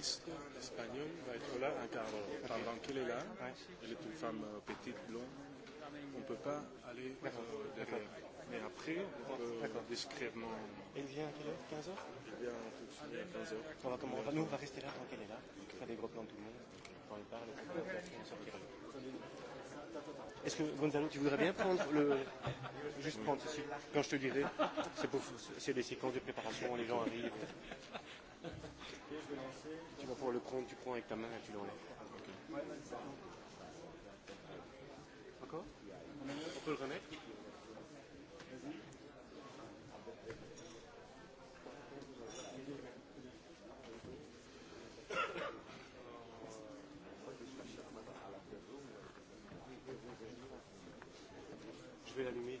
journaliste espagnole va être là à Carlo. Pendant qu'elle est là, ouais. elle est une femme euh, petite, blonde, on ne peut pas aller euh, derrière. Mais après, on peut discrètement. Elle vient à quelle heure 15h Elle vient tout de suite à 15h. On va comment, nous, on va rester là tant qu'elle est là, okay. faire des gros plans de tout le monde. Quand elle parle, on sortira. Est-ce que Gonzalo, tu voudrais bien prendre le. Juste oui. prendre ceci. Quand je te dirai, c'est pour... des séquences de préparation, les gens arrivent. Tu vas pouvoir le prendre, tu prends avec ta main et tu l'enlèves. Okay. Encore On peut le remettre Je vais l'allumer.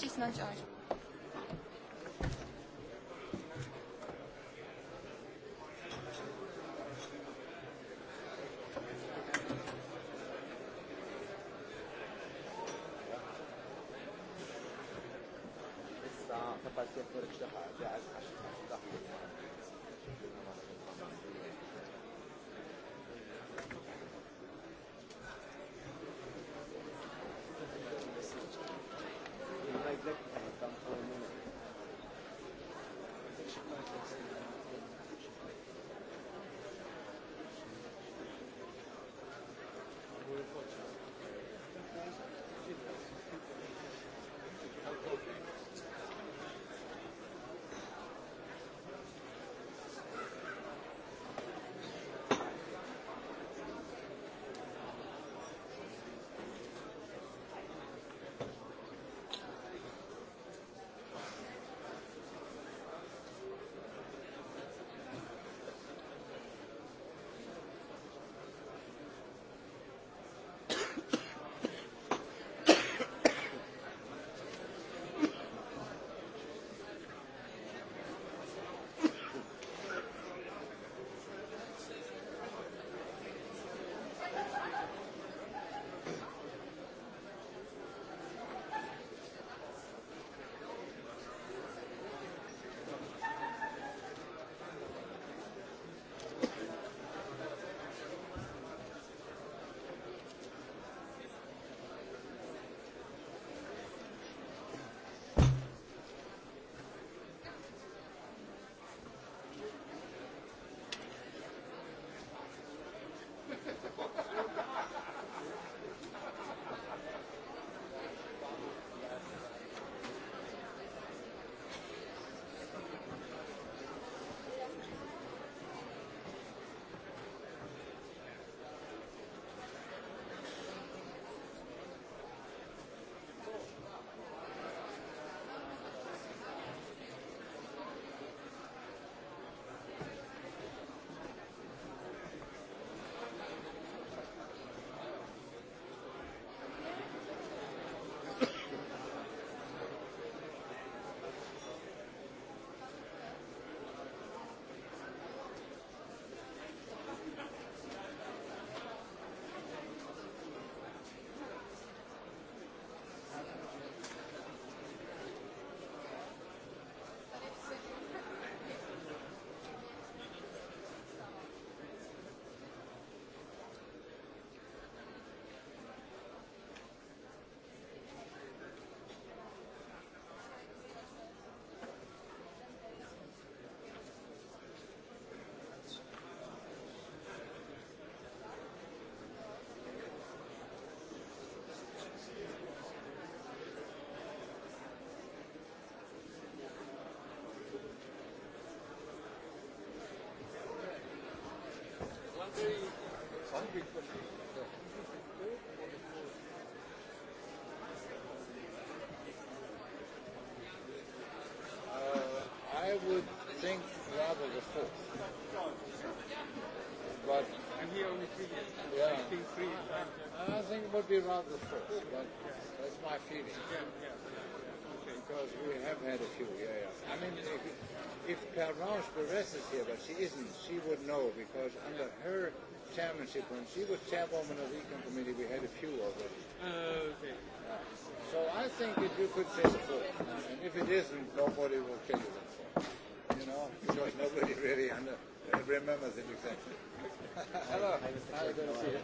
She's not charged. Thank you. Uh, I would think rather the fourth. But and he only three years. Yeah. Three I think it would be rather the fourth, but that's my feeling. Yeah, yeah. Okay. Because we have had a few. Yeah, yeah. I mean, if Pervenche Beres is here, but she isn't, she would know because under her chairmanship, when she was chairwoman of the Econ Committee, we had a few already. Uh, okay. Yeah. So I think that you could say the foot. And if it isn't, nobody will kill you with foot. You know, because nobody really under, uh, remembers it exactly. Hello. Hi, Mr. Hi, good to see you.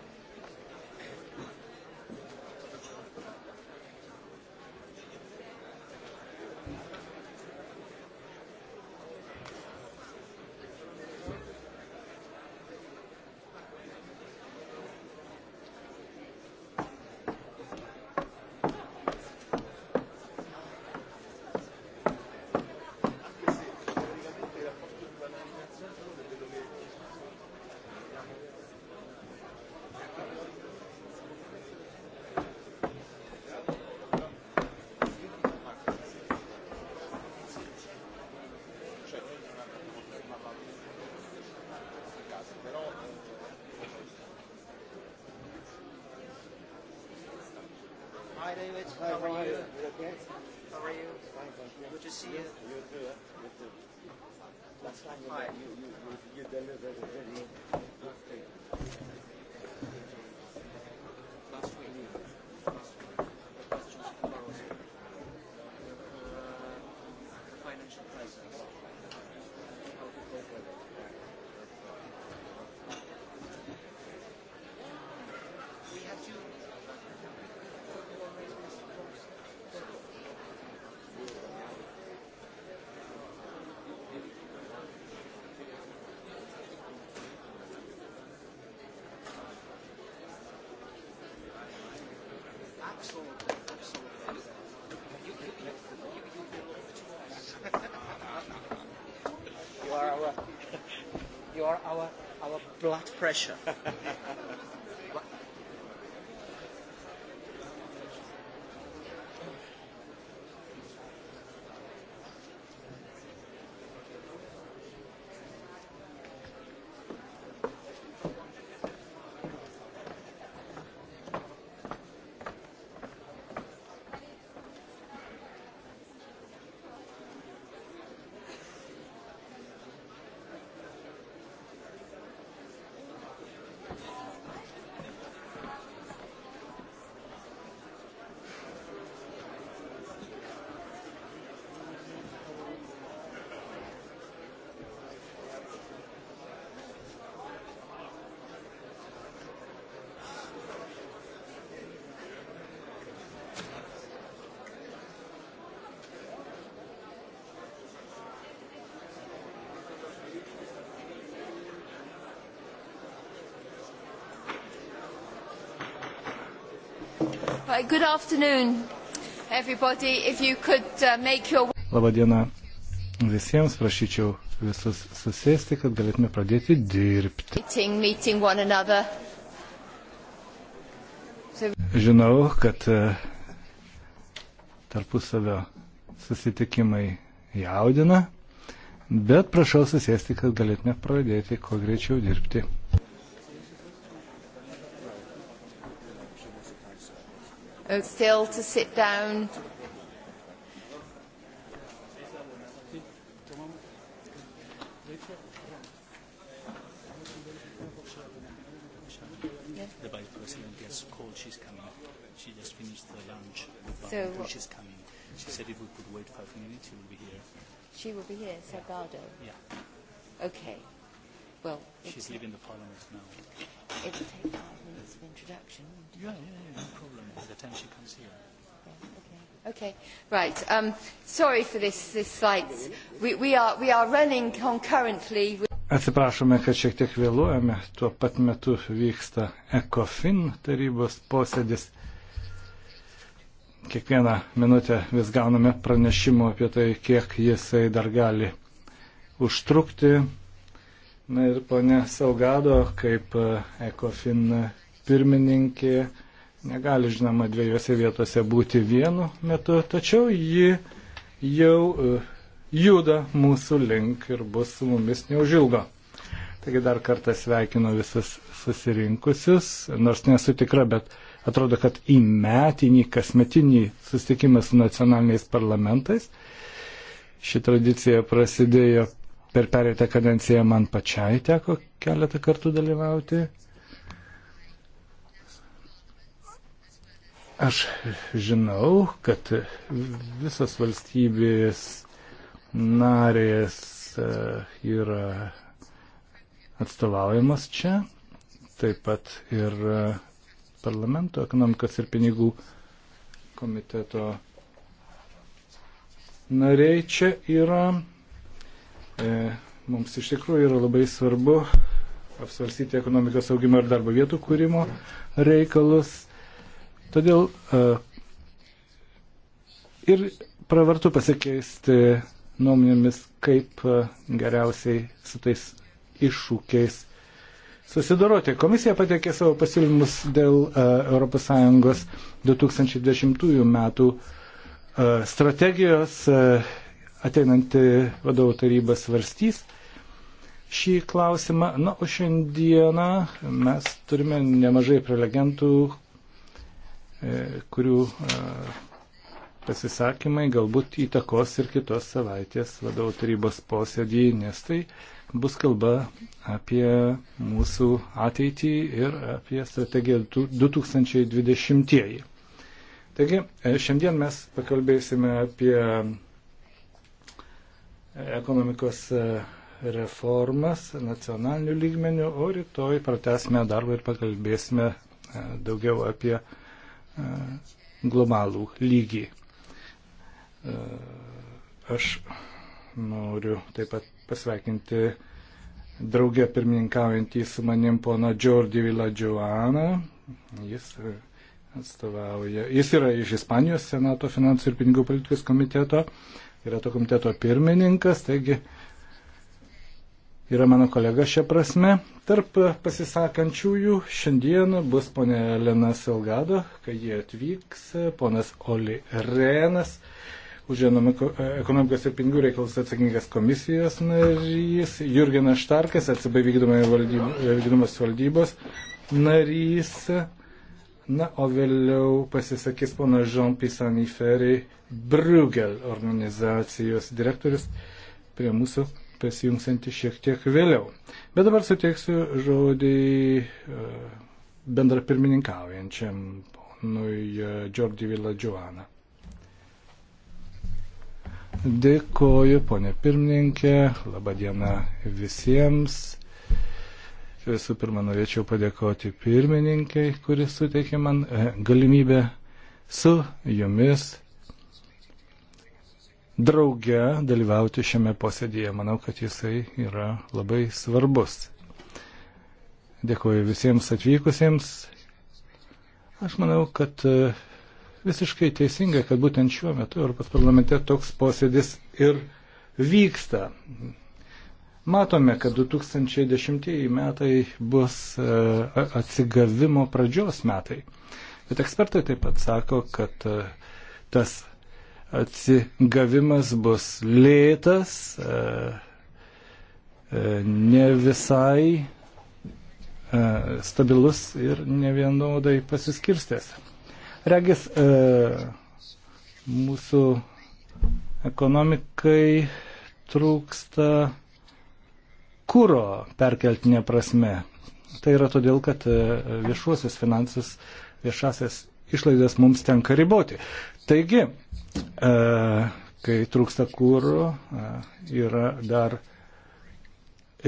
Hi, David. Hi, how, how are you? Are you okay? How are you? Fine, thank you. Good to see you. You too. You too. Last time you, you, you, you delivered a very for our, our blood pressure. Right, good afternoon, everybody. If you could uh, make your... Labadiena visiems, prašyčiau visus susėsti, kad galėtume pradėti dirbti. Meeting, meeting one another. So... Žinau, kad uh, tarpusavio susitikimai jaudina, bet prašau susėsti, kad galėtume pradėti kuo greičiau dirbti. still to sit down. Yeah. The vice president gets called. She's coming. She just finished the lunch. So and she's coming. She said if we could wait five minutes, she will be here. She will be here, Salgado. Yeah. Okay. Well. She's leaving the parliament now. It will take five minutes of introduction. Yeah, yeah, yeah time she comes here. Okay, right. Um, sorry for this, this slides. We, we, are, we are running concurrently. With... Atsiprašome, kad šiek tiek vėluojame. Tuo pat metu vyksta ECOFIN tarybos posėdis. Kiekvieną minutę vis gauname pranešimų apie tai, kiek jisai dar gali užtrukti. Na ir ponė Saugado, kaip e, ECOFIN pirmininkė, Negali, žinoma, dviejose vietose būti vienu metu, tačiau ji jau e, juda mūsų link ir bus su mumis neužilgo. Taigi dar kartą sveikinu visus susirinkusius, nors nesu tikra, bet atrodo, kad į metinį, kasmetinį susitikimą su nacionaliniais parlamentais. Ši tradicija prasidėjo per perėtą kadenciją, man pačiai teko keletą kartų dalyvauti. Aš žinau, kad visas valstybės narės e, yra atstovaujamas čia, taip pat ir e, parlamento ekonomikos ir pinigų komiteto nariai čia yra. E, mums iš tikrųjų yra labai svarbu apsvarstyti ekonomikos augimo ir darbo vietų kūrimo reikalus Todėl e, ir pravartu pasikeisti nuomonėmis, kaip e, geriausiai su tais iššūkiais susidoroti. Komisija pateikė savo pasiūlymus dėl e, ES 2020 metų strategijos ateinanti vadovų taryba svarstys šį klausimą. Na, o šiandieną mes turime nemažai prelegentų, E, kurių e, pasisakymai galbūt įtakos ir kitos savaitės vadovų tarybos posėdį, nes tai bus kalba apie mūsų ateitį ir apie strategiją 2020. Taigi, e, šiandien mes pakalbėsime apie ekonomikos reformas nacionalinių lygmenių, o rytoj pratesime darbą ir pakalbėsime daugiau apie globalų lygį. E, aš noriu taip pat pasveikinti draugę pirmininkaujantį su manim poną Džordį Vilą Džoaną. Jis atstovauja. Jis yra iš Ispanijos Senato finansų ir pinigų politikos komiteto, yra to komiteto pirmininkas, taigi uh, yra mano kolega šia prasme. Tarp pasisakančiųjų šiandien bus ponė Elena Silgado, kai jie atvyks, ponas Oli Renas, už ekonomikos ir pinigų reikalus atsakingas komisijos narys, Jurgenas Štarkas, atsibai vykdomas valdybos narys. Na, o vėliau pasisakys ponas Jean Pisaniferi Brugel organizacijos direktorius prie mūsų pasijungsianti šiek tiek vėliau. Bet dabar suteiksiu žodį e, bendra pirmininkaujančiam ponui Džordį e, Vilą Džuaną. Dėkoju, ponė pirmininkė, laba diena visiems. Visų pirma, norėčiau padėkoti pirmininkai, kuris suteikė man e, galimybę su jumis drauge dalyvauti šiame posėdėje. Manau, kad jisai yra labai svarbus. Dėkuoju visiems atvykusiems. Aš manau, kad e, visiškai teisinga, kad būtent šiuo metu Europos parlamente toks posėdis ir vyksta. Matome, kad 2010 metai bus e, atsigavimo pradžios metai. Bet ekspertai taip pat sako, kad e, tas atsigavimas bus lėtas, e, e, ne visai e, stabilus ir nevienodai pasiskirstęs. Regis, mūsų ekonomikai trūksta kūro perkeltinė prasme. Tai yra todėl, kad viešuosius finansus, viešasias išlaidas mums tenka riboti. Taigi, e, kai trūksta kūro, e, yra dar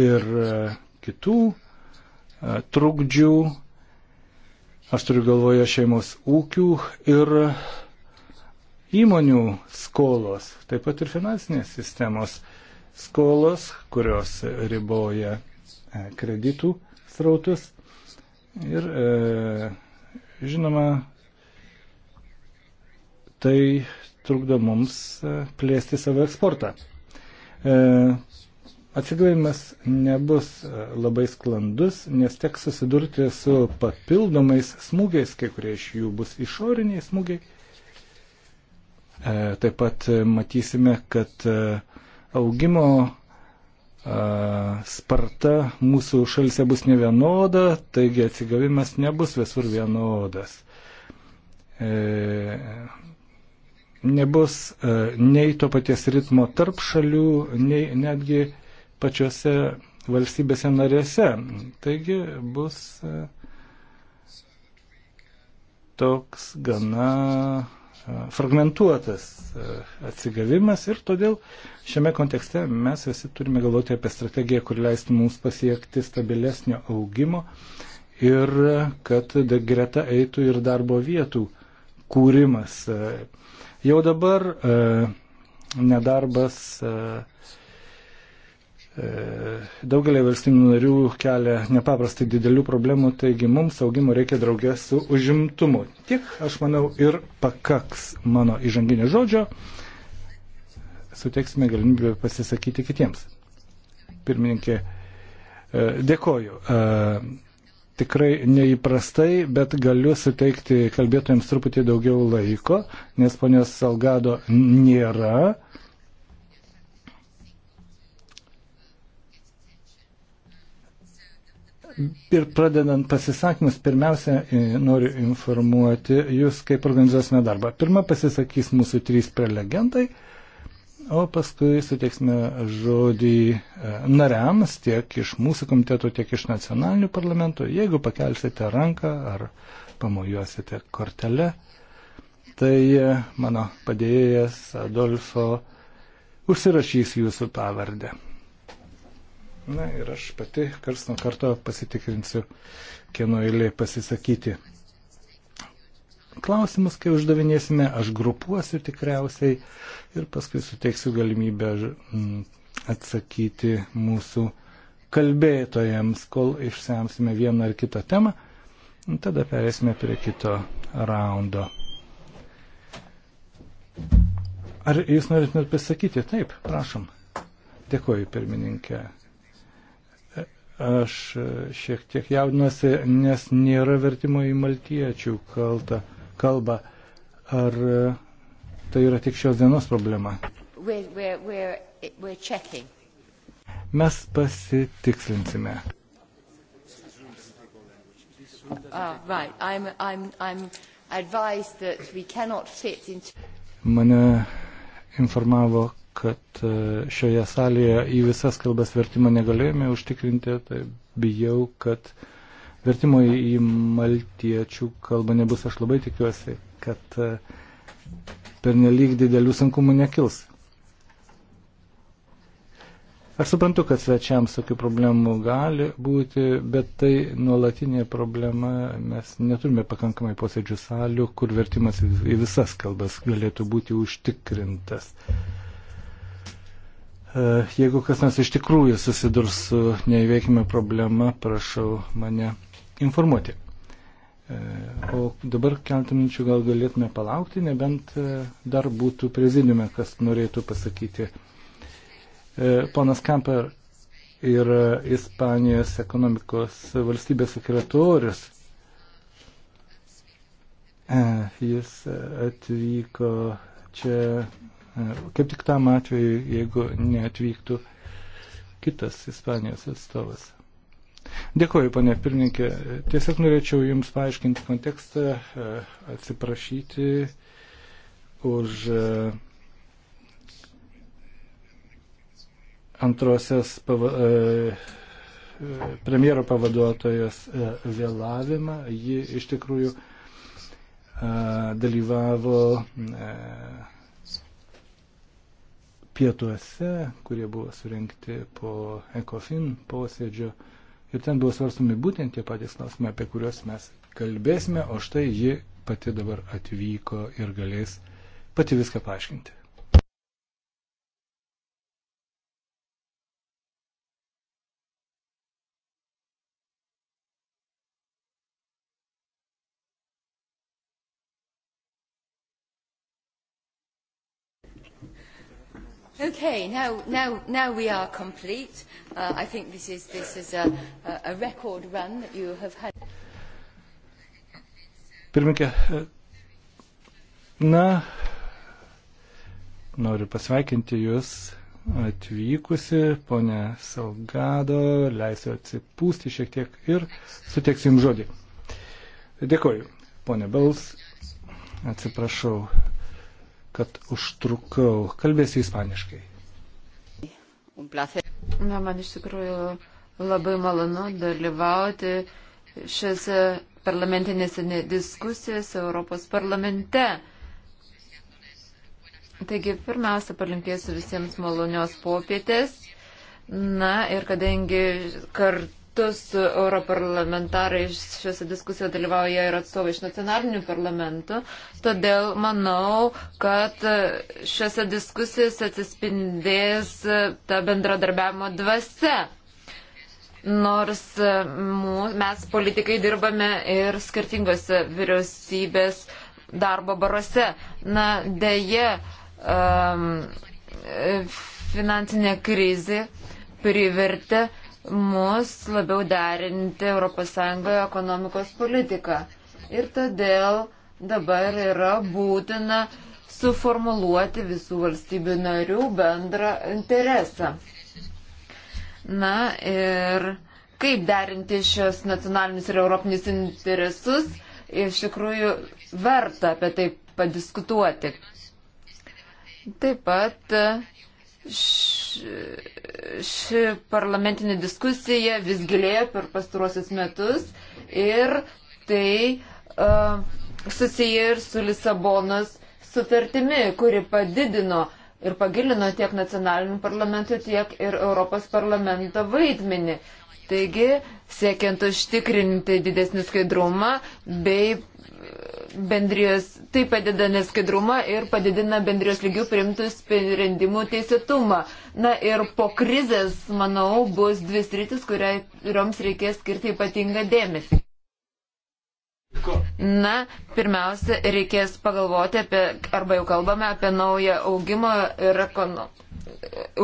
ir e, kitų trukdžių, aš turiu galvoje šeimos ūkių ir įmonių skolos, taip pat ir finansinės sistemos skolos, kurios riboja kreditų srautus. Ir, žinoma, tai trukdo mums e, plėsti savo eksportą. E, atsigavimas nebus e, labai sklandus, nes teks susidurti su papildomais smūgiais, kai kurie iš jų bus išoriniai smūgiai. Taip pat matysime, kad augimo sparta mūsų šalise bus nevienoda, taigi atsigavimas nebus visur vienodas nebus e, nei to paties ritmo tarp šalių, nei netgi pačiose valstybėse narėse. Taigi bus e, toks gana e, fragmentuotas atsigavimas ir todėl šiame kontekste mes visi turime galvoti apie strategiją, kur leistų mums pasiekti stabilesnio augimo ir kad greta eitų ir darbo vietų kūrimas. Jau dabar e, nedarbas e, e, daugelį valstybių narių kelia nepaprastai didelių problemų, taigi mums augimo reikia draugė su užimtumu. Tik, aš manau, ir pakaks mano įžanginio žodžio, suteiksime galimybę pasisakyti kitiems. Pirmininkė, e, dėkoju. E, tikrai neįprastai, bet galiu suteikti kalbėtojams truputį daugiau laiko, nes ponios Salgado nėra. Ir pradedant pasisakymus, pirmiausia, e, noriu informuoti jūs, kaip organizuosime darbą. Pirma pasisakys mūsų trys prelegentai, o paskui suteiksime žodį e, nariams tiek iš mūsų komiteto, tiek iš nacionalinių parlamentų. Jeigu pakelsite ranką ar pamojuosite kortelę, tai e, mano padėjėjas Adolfo užsirašys jūsų pavardę. Na ir aš pati kars nuo karto pasitikrinsiu, kieno eilė pasisakyti. Klausimus, kai uždavinėsime, aš grupuosiu tikriausiai ir paskui suteiksiu galimybę mm, atsakyti mūsų kalbėtojams, kol išsemsime vieną ar kitą temą. Tada perėsime prie kito raundo. Ar jūs norėtumėt pasakyti? Taip, prašom. Dėkuoju, pirmininkė. Aš šiek tiek jaudinuosi, nes nėra vertimo į maltiečių kaltą kalbą. Ar e, tai yra tik šios dienos problema? We're, we're, we're, we're checking. Mes pasitikslinsime. Uh, right. I'm, I'm, I'm advised that we cannot fit into... Mane informavo, kad e, šioje salėje į visas kalbas vertimo negalėjome užtikrinti, tai bijau, kad uh, vertimo į maltiečių kalbą nebus. Aš labai tikiuosi, kad e, per nelik didelių sunkumų nekils. Aš suprantu, kad svečiams tokių problemų gali būti, bet tai nuolatinė problema. Mes neturime pakankamai posėdžių salių, kur vertimas į visas kalbas galėtų būti užtikrintas. E, jeigu kas nors iš tikrųjų susidurs su neįveikime problema, prašau mane informuoti. E, o dabar keltą minčių gal galėtume palaukti, nebent e, dar būtų prezidiume, kas norėtų pasakyti. E, ponas Kamper yra Ispanijos ekonomikos valstybės sekretorius. Jis atvyko čia kaip tik tam atveju, jeigu neatvyktų kitas Ispanijos atstovas. Dėkuoju, ponė pirmininkė. Tiesiog norėčiau Jums paaiškinti kontekstą, e, atsiprašyti už e, antrosios pava, e, premjero pavaduotojos vėlavimą. Ji iš tikrųjų dalyvavo pietuose, kurie buvo surinkti po ECOFIN posėdžio. Ir ten buvo svarstumi būtent tie patys klausimai, apie kuriuos mes kalbėsime, o štai ji pati dabar atvyko ir galės pati viską paaiškinti. Okay, now, now, now we are complete. Uh, I think this is, this is a, a record run that you have had. Pirminkė, na, noriu pasveikinti Jūs atvykusi, ponė Salgado, leisiu atsipūsti šiek tiek ir suteiksiu Jums žodį. Dėkoju, ponė Bels, atsiprašau kad užtrukau. Kalbėsiu ispaniškai. Na, man iš tikrųjų labai malonu dalyvauti šiose parlamentinėse diskusijose Europos parlamente. Taigi, pirmiausia, palinkėsiu visiems malonios popietės. Na ir kadangi kartu kitus europarlamentarai šiuose diskusijoje dalyvauja ir atstovai iš nacionalinių parlamentų. Todėl manau, kad šiuose diskusijose atsispindės ta bendradarbiavimo dvasia. Nors mes politikai dirbame ir skirtingose vyriausybės darbo baruose. Na, dėje um, finansinė krizė privertė uh, mus labiau derinti ES ekonomikos politiką. Ir todėl dabar yra būtina suformuluoti visų valstybių narių bendrą interesą. Na ir kaip derinti šios nacionalinius ir europinius interesus, iš tikrųjų verta apie tai padiskutuoti. Taip pat š ši parlamentinė diskusija vis gilėjo per pastaruosius metus ir tai uh, susiję ir su Lisabonos sutartimi, kuri padidino ir pagilino tiek nacionalinių parlamentų, tiek ir Europos parlamento vaidmenį. Taigi, siekiant užtikrinti didesnį skaidrumą bei bendrijos, tai padeda neskaidrumą ir padidina bendrijos lygių priimtų sprendimų teisėtumą. Na ir po krizės, manau, bus dvi sritis, kurioms reikės skirti ypatingą dėmesį. Na, pirmiausia, reikės pagalvoti apie, arba jau kalbame apie naują augimo ir ekono,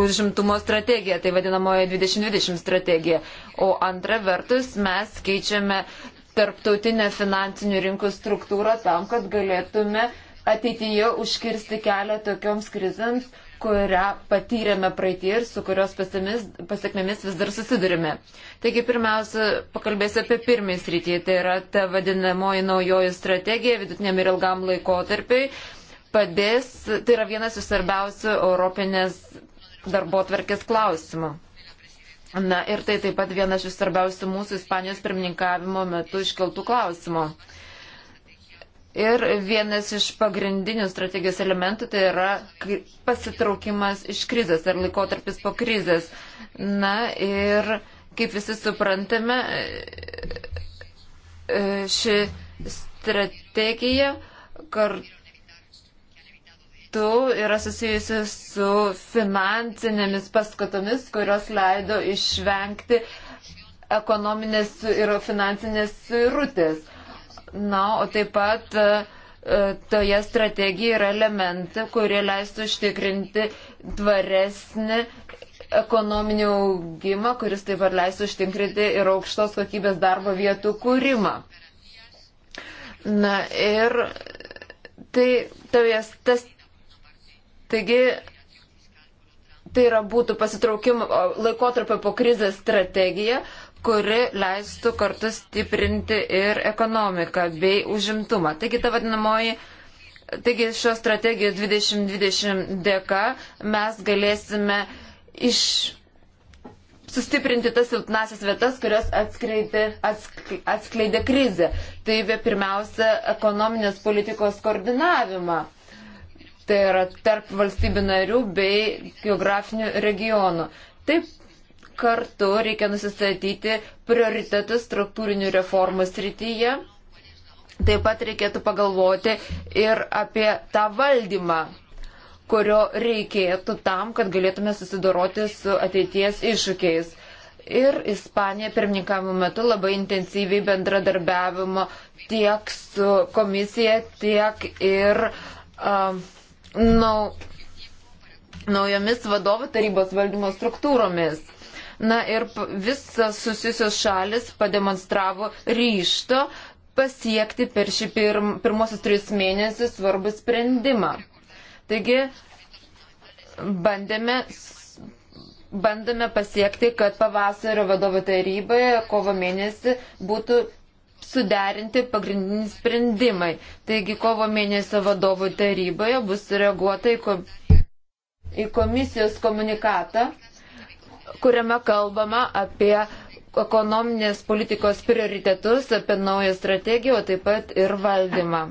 užimtumo strategiją, tai vadinamoji 2020 strategija. O antra vertus, mes keičiame tarptautinę finansinių rinkų struktūrą tam, kad galėtume ateityje užkirsti kelią tokioms krizams, kurią patyrėme praeitie ir su kurios pasiekmėmis vis dar susidurime. Taigi pirmiausia, pakalbėsiu apie pirmąjį sritį, tai yra ta vadinamoji naujoji strategija vidutiniam ir ilgam laikotarpiai padės, tai yra vienas iš svarbiausių Europinės darbo tvarkės klausimų. Na ir tai taip pat vienas iš svarbiausių mūsų Ispanijos pirmininkavimo metu iškeltų klausimų. Ir vienas iš pagrindinių strategijos elementų tai yra pasitraukimas iš krizės ar laikotarpis po krizės. Na ir kaip visi suprantame, e, e, ši strategija kartu metu yra susijusi su finansinėmis paskatomis, kurios leido išvengti ekonominės ir finansinės suirutės. Na, o taip pat e, toje strategijoje yra elementai, kurie leistų užtikrinti tvaresnį ekonominį augimą, kuris taip pat leistų užtikrinti ir aukštos kokybės darbo vietų kūrimą. Na ir tai toje, tai, tas Taigi, tai yra būtų pasitraukimo laikotarpio po krizės strategija, kuri leistų kartu stiprinti ir ekonomiką bei užimtumą. Taigi ta vadinamoji, taigi šios strategijos 2020 dėka mes galėsime iš sustiprinti tas silpnasias vietas, kurios atskleidė, atskleidė krizė. Tai pirmiausia, ekonominės politikos koordinavimą tai yra tarp valstybių narių bei geografinių regionų. Taip kartu reikia nusistatyti prioritetus struktūrinių reformų srityje. Taip pat reikėtų pagalvoti ir apie tą valdymą, kurio reikėtų tam, kad galėtume susidoroti su ateities iššūkiais. Ir Ispanija pirmininkavimo metu labai intensyviai bendradarbiavimo tiek su komisija, tiek ir uh, um, nau, naujomis vadovų tarybos valdymo struktūromis. Na ir visas susijusios šalis pademonstravo ryšto pasiekti per šį pirm, pirmosius tris mėnesius svarbų sprendimą. Taigi bandėme, bandėme pasiekti, kad pavasario vadovo taryboje kovo mėnesį būtų suderinti pagrindiniai sprendimai. Taigi kovo mėnesio vadovų taryboje bus reaguota į, kom... į komisijos komunikatą, kuriame kalbama apie ekonominės politikos prioritetus, apie naują strategiją, o taip pat ir valdymą.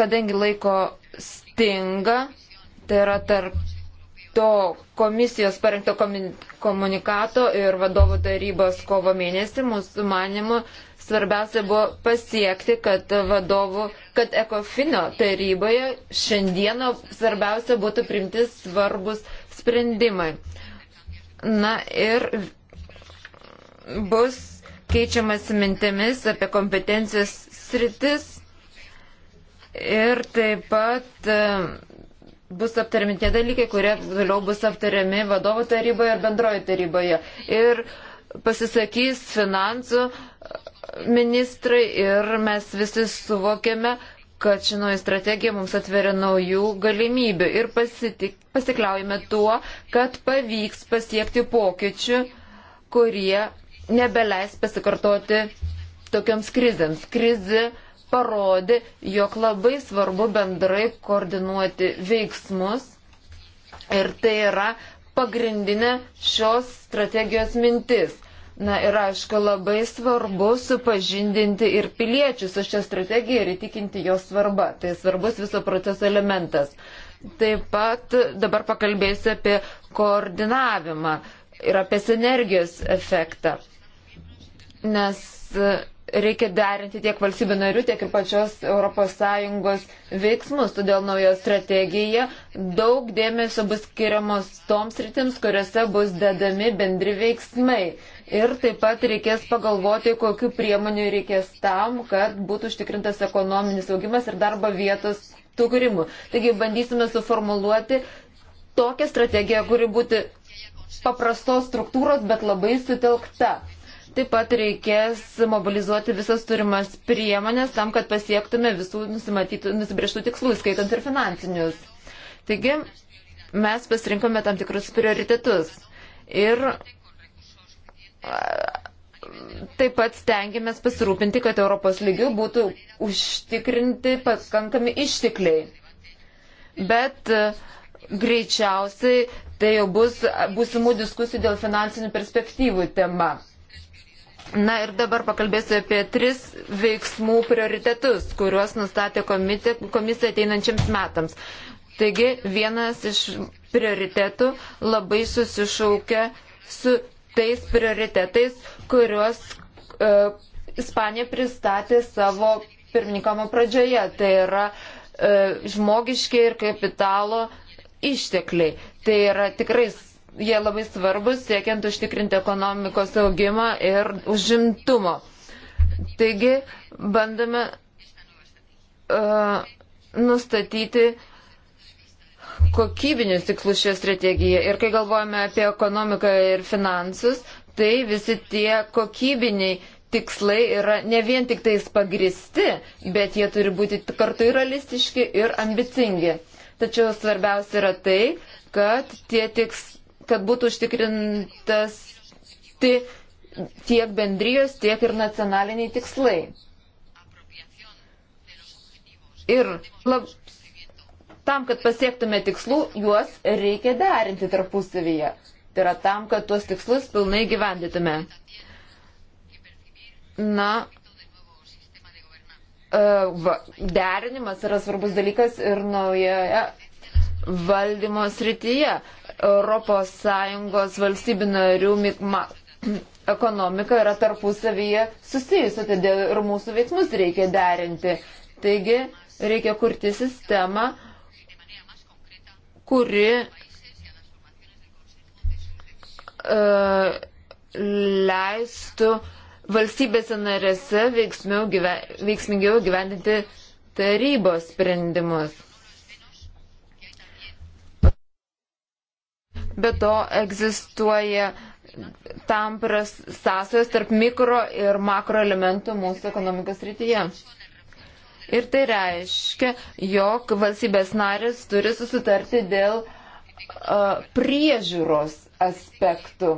Kadangi laiko stinga, tai yra tarp to komisijos parengto komunikato ir vadovų tarybos kovo mėnesį mūsų manimu svarbiausia buvo pasiekti, kad vadovų, kad ekofino taryboje šiandieno svarbiausia būtų primti svarbus sprendimai. Na ir bus keičiamas mintimis apie kompetencijos sritis ir taip pat bus aptariami tie dalykai, kurie vėliau bus aptariami vadovo taryboje ir bendrojo taryboje. Ir pasisakys finansų e, ministrai ir mes visi suvokėme, kad šinoji strategija mums atveria naujų galimybių ir pasitik, pasikliaujame tuo, kad pavyks pasiekti pokyčių, kurie nebeleis pasikartoti tokiams krizėms. Krizi parodė, jog labai svarbu bendrai koordinuoti veiksmus ir tai yra pagrindinė šios strategijos mintis. Na ir aišku, labai svarbu supažindinti ir piliečius su šią strategiją ir įtikinti jos svarbą. Tai svarbus viso proceso elementas. Taip pat dabar pakalbėsiu apie koordinavimą ir apie sinergijos efektą. Nes reikia derinti tiek valstybių narių, tiek ir pačios ES veiksmus. Todėl nauja strategija daug dėmesio bus skiriamos toms rytims, kuriuose bus dedami bendri veiksmai. Ir taip pat reikės pagalvoti, kokiu priemonių reikės tam, kad būtų užtikrintas ekonominis augimas ir darbo vietos tūkrimų. Taigi bandysime suformuluoti tokią strategiją, kuri būtų paprastos struktūros, bet labai sutelkta. Taip pat reikės mobilizuoti visas turimas priemonės tam, kad pasiektume visų nusibrieštų tikslų, skaitant ir finansinius. Taigi, mes pasirinkome tam tikrus prioritetus. Ir taip pat stengiamės pasirūpinti, kad Europos lygių būtų užtikrinti pakankami ištikliai. Bet greičiausiai tai jau bus būsimų diskusijų dėl finansinių perspektyvų tema. Na ir dabar pakalbėsiu apie tris veiksmų prioritetus, kuriuos nustatė komitė, komisija ateinančiams metams. Taigi vienas iš prioritetų labai susišaukia su tais prioritetais, kuriuos e, Ispanija pristatė savo pirmininkamo pradžioje. Tai yra e, žmogiški ir kapitalo ištekliai. Tai yra tikrai jie labai svarbus siekiant užtikrinti ekonomikos augimą ir užimtumo. Taigi, bandome uh, nustatyti kokybinius tikslus šią strategiją. Ir kai galvojame apie ekonomiką ir finansus, tai visi tie kokybiniai tikslai yra ne vien tik tais pagristi, bet jie turi būti kartu ir realistiški ir ambicingi. Tačiau svarbiausia yra tai, kad tie tiks, kad būtų užtikrintas tiek bendrijos, tiek ir nacionaliniai tikslai. Ir lab, tam, kad pasiektume tikslų, juos reikia derinti tarpusavyje. Tai yra tam, kad tuos tikslus pilnai gyvendytume. Na, e, va, derinimas yra svarbus dalykas ir naujoje valdymo srityje. ES valstybių narių mikma, ekonomika yra tarpusavyje susijusi, todėl ir mūsų veiksmus reikia derinti. Taigi reikia kurti sistemą, kuri uh, leistų valstybėse narėse veiksmingiau gyvendinti tarybos sprendimus. Be to egzistuoja tam pras sąsajos tarp mikro ir makro elementų mūsų ekonomikos rytyje. Ir tai reiškia, jog valstybės narės turi susitarti dėl uh, priežiūros aspektų.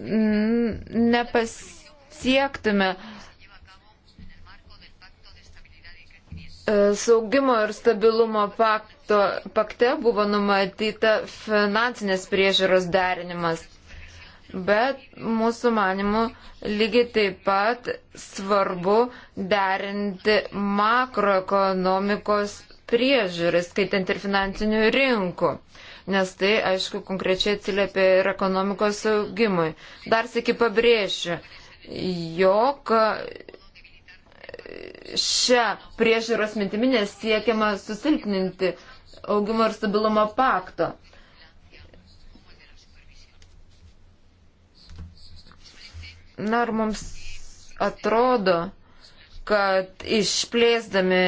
Nepasiektume saugimo ir stabilumo pak pakto, pakte buvo numatyta finansinės priežiūros derinimas. Bet mūsų manimu lygiai taip pat svarbu derinti makroekonomikos priežiūrį, skaitant ir finansinių rinkų, nes tai, aišku, konkrečiai atsiliepia ir ekonomikos augimui. Dar sėki pabrėšiu, jog šią priežiūros mintiminę siekiama susilpninti augimo ir stabilumo pakto. Na ir mums atrodo, kad išplėsdami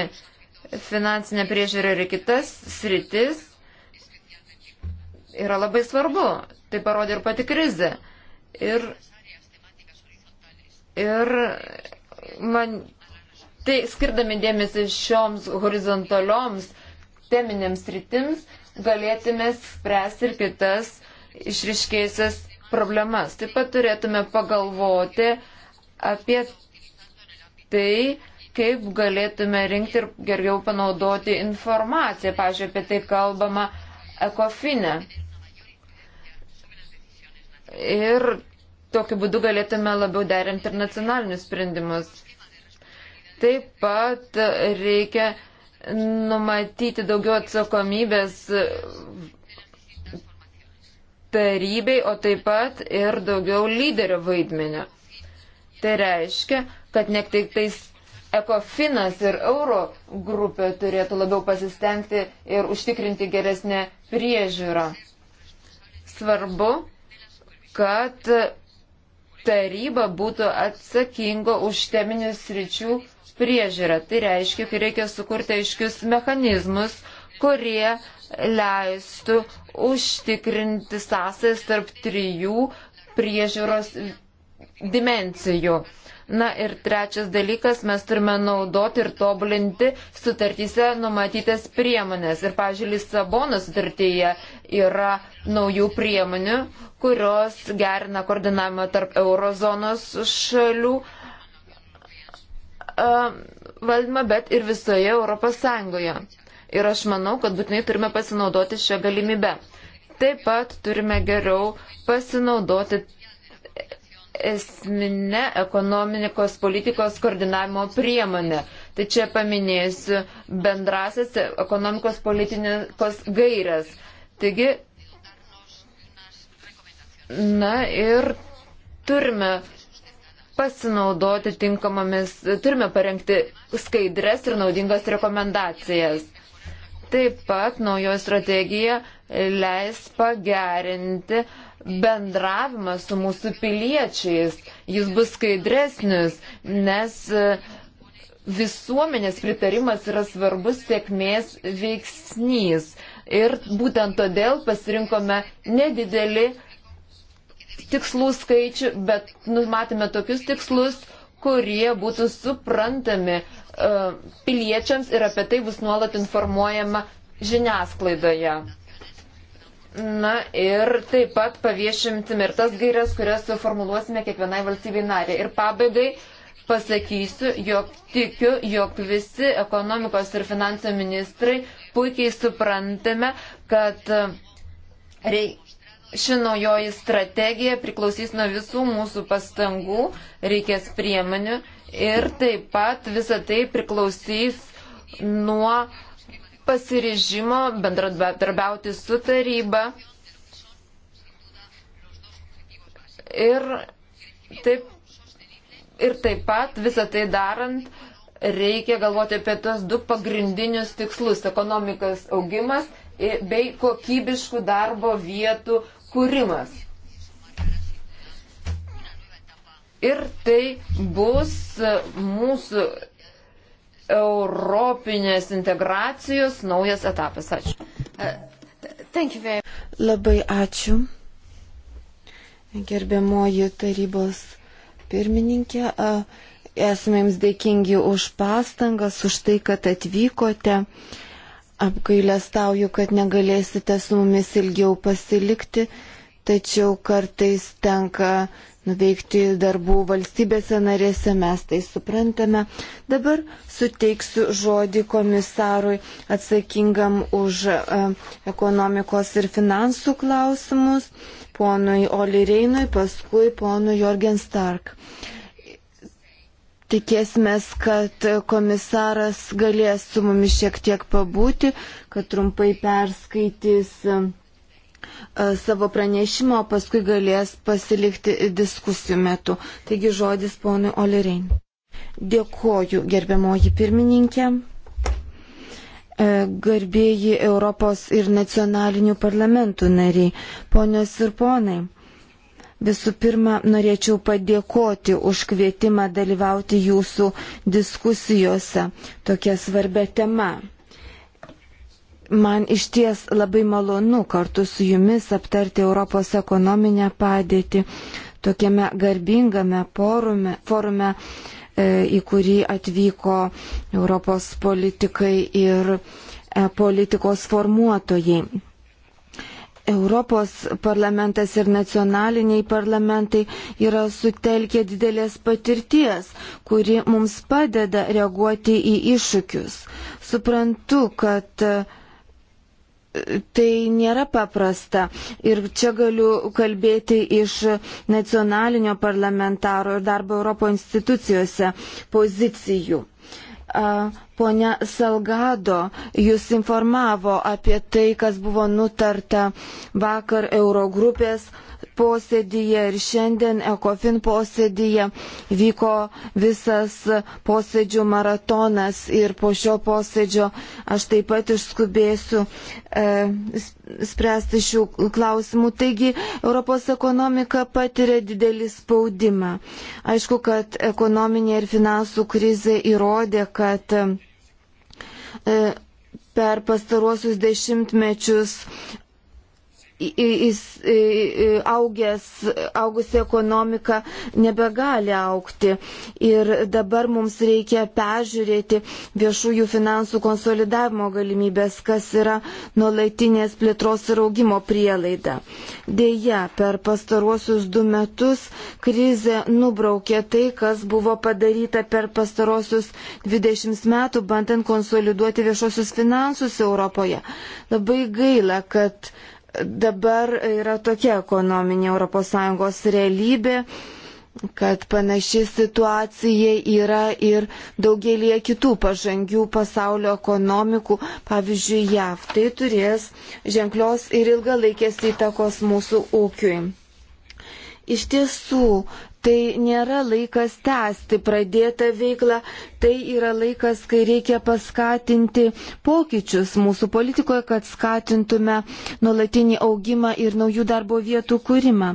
finansinę priežiūrą ir kitas sritis yra labai svarbu. Tai parodė ir pati krizė. Ir, ir man, tai skirdami dėmesį šioms horizontalioms teminėms rytims galėtume spręsti ir kitas išriškėjusias problemas. Taip pat turėtume pagalvoti apie tai, kaip galėtume rinkti ir geriau panaudoti informaciją. Pavyzdžiui, apie tai kalbama ekofinė. Ir tokiu būdu galėtume labiau derinti ir nacionalinius sprendimus. Taip pat reikia numatyti daugiau atsakomybės tarybei, o taip pat ir daugiau lyderio vaidmenio. Tai reiškia, kad ne tik tais ekofinas ir euro grupė turėtų labiau pasistengti ir užtikrinti geresnę priežiūrą. Svarbu, kad taryba būtų atsakingo už teminius ryčių priežiūrą. Tai reiškia, kai reikia sukurti aiškius mechanizmus, kurie leistų užtikrinti sąsajas tarp trijų priežiūros dimencijų. Na ir trečias dalykas, mes turime naudoti ir tobulinti sutartyse numatytas priemonės. Ir, pavyzdžiui, Lisabono sutartyje yra naujų priemonių, kurios gerina koordinavimą tarp eurozonos šalių, E, valdymą, bet ir visoje Europos Sąjungoje. Ir aš manau, kad būtinai turime pasinaudoti šią galimybę. Taip pat turime geriau pasinaudoti esminę ekonomikos politikos koordinavimo priemonę. Tai čia paminėsiu bendrasias ekonomikos politikos gairias. Taigi, na ir turime pasinaudoti tinkamomis, turime parengti skaidres ir naudingas rekomendacijas. Taip pat naujoji strategija leis pagerinti bendravimą su mūsų piliečiais. Jis bus skaidresnis, nes e, visuomenės pritarimas yra svarbus sėkmės veiksnys. Ir būtent todėl pasirinkome nedidelį tikslų skaičių, bet numatėme tokius tikslus, kurie būtų suprantami uh, piliečiams ir apie tai bus nuolat informuojama žiniasklaidoje. Na ir taip pat paviešimtime ir tas gairias, kurias suformuluosime kiekvienai valstybei narė. Ir pabaigai pasakysiu, jog tikiu, jog visi ekonomikos ir finansų ministrai puikiai suprantame, kad e, reikia ši naujoji strategija priklausys nuo visų mūsų pastangų, reikės priemonių ir taip pat visa tai priklausys nuo pasirežimo bendradarbiauti su taryba. Ir taip, ir taip pat visą tai darant reikia galvoti apie tos du pagrindinius tikslus - ekonomikos augimas bei kokybiškų darbo vietų kūrimas. Ir tai bus mūsų europinės integracijos naujas etapas. Ačiū. Uh, Labai ačiū. Gerbiamoji tarybos pirmininkė, uh, esame jums dėkingi už pastangas, už tai, kad atvykote. Apgailestauju, kad negalėsite su mumis ilgiau pasilikti, tačiau kartais tenka nuveikti darbų valstybėse narėse, mes tai suprantame. Dabar suteiksiu žodį komisarui atsakingam už e, ekonomikos ir finansų klausimus, ponui Oli Reinui, paskui ponui Jorgen Stark. Uh, Tikėsime, kad komisaras galės su mumis šiek tiek pabūti, kad trumpai perskaitys e, savo pranešimą, o paskui galės pasilikti diskusijų metu. Taigi žodis ponui Olerein. Dėkoju, gerbiamoji pirmininkė. E, Garbėjai Europos ir nacionalinių parlamentų nariai, ponios ir ponai. Visų pirma, norėčiau padėkoti už kvietimą dalyvauti jūsų diskusijose tokia svarbia tema. Man iš ties labai malonu kartu su jumis aptarti Europos ekonominę padėtį tokiame garbingame forume, forume e, į kurį atvyko Europos politikai ir e, politikos formuotojai. Europos parlamentas ir nacionaliniai parlamentai yra sutelkę didelės patirties, kuri mums padeda reaguoti į iššūkius. Suprantu, kad e, tai nėra paprasta ir čia galiu kalbėti iš nacionalinio parlamentaro ir darbo Europo institucijose pozicijų. Uh, Pone Salgado, jūs informavo apie tai, kas buvo nutarta vakar Eurogrupės posėdyje ir šiandien ECOFIN posėdyje vyko visas posėdžių maratonas ir po šio posėdžio aš taip pat išskubėsiu e, spręsti šių klausimų. Taigi Europos ekonomika patiria didelį spaudimą. Aišku, kad ekonominė ir finansų krizė įrodė, kad e, E, per pastaruosius dešimtmečius jis augęs, augusi ekonomika nebegali aukti. Ir dabar mums reikia peržiūrėti viešųjų finansų konsolidavimo galimybės, kas yra nuolatinės plėtros ir augimo prielaida. Deja, per pastaruosius du metus krize nubraukė tai, kas buvo padaryta per pastaruosius 20 metų, bandant konsoliduoti viešosius finansus Europoje. Labai gaila, kad dabar yra tokia ekonominė ES realybė, kad panaši situacija yra ir daugelie kitų pažangių pasaulio ekonomikų, pavyzdžiui, JAV. Tai turės ženklios ir ilgalaikės įtakos mūsų ūkiui. Iš tiesų, Tai nėra laikas tęsti pradėtą veiklą, tai yra laikas, kai reikia paskatinti pokyčius mūsų politikoje, kad skatintume nuolatinį augimą ir naujų darbo vietų kūrimą.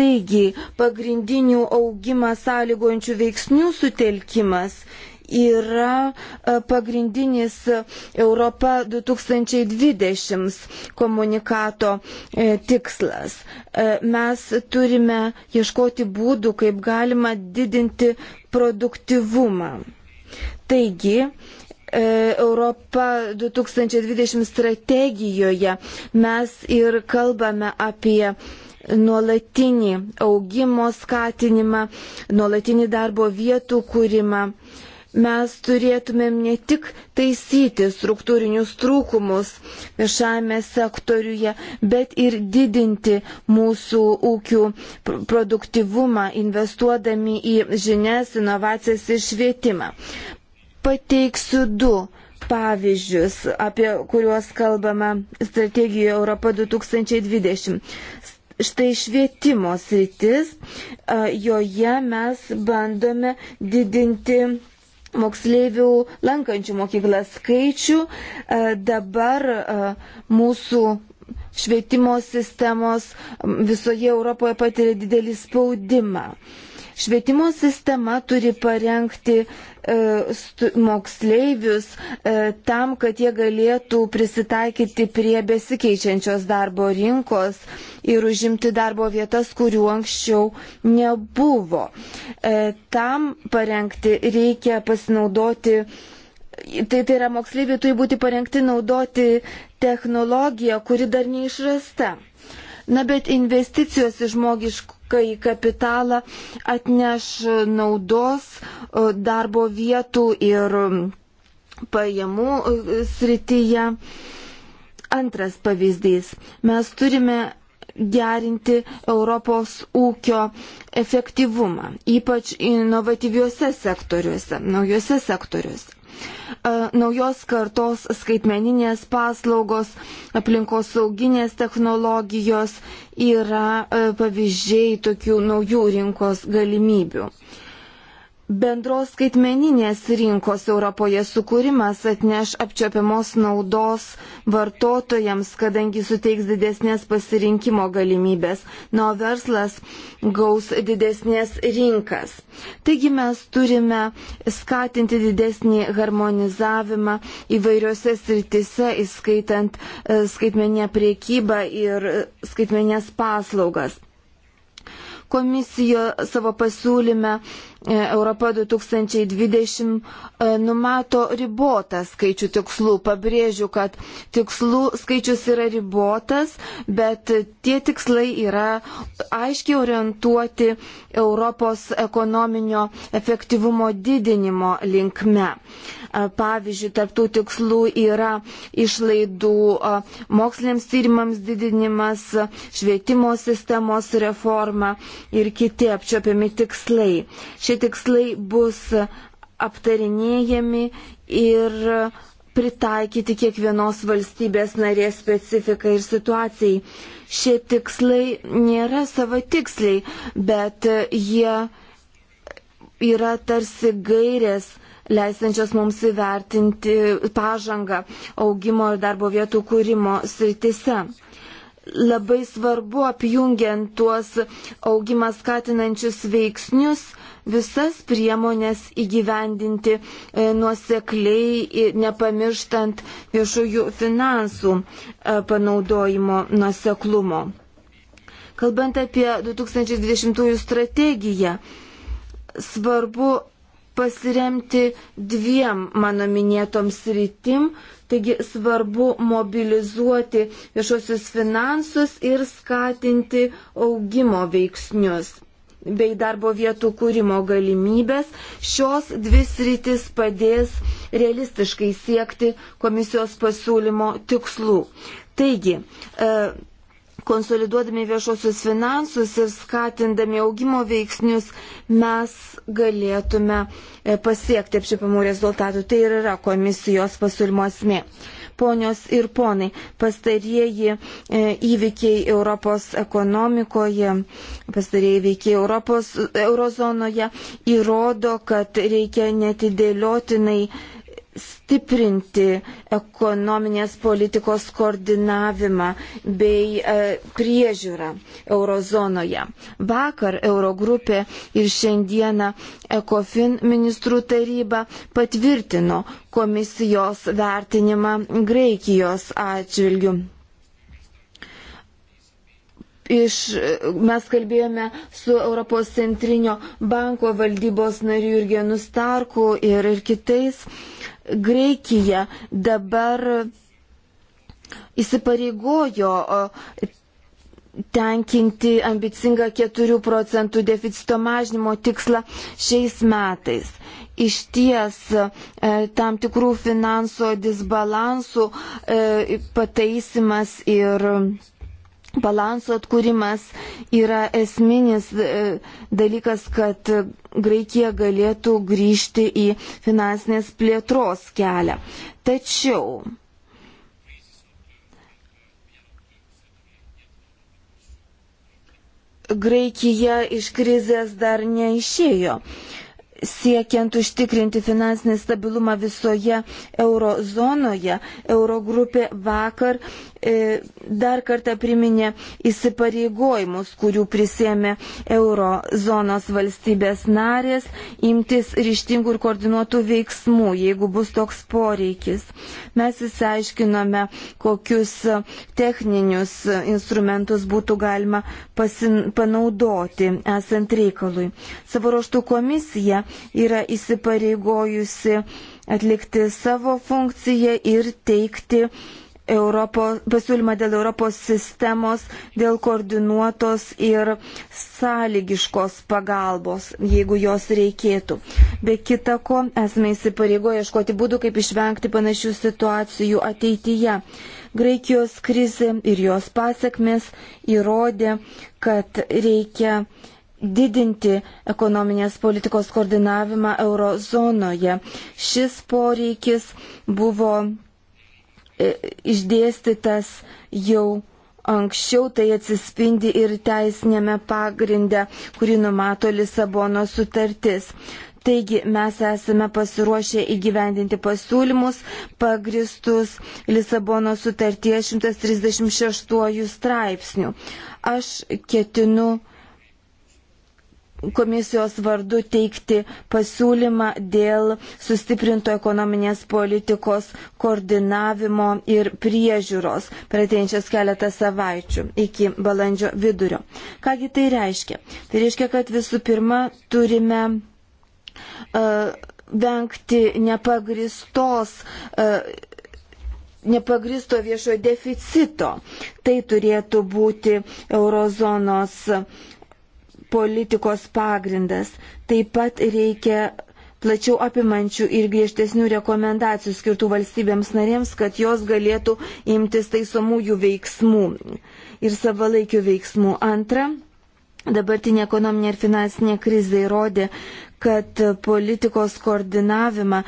Taigi, pagrindinių augimą sąlygojančių veiksnių sutelkimas yra e, pagrindinis Europa 2020 komunikato e, tikslas. E, mes turime ieškoti būdų, kaip galima didinti produktivumą. Taigi, Europa 2020 strategijoje mes ir kalbame apie nuolatinį augimo skatinimą, nuolatinį darbo vietų kūrimą mes turėtumėm ne tik taisyti struktūrinius trūkumus viešajame sektoriuje, bet ir didinti mūsų ūkių produktivumą, investuodami į žinias, inovacijas ir švietimą. Pateiksiu du pavyzdžius, apie kuriuos kalbama strategijoje Europa 2020 štai švietimo sritis, joje mes bandome didinti moksleivių lankančių mokyklą skaičių. E, dabar e, mūsų švietimo sistemos visoje Europoje patiria didelį spaudimą. Švietimo sistema turi parengti e, moksleivius e, tam, kad jie galėtų prisitaikyti prie besikeičiančios darbo rinkos ir užimti darbo vietas, kurių anksčiau nebuvo. E, tam parengti reikia pasinaudoti. Tai, tai yra moksleiviai turi būti parengti naudoti technologiją, kuri dar neišrasta. Na, bet investicijos į žmogiškų į kapitalą atneš naudos e, darbo vietų ir pajamų e, srityje. Antras pavyzdys. Mes turime gerinti Europos ūkio efektyvumą, ypač inovatyviuose sektoriuose, naujuose sektoriuose. E, naujos kartos skaitmeninės paslaugos, aplinkosauginės technologijos yra e, pavyzdžiai tokių naujų rinkos galimybių. Bendros skaitmeninės rinkos Europoje sukūrimas atneš apčiopiamos naudos vartotojams, kadangi suteiks didesnės pasirinkimo galimybės, na, o verslas gaus didesnės rinkas. Taigi mes turime skatinti didesnį harmonizavimą įvairiose sritise, įskaitant e, skaitmeninę priekybą ir e, skaitmeninės paslaugas. Komisija savo pasiūlyme E, Europa 2020 e, numato ribotą skaičių tikslų. Pabrėžiu, kad tikslų skaičius yra ribotas, bet tie tikslai yra aiškiai orientuoti Europos ekonominio efektyvumo didinimo linkme. E, pavyzdžiui, tarptų tikslų yra išlaidų moksliniams tyrimams didinimas, švietimo sistemos reforma ir kiti apčiopiami tikslai. Šie tikslai bus aptarinėjami ir pritaikyti kiekvienos valstybės narės specifikai ir situacijai. Šie tikslai nėra savatiksliai, bet jie yra tarsi gairės leisančios mums įvertinti pažangą augimo ir darbo vietų kūrimo sritise. Labai svarbu apjungiant tuos augimą skatinančius veiksnius visas priemonės įgyvendinti e, nuosekliai ir nepamirštant viešųjų finansų e, panaudojimo nuoseklumo. Kalbant apie 2020 strategiją, svarbu pasiremti dviem mano minėtom sritim, taigi svarbu mobilizuoti viešosius finansus ir skatinti augimo veiksnius bei darbo vietų kūrimo galimybės. Šios dvi sritis padės realistiškai siekti komisijos pasiūlymo tikslų. Taigi, e, konsoliduodami viešosius finansus ir skatindami augimo veiksnius mes galėtume e, pasiekti apšipamų rezultatų. Tai ir yra komisijos pasiūlymo esmė ponios ir ponai, pastarieji e, įvykiai Europos ekonomikoje, pastarieji įvykiai Europos eurozonoje įrodo, kad reikia netidėliotinai stiprinti ekonominės politikos koordinavimą bei e, priežiūrą eurozonoje. Vakar Eurogrupė ir šiandieną ECOFIN ministrų taryba patvirtino komisijos vertinimą Graikijos atžvilgių iš, mes kalbėjome su Europos centrinio banko valdybos nariu Jurgenu Starku ir, ir kitais Graikija dabar įsipareigojo tenkinti ambicingą 4 procentų deficito mažinimo tikslą šiais metais. Iš ties e, tam tikrų finansų disbalansų e, pataisimas ir balanso atkūrimas yra esminis e, dalykas, kad Graikija galėtų grįžti į finansinės plėtros kelią. Tačiau Graikija iš krizės dar neišėjo. Siekiant užtikrinti finansinį stabilumą visoje eurozonoje, eurogrupė vakar E, dar kartą priminė įsipareigojimus, kurių prisėmė eurozonos valstybės narės, imtis ryštingų ir koordinuotų veiksmų, jeigu bus toks poreikis. Mes įsiaiškinome, kokius techninius instrumentus būtų galima pasin, panaudoti esant reikalui. Savo ruoštų komisija yra įsipareigojusi atlikti savo funkciją ir teikti Europo, pasiūlymą dėl Europos sistemos, dėl koordinuotos ir sąlygiškos pagalbos, jeigu jos reikėtų. Be kita ko, esame įsipareigoję ieškoti būdų, kaip išvengti panašių situacijų ateityje. Graikijos krizė ir jos pasiekmes įrodė, kad reikia didinti ekonominės politikos koordinavimą eurozonoje. Šis poreikis buvo E, išdėstytas jau anksčiau, tai atsispindi ir teisinėme pagrindę, kurį numato Lisabono sutartis. Taigi mes esame pasiruošę įgyvendinti pasiūlymus pagristus Lisabono sutarties 136 straipsnių. Aš ketinu komisijos vardu teikti pasiūlymą dėl sustiprinto ekonominės politikos koordinavimo ir priežiūros per ateinčias keletą savaičių iki balandžio vidurio. Kągi tai reiškia? Tai reiškia, kad visų pirma turime uh, vengti nepagristos uh, nepagristo viešojo deficito. Tai turėtų būti eurozonos uh, politikos pagrindas. Taip pat reikia plačiau apimančių ir griežtesnių rekomendacijų skirtų valstybėms narėms, kad jos galėtų imtis taisomųjų veiksmų ir savalaikių veiksmų. Antra, dabartinė ekonominė ir finansinė krizė įrodė, kad politikos koordinavimą,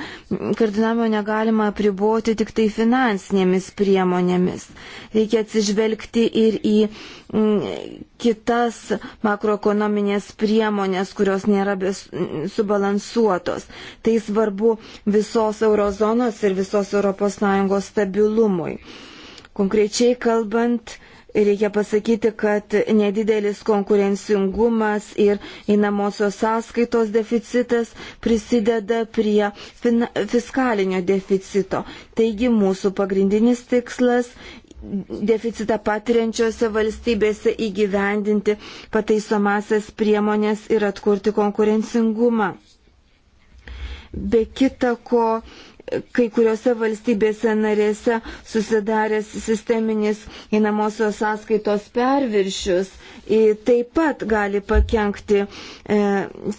koordinavimo negalima apriboti tik tai finansinėmis priemonėmis. Reikia atsižvelgti ir į m, mm, kitas makroekonominės priemonės, kurios nėra bes, subalansuotos. Tai svarbu visos eurozonos ir visos ES stabilumui. Konkrečiai kalbant, Reikia pasakyti, kad nedidelis konkurencingumas ir einamosios sąskaitos deficitas prisideda prie fiskalinio deficito. Taigi mūsų pagrindinis tikslas deficitą patiriančiose valstybėse įgyvendinti pataisomasias priemonės ir atkurti konkurencingumą. Be kita ko, kai kuriuose valstybėse narėse susidaręs sisteminis įnamosios sąskaitos perviršius taip pat gali pakengti e,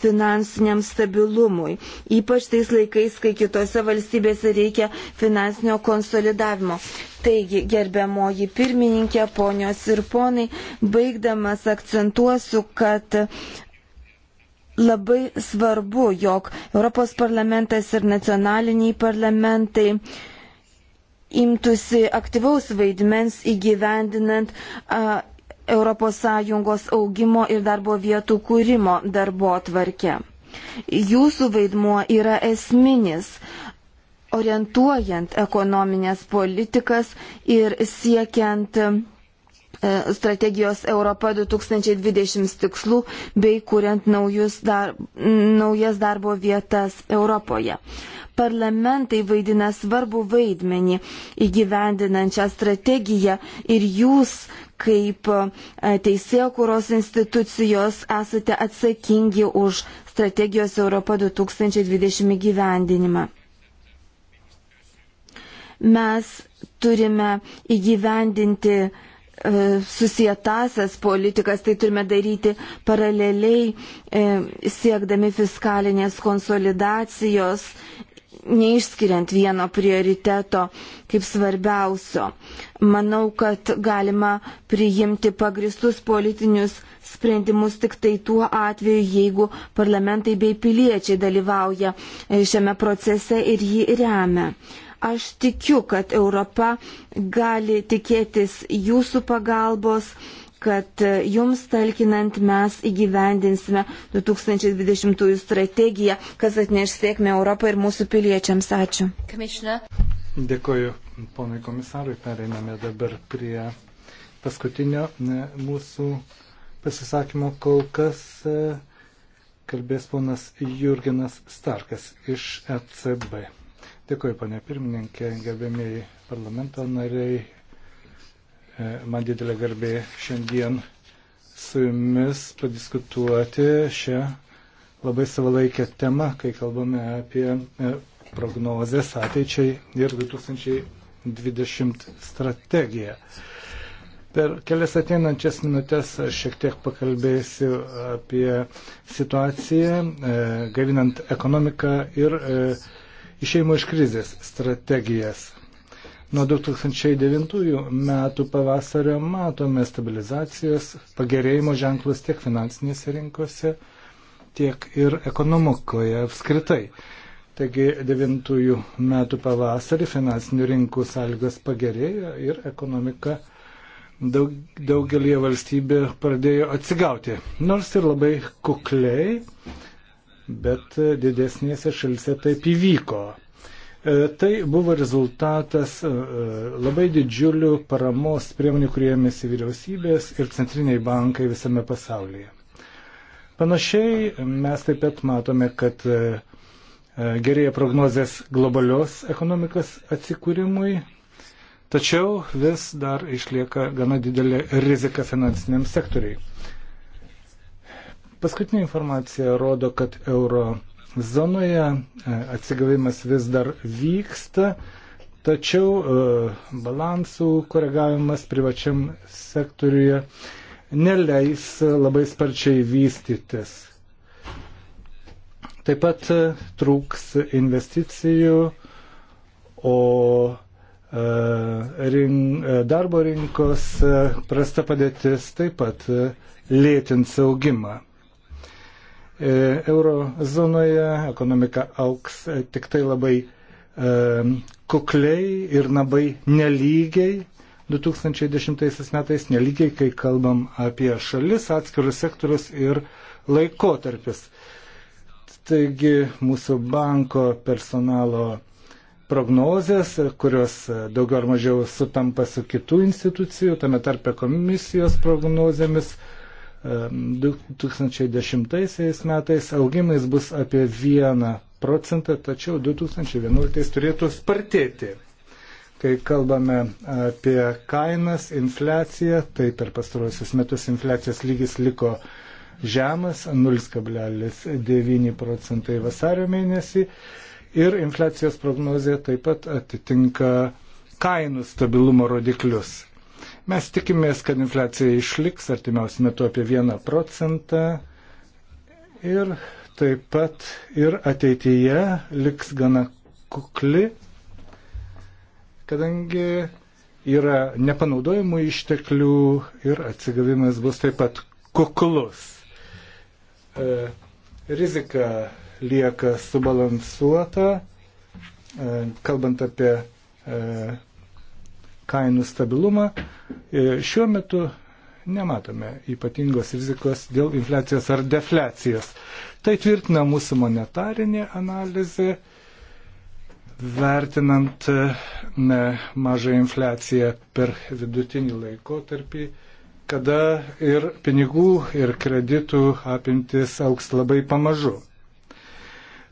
finansiniam stabilumui, ypač tais laikais, kai kitose valstybėse reikia finansinio konsolidavimo. Taigi, gerbiamoji pirmininkė, ponios ir ponai, baigdamas akcentuosiu, kad labai svarbu, jog Europos parlamentas ir nacionaliniai parlamentai imtųsi aktyvaus vaidmens įgyvendinant a, ES augimo ir darbo vietų kūrimo darbo atvarkę. Jūsų vaidmuo yra esminis, orientuojant ekonominės politikas ir siekiant E, strategijos Europa 2020 tikslų bei kuriant dar, naujas darbo vietas Europoje. Parlamentai vaidina svarbu vaidmenį įgyvendinančią strategiją ir jūs kaip e, teisėkuros institucijos esate atsakingi už strategijos Europa 2020 įgyvendinimą. Mes turime įgyvendinti uh, E, susietasias politikas, tai turime daryti paraleliai e, siekdami fiskalinės konsolidacijos, neišskiriant vieno prioriteto kaip svarbiausio. Manau, kad galima priimti pagristus politinius sprendimus tik tai tuo atveju, jeigu parlamentai bei piliečiai dalyvauja e, šiame procese ir jį remia. Aš tikiu, kad Europa gali tikėtis jūsų pagalbos kad jums talkinant mes įgyvendinsime 2020 strategiją, kas atneš sėkmę Europą ir mūsų piliečiams. Ačiū. Dėkoju, ponai komisarui. Pereiname dabar prie paskutinio mūsų pasisakymo. Kol kas e, kalbės ponas Jurgenas Starkas iš ECB. Dėkuoju, panė pirmininkė, gerbėmiai parlamento nariai. E, man didelė garbė šiandien su jumis padiskutuoti šią labai savalaikę temą, kai kalbame apie e, prognozės ateičiai ir 2020 strategiją. Per kelias ateinančias minutės aš šiek tiek pakalbėsiu apie situaciją, e, gavinant ekonomiką ir išeimo iš krizės strategijas. Nuo 2009 metų pavasario matome stabilizacijos pagerėjimo ženklus tiek finansinėse rinkose, tiek ir ekonomikoje apskritai. Taigi 9 metų pavasarį finansinių rinkų sąlygos pagerėjo ir ekonomika daug, daugelį valstybių pradėjo atsigauti. Nors ir labai kukliai, bet didesnėse šalise taip įvyko. E, tai buvo rezultatas e, labai didžiulių paramos priemonių, kuriemis vyriausybės ir centriniai bankai visame pasaulyje. Panašiai mes taip pat matome, kad e, gerėja prognozės globalios ekonomikos atsikūrimui, tačiau vis dar išlieka gana didelė rizika finansiniam sektoriai. Paskutinė informacija rodo, kad euro zonoje e, atsigavimas vis dar vyksta, tačiau e, balansų koregavimas privačiam sektoriuje neleis labai sparčiai vystytis. Taip pat e, trūks investicijų, o rink, darbo rinkos prasta padėtis taip pat lėtins augimą. E, Euro zonoje ekonomika auks e, tik tai labai e, kukliai ir labai nelygiai. 2010 metais nelygiai, kai kalbam apie šalis, atskirus sektorius ir laikotarpis. Taigi mūsų banko personalo prognozės, kurios daugiau ar mažiau sutampa su kitų institucijų, tame tarpe komisijos prognozėmis, 2010 metais augimais bus apie 1 procentą, tačiau 2011 turėtų spartėti. Kai kalbame apie kainas, infliaciją, tai per pastarosius metus infliacijos lygis liko žemas 0,9 procentai vasario mėnesį ir infliacijos prognozija taip pat atitinka kainų stabilumo rodiklius. Mes tikimės, kad infliacija išliks artimiausiu metu apie 1 procentą ir taip pat ir ateityje liks gana kukli, kadangi yra nepanaudojimų išteklių ir atsigavimas bus taip pat kuklus. E, rizika lieka subalansuota, e, kalbant apie e, kainų stabilumą, šiuo metu nematome ypatingos rizikos dėl infliacijos ar defliacijos. Tai tvirtina mūsų monetarinė analizė, vertinant ne, mažą infliaciją per vidutinį laikotarpį, kada ir pinigų, ir kreditų apimtis auks labai pamažu.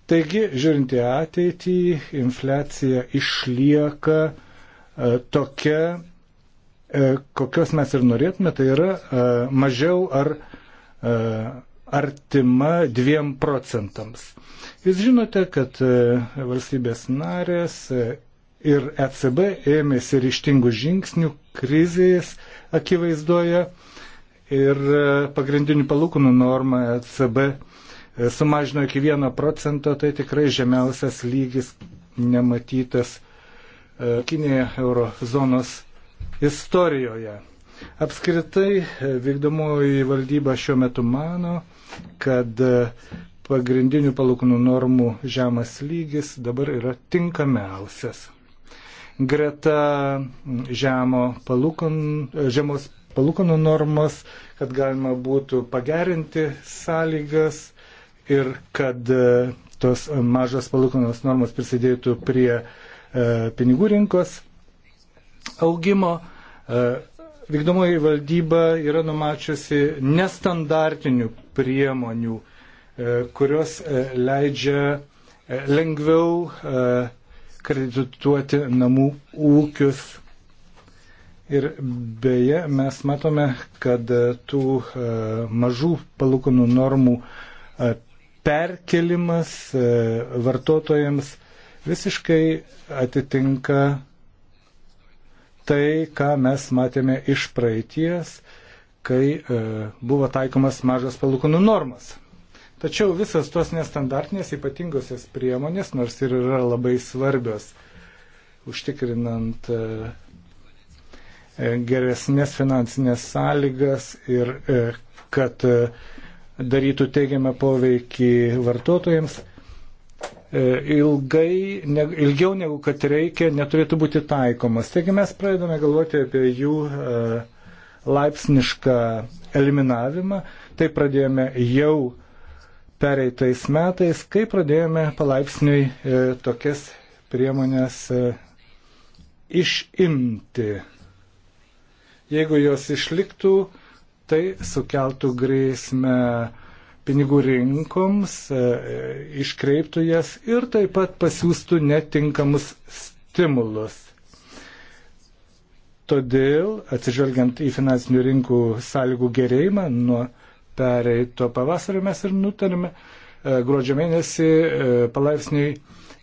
Taigi, žiūrint į ateitį, infliacija išlieka E, tokia, e, kokios mes ir norėtume, tai yra e, mažiau ar artima dviem procentams. Jūs žinote, kad valstybės narės ir ECB ėmėsi ryštingų žingsnių krizės akivaizdoje ir pagrindinių palūkanų normą ECB sumažino iki 1 procento, tai tikrai žemiausias lygis nematytas Kinėje eurozonos istorijoje. Apskritai vykdomoji valdyba šiuo metu mano, kad pagrindinių palūkanų normų žemas lygis dabar yra tinkamiausias. Greta žemo palūkan, žemos palūkanų normos, kad galima būtų pagerinti sąlygas ir kad tos mažas palūkanos normos prisidėtų prie uh, E, pinigų rinkos augimo. E, vykdomoji valdyba yra numačiusi nestandartinių priemonių, e, kurios leidžia lengviau kredituoti namų ūkius. Ir beje, mes matome, kad tų mažų palūkanų normų perkelimas vartotojams visiškai atitinka tai, ką mes matėme iš praeities, kai e, buvo taikomas mažas palūkanų normas. Tačiau visas tos nestandartinės ypatingosios priemonės, nors ir yra labai svarbios, užtikrinant e, e, geresnės finansinės sąlygas ir e, kad e, darytų teigiamą poveikį vartotojams, E, ilgai, ne, ilgiau negu kad reikia, neturėtų būti taikomas. Taigi mes pradedame galvoti apie jų e, laipsnišką eliminavimą. Tai pradėjome jau pereitais metais, kai pradėjome palaipsniui e, tokias priemonės e, išimti. Jeigu jos išliktų, tai sukeltų grėsmę pinigų rinkoms, e, e, iškreiptų jas ir taip pat pasiūstų netinkamus stimulus. Todėl, atsižvelgiant į finansinių rinkų sąlygų gerėjimą nuo pereito pavasario, mes ir nutarėme e, gruodžio mėnesį palaipsniui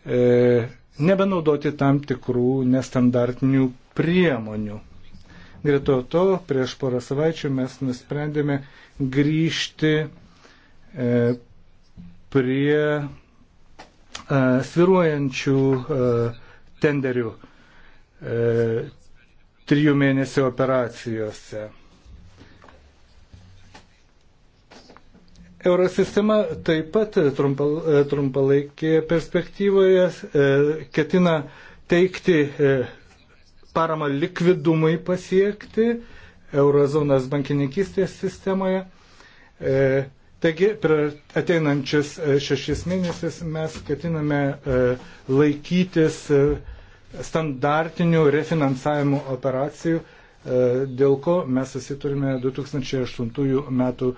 nebenaudoti tam tikrų nestandartinių priemonių. Greta to, prieš porą savaičių mes nusprendėme grįžti E, prie e, sviruojančių e, tenderių trijų mėnesių operacijose. Eurosistema taip pat trumpalaikėje perspektyvoje ketina teikti paramą likvidumui pasiekti eurozonas bankininkystės sistemoje. Taigi, per ateinančius e, šešis mėnesius mes ketiname e, laikytis e, standartinių refinansavimo operacijų, dėl ko mes susiturime 2008 metų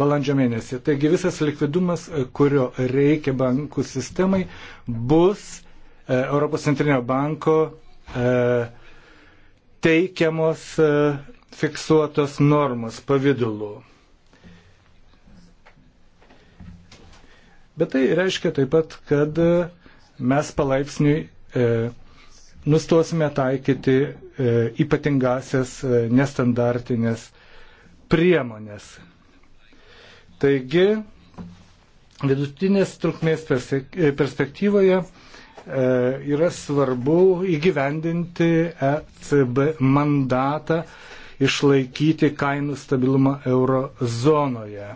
balandžio mėnesį. Taigi visas likvidumas, kurio reikia bankų sistemai, bus Europos centrinio banko teikiamos fiksuotos normos pavydalu. Bet tai reiškia taip pat, kad e, mes palaipsniui e, nustosime taikyti e, ypatingasias e, nestandartinės priemonės. Taigi, vidutinės trukmės e, perspektyvoje e, yra svarbu įgyvendinti ECB mandatą išlaikyti kainų stabilumą euro zonoje.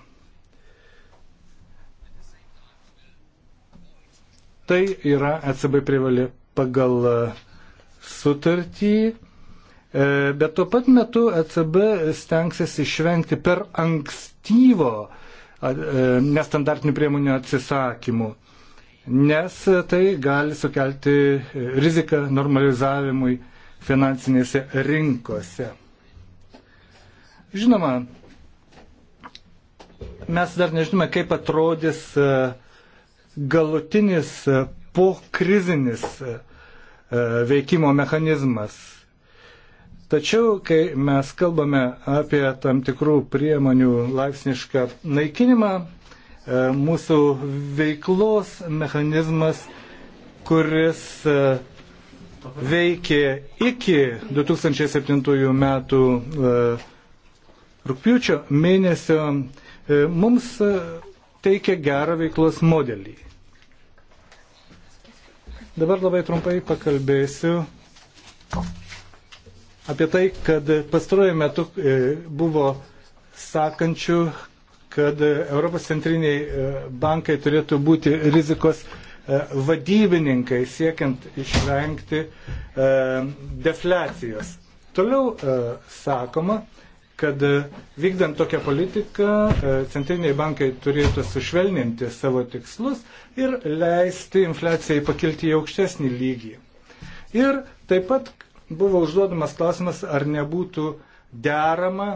Tai yra ECB privalė pagal e, sutartį, e, bet tuo pat metu ECB stengsis išvengti per ankstyvo e, nestandartinių priemonių atsisakymų, nes tai gali sukelti riziką normalizavimui finansinėse rinkose. Žinoma, mes dar nežinome, kaip atrodys uh, galutinis e, pokrizinis e, e, veikimo mechanizmas. Tačiau, kai mes kalbame apie tam tikrų priemonių laipsnišką naikinimą, mūsų veiklos mechanizmas, kuris veikė iki 2007 metų rūpiučio mėnesio, mums teikia gerą veiklos modelį. Dabar labai trumpai pakalbėsiu apie tai, kad pastaruoju metu e, buvo sakančių, kad Europos centriniai e, bankai turėtų būti rizikos e, vadybininkai siekiant išvengti defliacijos. Toliau sakoma, kad e, vykdant tokią politiką e, centriniai bankai turėtų sušvelninti savo tikslus ir leisti infliacijai pakilti į aukštesnį lygį. Ir taip pat buvo užduodamas klausimas, ar nebūtų derama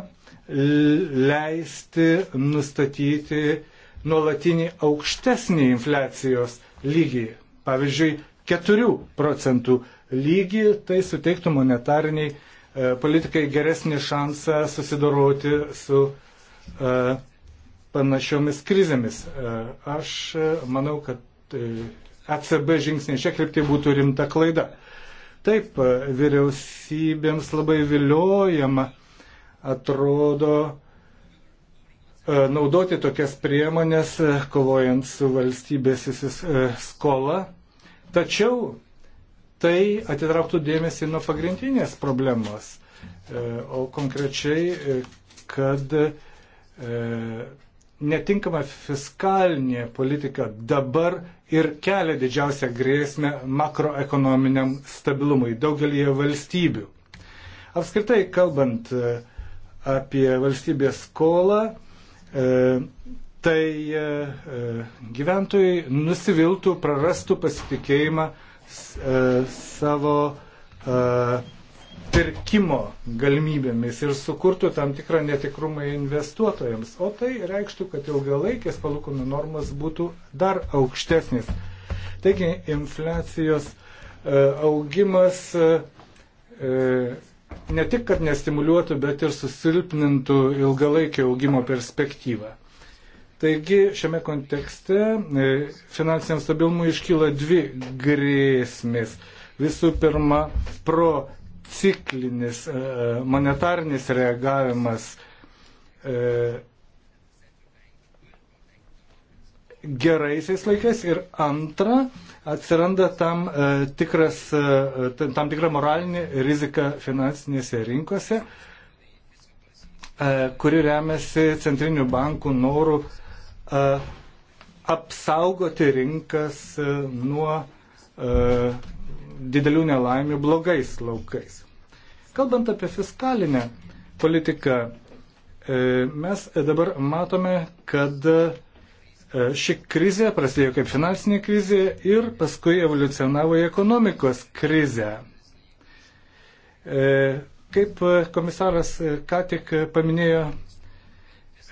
leisti nustatyti nuolatinį aukštesnį infliacijos lygį. Pavyzdžiui, 4 procentų lygį tai suteiktų monetariniai E, politikai geresnį šansą susidoroti su e, panašiomis krizėmis. E, aš manau, kad ECB žingsniai šią kryptį būtų rimta klaida. Taip, vyriausybėms labai viliojama atrodo naudoti tokias priemonės, kovojant su valstybės skola. Tačiau tai atitrauktų dėmesį nuo pagrindinės problemos, e, o konkrečiai, e, kad e, netinkama fiskalinė politika dabar ir kelia didžiausią grėsmę makroekonominiam stabilumui daugelį valstybių. Apskritai kalbant apie valstybės skolą, tai gyventojai nusiviltų, prarastų pasitikėjimą E, savo e, pirkimo galimybėmis ir sukurtų tam tikrą netikrumą investuotojams. O tai reikštų, kad ilgalaikės palūkanų normas būtų dar aukštesnis. Taigi infliacijos e, augimas ne tik, kad nestimuliuotų, bet ir susilpnintų ilgalaikio augimo perspektyvą. Taigi šiame kontekste e, finansiniam stabilumui iškyla dvi grėsmės. Visų pirma, pro ciklinis e, e, monetarinis reagavimas geraisiais laikais ir antra, atsiranda tam, tikras, tam tikra moralinė rizika finansinėse rinkose, kuri remiasi centrinių bankų norų apsaugoti rinkas nuo didelių nelaimių blogais laukais. Kalbant apie fiskalinę politiką, e, mes dabar matome, kad e, ši krizė prasidėjo kaip finansinė krizė ir paskui evoliucionavo į ekonomikos krizę. E, kaip komisaras ką tik paminėjo,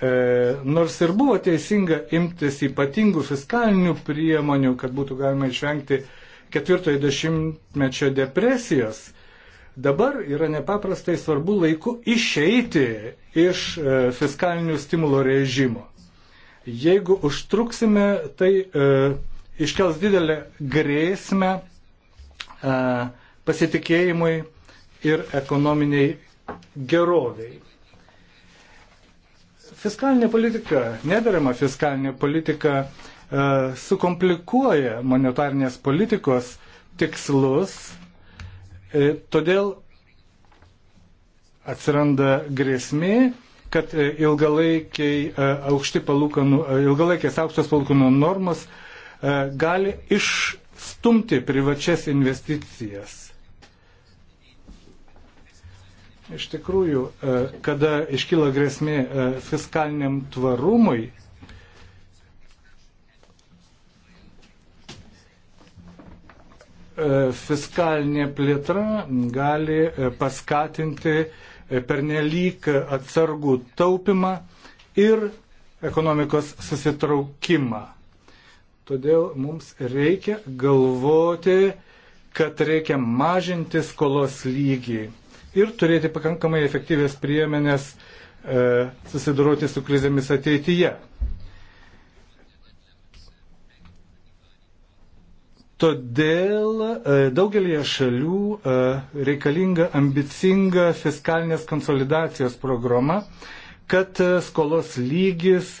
E, nors ir buvo teisinga imtis ypatingų fiskalinių priemonių, kad būtų galima išvengti ketvirtojo dešimtmečio depresijos, dabar yra nepaprastai svarbu laiku išeiti iš e, fiskalinių stimulo režimo. Jeigu užtruksime, tai e, iškels didelę grėsmę e, pasitikėjimui ir ekonominiai geroviai. Fiskalinė politika, nederama fiskalinė politika e, sukomplikuoja monetarnės politikos tikslus, e, todėl atsiranda grėsmė, kad e, ilgalaikiai aukšti palūkanų, ilgalaikės aukštos palūkanų normos gali išstumti privačias investicijas. Iš tikrųjų, e, kada iškyla grėsmė e, fiskaliniam tvarumui, e, fiskalinė plėtra gali paskatinti pernelyg atsargų taupimą ir ekonomikos susitraukimą. Todėl mums reikia galvoti, kad reikia mažinti skolos lygį ir turėti pakankamai efektyvės priemenės e, susidoroti su krizėmis ateityje. Todėl e, daugelie šalių e, reikalinga ambicinga fiskalinės konsolidacijos programa, kad e, skolos lygis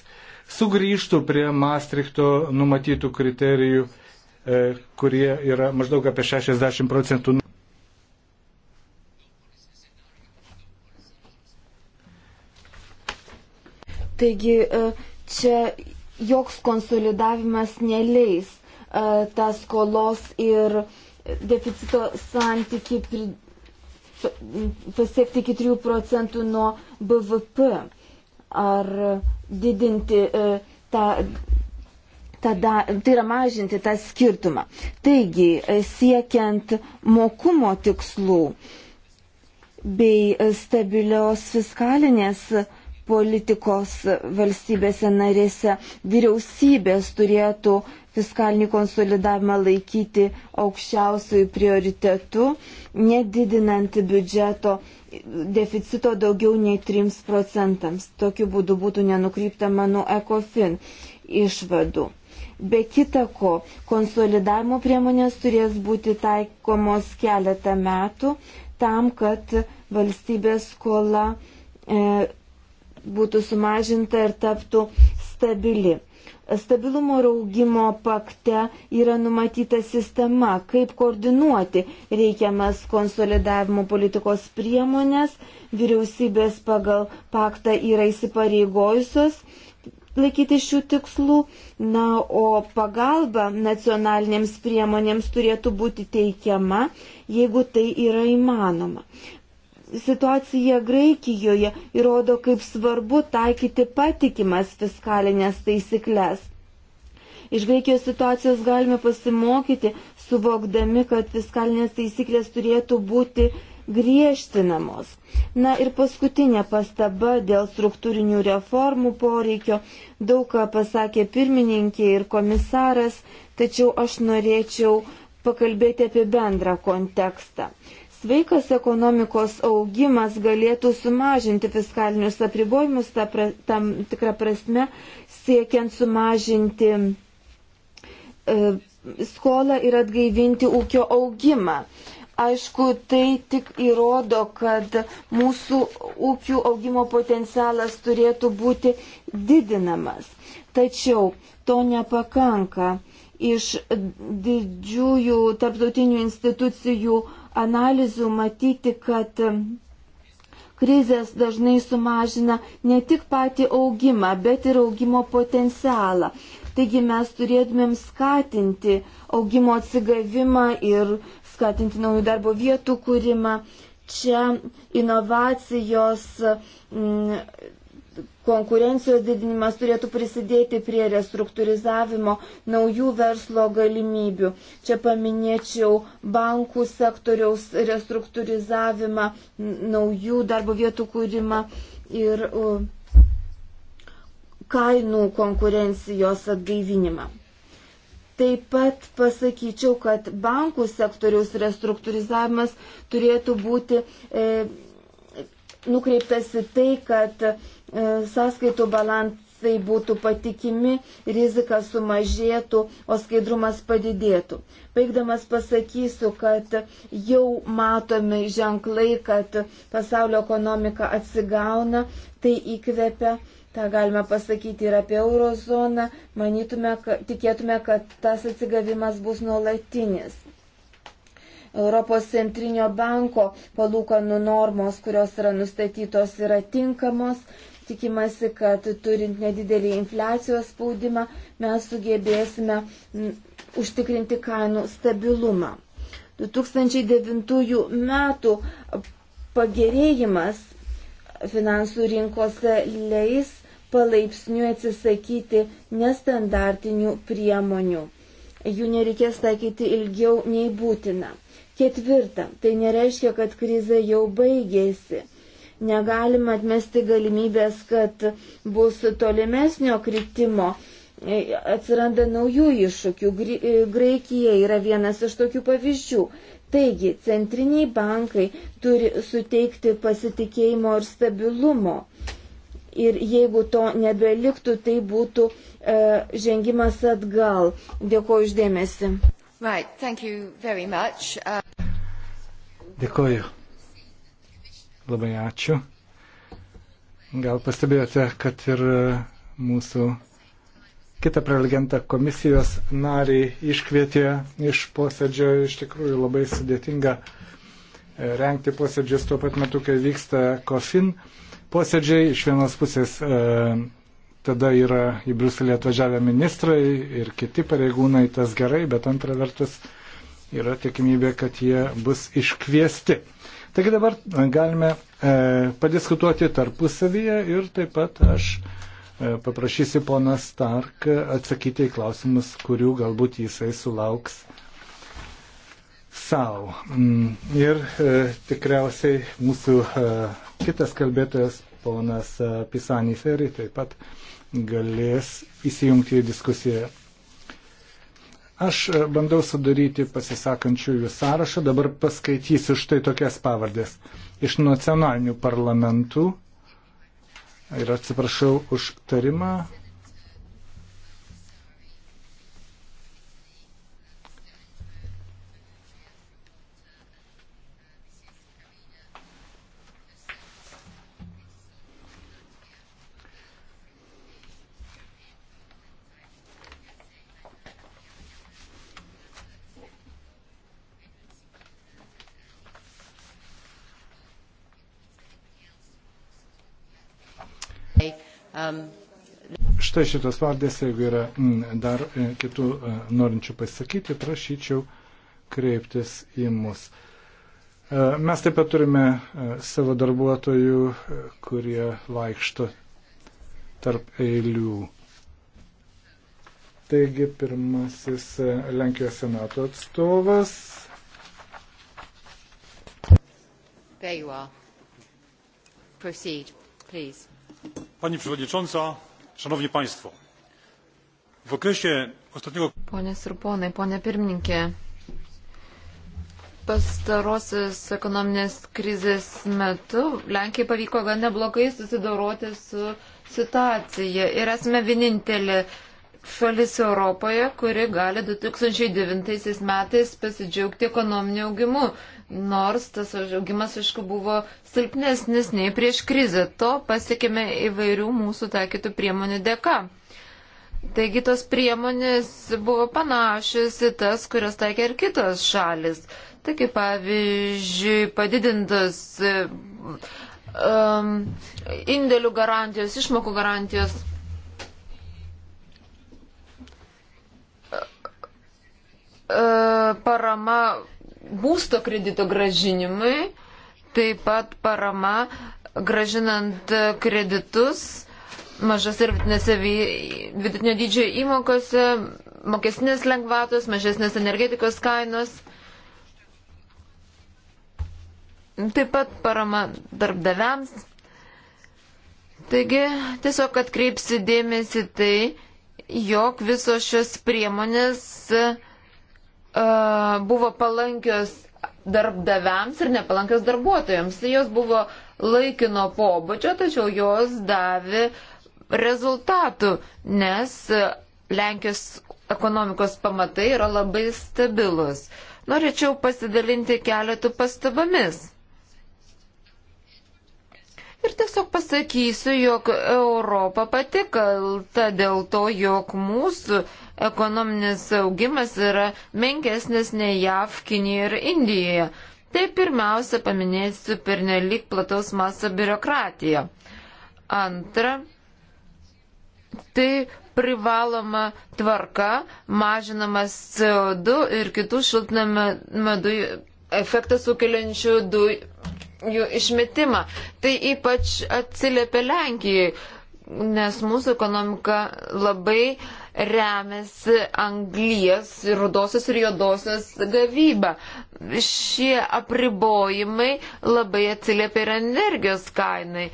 sugrįžtų prie Maastrichto numatytų kriterijų, kurie yra maždaug apie 60 procentų Taigi e, čia joks konsolidavimas neleis e, tą skolos ir deficito santyki pri... pasiekti iki 3 procentų nuo BVP ar didinti e, tą tada, tai yra mažinti tą skirtumą. Taigi, siekiant mokumo tikslų bei stabilios fiskalinės uh, politikos valstybėse narėse. Vyriausybės turėtų fiskalinį konsolidavimą laikyti aukščiausiųjų prioritetų, nedidinant biudžeto deficito daugiau nei 3 procentams. Tokiu būdu būtų nenukryptama nuo ECOFIN išvadų. Be kita ko, konsolidavimo priemonės turės būti taikomos keletą metų tam, kad valstybės skola e, būtų sumažinta ir taptų stabili. Stabilumo ir augimo pakte yra numatyta sistema, kaip koordinuoti reikiamas konsolidavimo politikos priemonės. Vyriausybės pagal paktą yra įsipareigojusios laikyti šių tikslų, na, o pagalba nacionalinėms priemonėms turėtų būti teikiama, jeigu tai yra įmanoma. Situacija Graikijoje įrodo, kaip svarbu taikyti patikimas fiskalinės taisyklės. Iš Graikijos situacijos galime pasimokyti, suvokdami, kad fiskalinės taisyklės turėtų būti griežtinamos. Na ir paskutinė pastaba dėl struktūrinių reformų poreikio. Daug ką pasakė pirmininkė ir komisaras, tačiau aš norėčiau pakalbėti apie bendrą kontekstą sveikas ekonomikos augimas galėtų sumažinti fiskalinius apribojimus ta pra, tam tikrą prasme, siekiant sumažinti e, skolą ir atgaivinti ūkio augimą. Aišku, tai tik įrodo, kad mūsų ūkių augimo potencialas turėtų būti didinamas. Tačiau to nepakanka iš didžiųjų tarptautinių institucijų uh, analizių matyti, kad krizės dažnai sumažina ne tik patį augimą, bet ir augimo potencialą. Taigi mes turėtumėm skatinti augimo atsigavimą ir skatinti naujų darbo vietų kūrimą. Čia inovacijos m, mm, Konkurencijos didinimas turėtų prisidėti prie restruktūrizavimo naujų verslo galimybių. Čia paminėčiau bankų sektoriaus restruktūrizavimą, naujų darbo vietų kūrimą ir kainų konkurencijos atgaivinimą. Taip pat pasakyčiau, kad bankų sektoriaus restruktūrizavimas turėtų būti e, nukreiptas į tai, kad E, sąskaitų balansai būtų patikimi, rizika sumažėtų, o skaidrumas padidėtų. Baigdamas pasakysiu, kad jau matomi ženklai, kad pasaulio ekonomika atsigauna, tai įkvepia. Ta galime pasakyti ir apie eurozoną, manytume, kad, tikėtume, kad tas atsigavimas bus nuolatinis. Europos centrinio banko palūkanų normos, kurios yra nustatytos, yra tinkamos, tikimasi, kad turint nedidelį infliacijos spaudimą mes sugebėsime užtikrinti kainų stabilumą. 2009 metų pagerėjimas finansų rinkose leis palaipsniui atsisakyti nestandartinių priemonių. Jų nereikės taikyti ilgiau nei būtina. Ketvirta, tai nereiškia, kad krize jau baigėsi. Negalima atmesti galimybės, kad bus tolimesnio kritimo. E, atsiranda naujų iššūkių. E, Graikija yra vienas iš tokių pavyzdžių. Taigi, centriniai bankai turi suteikti pasitikėjimo ir stabilumo. Ir jeigu to nebeliktų, tai būtų e, žengimas atgal. Dėkuoju uždėmesi. Right, uh... Dėkuoju. Labai ačiū. Gal pastebėjote, kad ir mūsų kitą prelegentą komisijos nariai iškvietė iš posėdžio. Iš tikrųjų labai sudėtinga e, renkti posėdžius tuo pat metu, kai vyksta COFIN posėdžiai. Iš vienos pusės e, tada yra į Bruselį atvažiavę ministrai ir kiti pareigūnai, tas gerai, bet antra vertus yra tikimybė, kad jie bus iškviesti. Taigi dabar e, galime e, padiskutuoti tarpusavyje ir taip pat aš e, paprašysiu poną Stark atsakyti į klausimus, kurių galbūt jisai sulauks savo. Mm, ir e, tikriausiai mūsų e, kitas kalbėtojas, ponas e, Pisanį Ferį, taip pat galės įsijungti į diskusiją Aš e, bandau sudaryti pasisakančiųjų sąrašą, dabar paskaitysiu štai tokias pavardės. Iš nacionalinių parlamentų ir atsiprašau už tarimą Um, Štai šitos vardės, jeigu yra mm, dar e, kitų e, norinčių pasakyti, prašyčiau kreiptis į mus. E, mes taip pat turime savo darbuotojų, kurie vaikšto tarp eilių. Taigi pirmasis Lenkijos senato atstovas. There you are. Proceed, please. Pani Przewodnicząca, Szanowni Państwo. W okresie ostatniego... Ponės ir ponai, ponė pirmininkė, pastarosios ekonominės krizės metu Lenkijai pavyko gan neblogai susidoroti su situacija ir esame vienintelė šalis Europoje, kuri gali 2009 metais pasidžiaugti ekonominiu augimu nors tas augimas, aišku, buvo silpnesnis nei prieš krizę. To pasiekėme įvairių mūsų taikytų priemonių dėka. Taigi tos priemonės buvo panašios į tas, kurias taikė ir kitos šalis. Taigi, pavyzdžiui, padidintas um, indėlių garantijos, išmokų garantijos. Uh, uh, parama būsto kredito gražinimui, taip pat parama gražinant kreditus mažas ir vidutinėse vidutinio dydžio įmokose, mokesnės lengvatos, mažesnės energetikos kainos. Taip pat parama darbdaviams. Taigi tiesiog atkreipsi dėmesį tai, jog visos šios priemonės uh, buvo palankios darbdaviams ir nepalankios darbuotojams. Jos buvo laikino pobūdžio, tačiau jos davė rezultatų, nes Lenkijos ekonomikos pamatai yra labai stabilus. Norėčiau pasidalinti keletų pastabomis. Ir tiesiog pasakysiu, jog Europa pati kalta dėl to, jog mūsų ekonominis augimas yra menkesnis nei JAV, Kinijoje ir Indijoje. Tai pirmiausia paminėsiu pernelik plataus maso biurokratiją. Antra, tai privaloma tvarka mažinamas CO2 ir kitų šiltnamio dujų efektą sukeliančių dujų išmetimą. Tai ypač atsiliepia Lenkijai, nes mūsų ekonomika labai uh, remiasi anglijos, rudosios ir juodosios gavybą. Šie apribojimai labai atsiliepia ir energijos kainai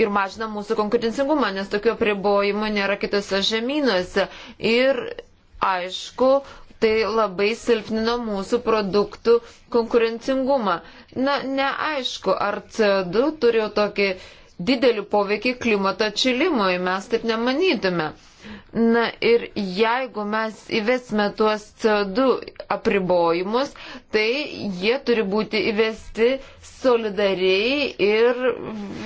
ir mažina mūsų konkurencingumą, nes tokių apribojimų nėra kitose žemynuose. Ir aišku, tai labai silpnino mūsų produktų konkurencingumą. Na, neaišku, ar CO2 turėjo tokį didelį poveikį klimato atšilimui, mes taip nemanytume. Na ir jeigu mes įvesime tuos CO2 apribojimus, tai jie turi būti įvesti solidariai ir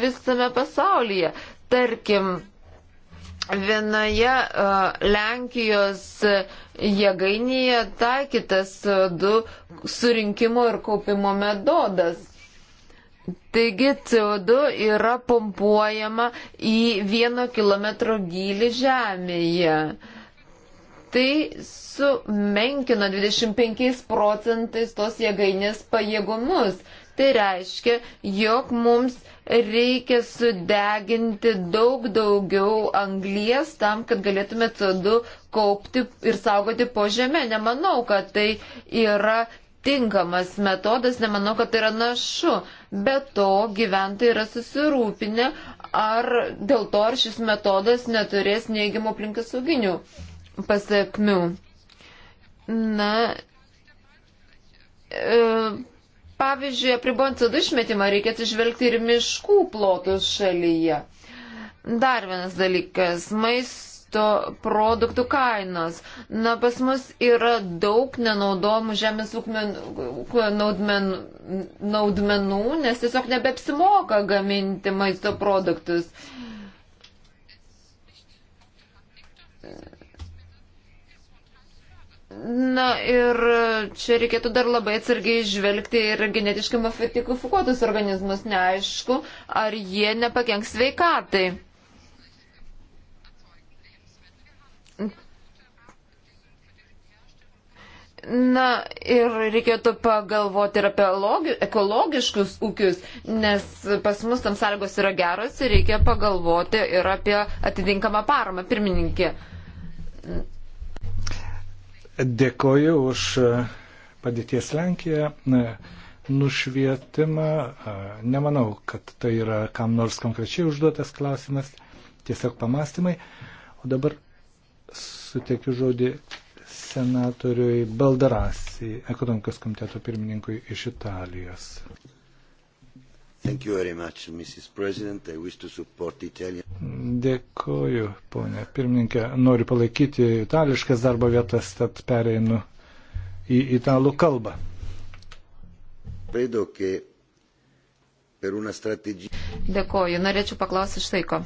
visame pasaulyje. Tarkim, vienoje uh, Lenkijos jėgainėje taikytas CO2 surinkimo ir kaupimo metodas. Taigi CO2 yra pompuojama į vieno kilometro gylį žemėje. Tai sumenkino 25 procentais tos jėgainės pajėgumus. Tai reiškia, jog mums reikia sudeginti daug daugiau anglies tam, kad galėtume CO2 kaupti ir saugoti po žemę. Nemanau, kad tai yra tinkamas metodas, nemanau, kad tai yra našu. Be to, gyventojai yra susirūpinę, ar dėl to, ar šis metodas neturės neigiamų aplinkosauginių pasiekmių. Na, e, pavyzdžiui, apribojant CO2 išmetimą reikia atsižvelgti ir miškų plotus šalyje. Dar vienas dalykas - maisto maisto produktų kainos. Na, pas mus yra daug nenaudomų žemės ūkio naudmenų, naudmenų, nes tiesiog nebepsimoka gaminti maisto produktus. Na ir čia reikėtų dar labai atsargiai žvelgti ir genetiškai modifikuotus organizmus, neaišku, ar jie nepakenks sveikatai. Na ir reikėtų pagalvoti ir apie logi, ekologiškus ūkius, nes pas mus tam sąlygos yra geros ir reikia pagalvoti ir apie atitinkamą paramą. Pirmininkė. Dėkoju už e, padėties Lenkiją e, nušvietimą. E, nemanau, kad tai yra kam nors konkrečiai užduotas klausimas, tiesiog pamastymai. O dabar suteikiu žodį senatoriui Baldarasi, ekonomikos komiteto pirmininkui iš Italijos. Much, Dėkoju, ponė pirmininkė. Noriu palaikyti itališkas darbo vietas, tad pereinu į italų kalbą. Dėkoju. Norėčiau paklausyti štai ko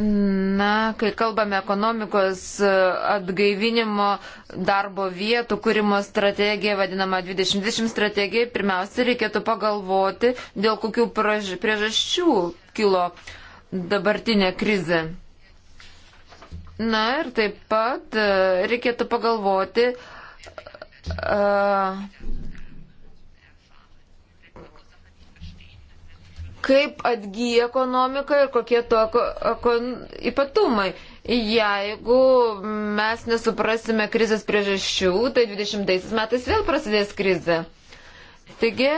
Na, kai kalbame ekonomikos e, atgaivinimo darbo vietų kūrimo strategiją, vadinamą 2020 strategiją, pirmiausia, reikėtų pagalvoti, dėl kokių priežasčių kilo dabartinė krizė. Na ir taip pat e, reikėtų pagalvoti, uh, kaip atgyja ekonomika ir kokie to ekon... ypatumai. Jeigu mes nesuprasime krizės priežasčių, tai 20 metais vėl prasidės krizė. Taigi,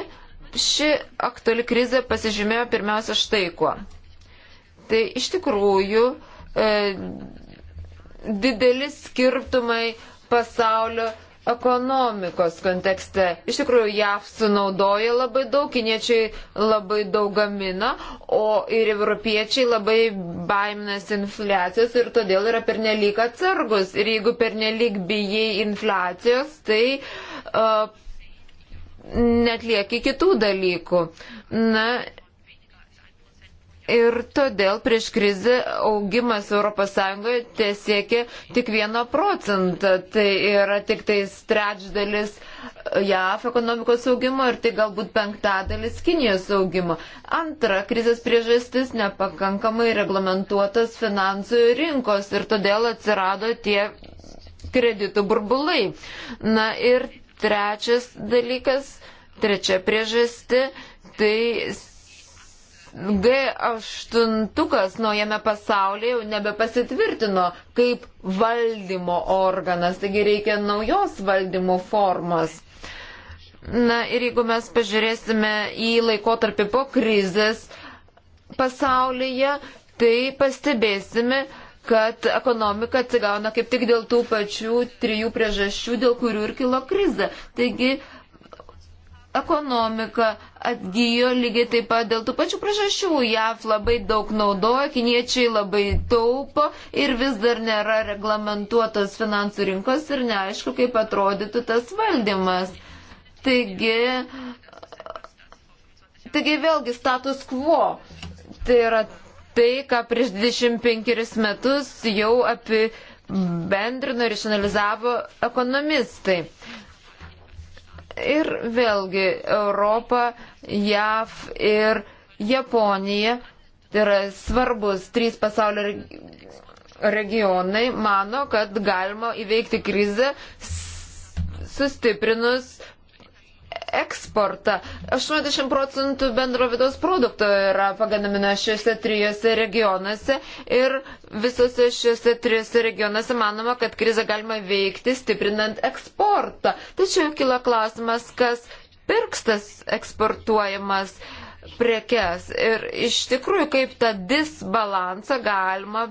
ši aktuali krizė pasižymėjo pirmiausia štai kuo. Tai iš tikrųjų e, dideli skirtumai pasaulio ekonomikos kontekste. Iš tikrųjų, JAV sunaudoja labai daug, kiniečiai labai daug gamina, o ir europiečiai labai baiminasi infliacijos ir todėl yra pernelyg atsargus. Ir jeigu pernelyg bijai infliacijos, tai uh, net lieki kitų dalykų. Na ir todėl prieš krizę augimas ES tiesiekė tik 1 procentą. Tai yra tik tais trečdalis e, JAF ekonomikos augimo ir tai galbūt penktadalis Kinijos augimo. Antra, krizės priežastis nepakankamai reglamentuotas finansų rinkos ir todėl atsirado tie kreditų burbulai. Na ir trečias dalykas, trečia priežasti, tai G8 naujame pasaulyje jau nebepasitvirtino kaip valdymo organas, taigi reikia naujos valdymo formos. Na ir jeigu mes pažiūrėsime į laikotarpį po krizės pasaulyje, tai pastebėsime, kad ekonomika atsigauna kaip tik dėl tų pačių trijų priežasčių, dėl kurių ir kilo krizė. Taigi ekonomika atgyjo lygiai taip pat dėl tų pačių priežasčių. JAV labai daug naudoja, kiniečiai labai taupo ir vis dar nėra reglamentuotos finansų rinkos ir neaišku, kaip atrodytų tas valdymas. Taigi, taigi vėlgi status quo. Tai yra tai, ką prieš 25 metus jau apibendrino ir išanalizavo ekonomistai. Ir vėlgi Europa, JAV ir Japonija, tai yra svarbus trys pasaulio regionai, mano, kad galima įveikti krizę sustiprinus eksportą. 80 procentų bendro vidaus produkto yra pagaminama šiuose trijose regionuose ir visose šiuose trijose regionuose manoma, kad krizę galima veikti stiprinant eksportą. Tačiau kila klausimas, kas pirkstas eksportuojamas prekes ir iš tikrųjų kaip tą disbalansą galima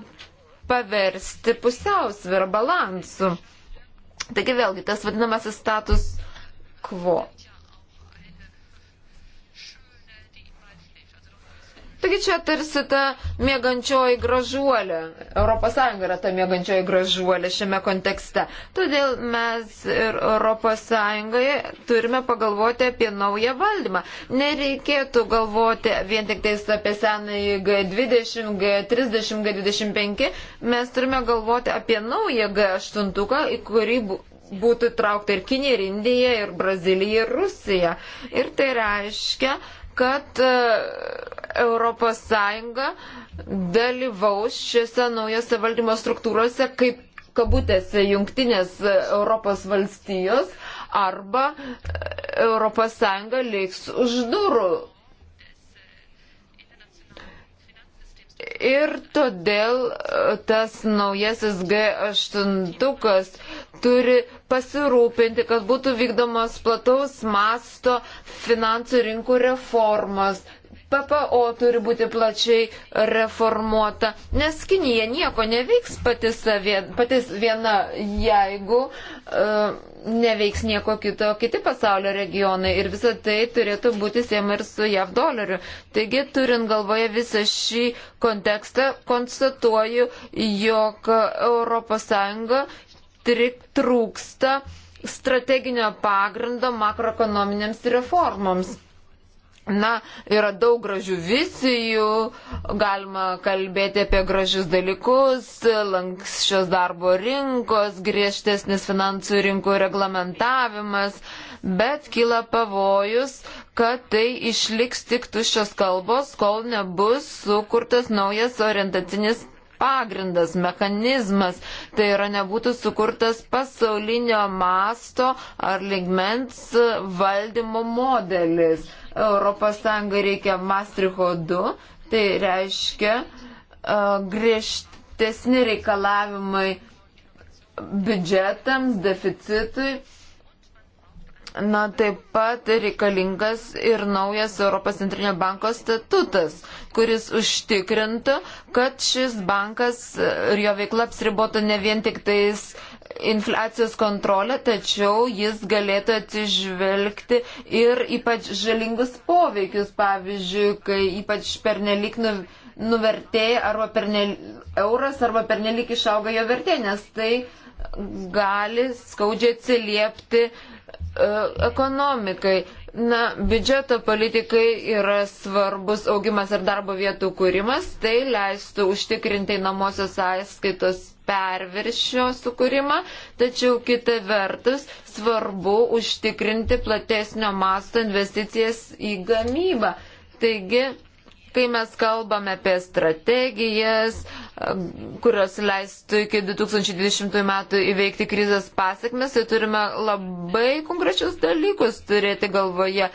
paversti pusiausvyrą balansu. Taigi vėlgi tas vadinamasis status quo. Taigi čia tarsi ta mėgančioji gražuolė. ES yra ta mėgančioji gražuolė šiame kontekste. Todėl mes ir ES turime pagalvoti apie naują valdymą. Nereikėtų galvoti vien tik tais apie senąjį G20, G30, G25. Mes turime galvoti apie naują G8, į kurį būtų traukta ir Kinė, ir Indija, ir Brazilija, ir Rusija. Ir tai reiškia, kad ES dalyvaus šiuose naujose valdymo struktūrose kaip kabutėse jungtinės Europos valstijos arba ES liks už durų. Ir todėl e, tas naujasis G8 turi pasirūpinti, kad būtų vykdomas plataus masto finansų rinkų reformas, PPO turi būti plačiai reformuota, nes Kinija nieko neveiks pati, savie, pati viena, jeigu uh, neveiks nieko kito kiti pasaulio regionai ir visa tai turėtų būti siema ir su JAV doleriu. Taigi, turint galvoje visą šį kontekstą, konstatuoju, jog ES trūksta strateginio pagrindo makroekonominėms reformoms. Na, yra daug gražių vizijų, galima kalbėti apie gražius dalykus, lankščios darbo rinkos, griežtesnis finansų rinkų reglamentavimas, bet kyla pavojus, kad tai išliks tik tuščios kalbos, kol nebus sukurtas naujas orientacinis pagrindas, mechanizmas, tai yra nebūtų sukurtas pasaulinio masto ar ligmens valdymo modelis. ES reikia Mastricho 2, tai reiškia uh, griežtesni reikalavimai biudžetams, deficitui Na, taip pat reikalingas ir naujas Europos centrinio banko statutas, kuris užtikrintų, kad šis bankas ir jo veikla apsiribotų ne vien tik tais infliacijos kontrolę, tačiau jis galėtų atsižvelgti ir ypač žalingus poveikius, pavyzdžiui, kai ypač pernelik nu, nuvertėja arba pernel, euras arba pernelik išauga jo vertė, nes tai gali skaudžiai atsiliepti uh, E, ekonomikai. Na, biudžeto politikai yra svarbus augimas ir darbo vietų kūrimas, tai leistų užtikrinti namosios sąskaitos perviršio sukūrimą, tačiau kita vertus svarbu užtikrinti platesnio masto investicijas į gamybą. Taigi, kai mes kalbame apie strategijas, kurios leistų iki 2020 metų įveikti krizės pasiekmes, tai turime labai konkrečius dalykus turėti galvoje.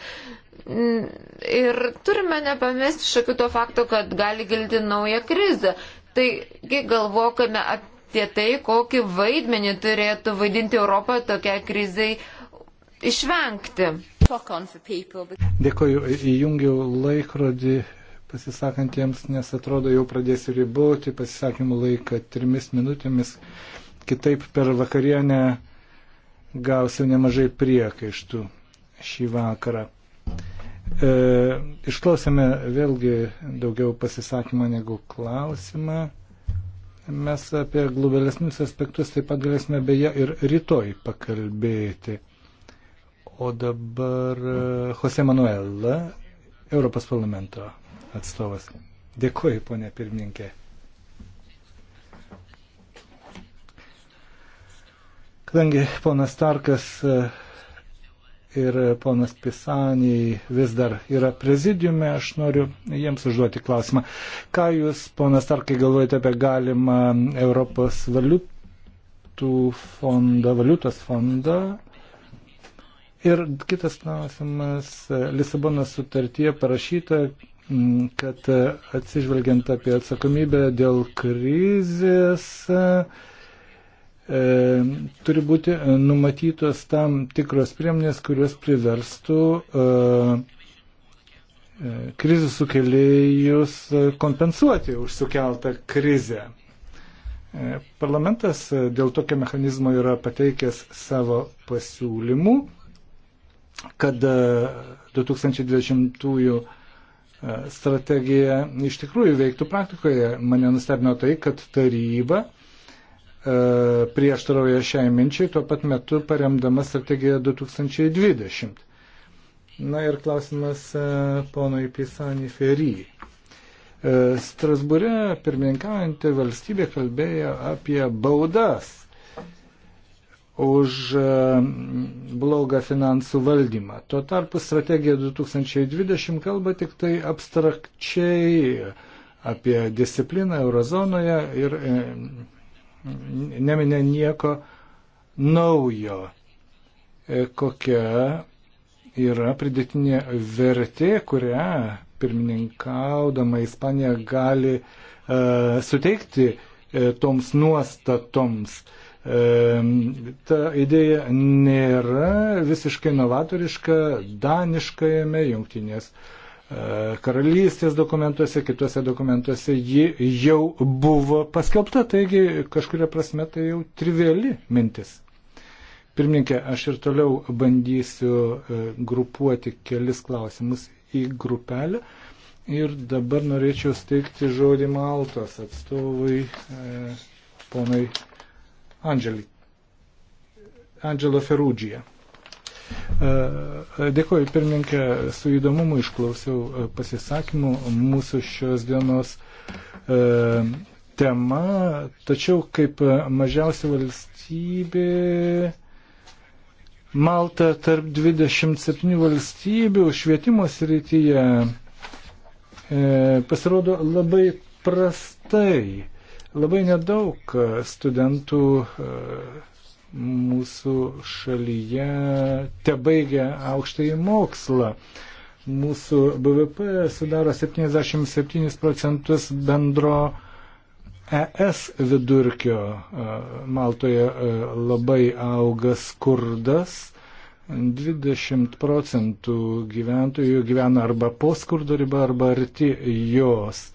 Ir turime nepamesti šiokių to fakto, kad gali gilti naują krizę. Taigi galvokime apie tai, kokį vaidmenį turėtų vaidinti Europą tokiai krizai išvengti. Dėkoju, įjungiau laikrodį pasisakantiems, nes atrodo jau pradėsiu riboti pasisakymų laiką trimis minutėmis, kitaip per vakarienę gausiu nemažai priekaištų šį vakarą. E, išklausėme vėlgi daugiau pasisakymą negu klausimą. Mes apie globalesnius aspektus taip pat galėsime beje ir rytoj pakalbėti. O dabar e, Jose Manuel, Europos parlamento atstovas. Dėkuoju, ponė pirmininkė. Kadangi ponas Starkas e, ir ponas Pisaniai vis dar yra prezidiume, aš noriu jiems užduoti klausimą. Ką jūs, ponas Starkai, galvojate apie galimą Europos valiutų fondą, valiutos fondą? Ir kitas klausimas, e, Lisabonos sutartyje parašyta, kad e, atsižvelgiant apie atsakomybę dėl krizės, e, e turi būti e, numatytos tam tikros priemonės, kurios priverstų e, krizių sukėlėjus kompensuoti už sukeltą krizę. Parlamentas dėl tokio mechanizmo yra pateikęs savo pasiūlymų, kad 2020 E, strategija iš tikrųjų veiktų praktikoje. Mane nustebino tai, kad taryba e, prieštarauja šiai minčiai, tuo pat metu paremdama strategiją 2020. Na ir klausimas e, ponui Pisanį Ferį. Strasbūre pirmininkaujantį valstybę kalbėjo apie baudas už e, blogą finansų valdymą. Tuo tarpu strategija 2020 kalba tik tai abstrakčiai apie discipliną eurozonoje ir e, neminė nieko naujo, e, kokia yra pridėtinė vertė, kurią pirmininkaudama Ispanija gali uh, suteikti uh, toms nuostatoms. Uh, Ta idėja nėra visiškai novatoriška, daniškajame jungtinės e, karalystės dokumentuose, kituose dokumentuose ji jau buvo paskelbta, taigi kažkuria prasme tai jau triviali mintis. Pirmininkė, aš ir toliau bandysiu e, grupuoti kelis klausimus į grupelę ir dabar norėčiau steigti žodį Maltos atstovui, e, ponai Andželį. Andželo Ferūdžiją. E, Dėkuoju, pirmininkė, su įdomumu išklausiau e, pasisakymų mūsų šios dienos e, tema, tačiau kaip mažiausia valstybė Malta tarp 27 valstybių švietimo srityje pasirodo labai prastai. Labai nedaug studentų e, mūsų šalyje te baigia aukštąjį mokslą. Mūsų BVP sudaro 77 procentus bendro ES vidurkio. E, Maltoje e, labai auga skurdas. 20 procentų gyventojų gyvena arba po skurdo riba, arba arti jos.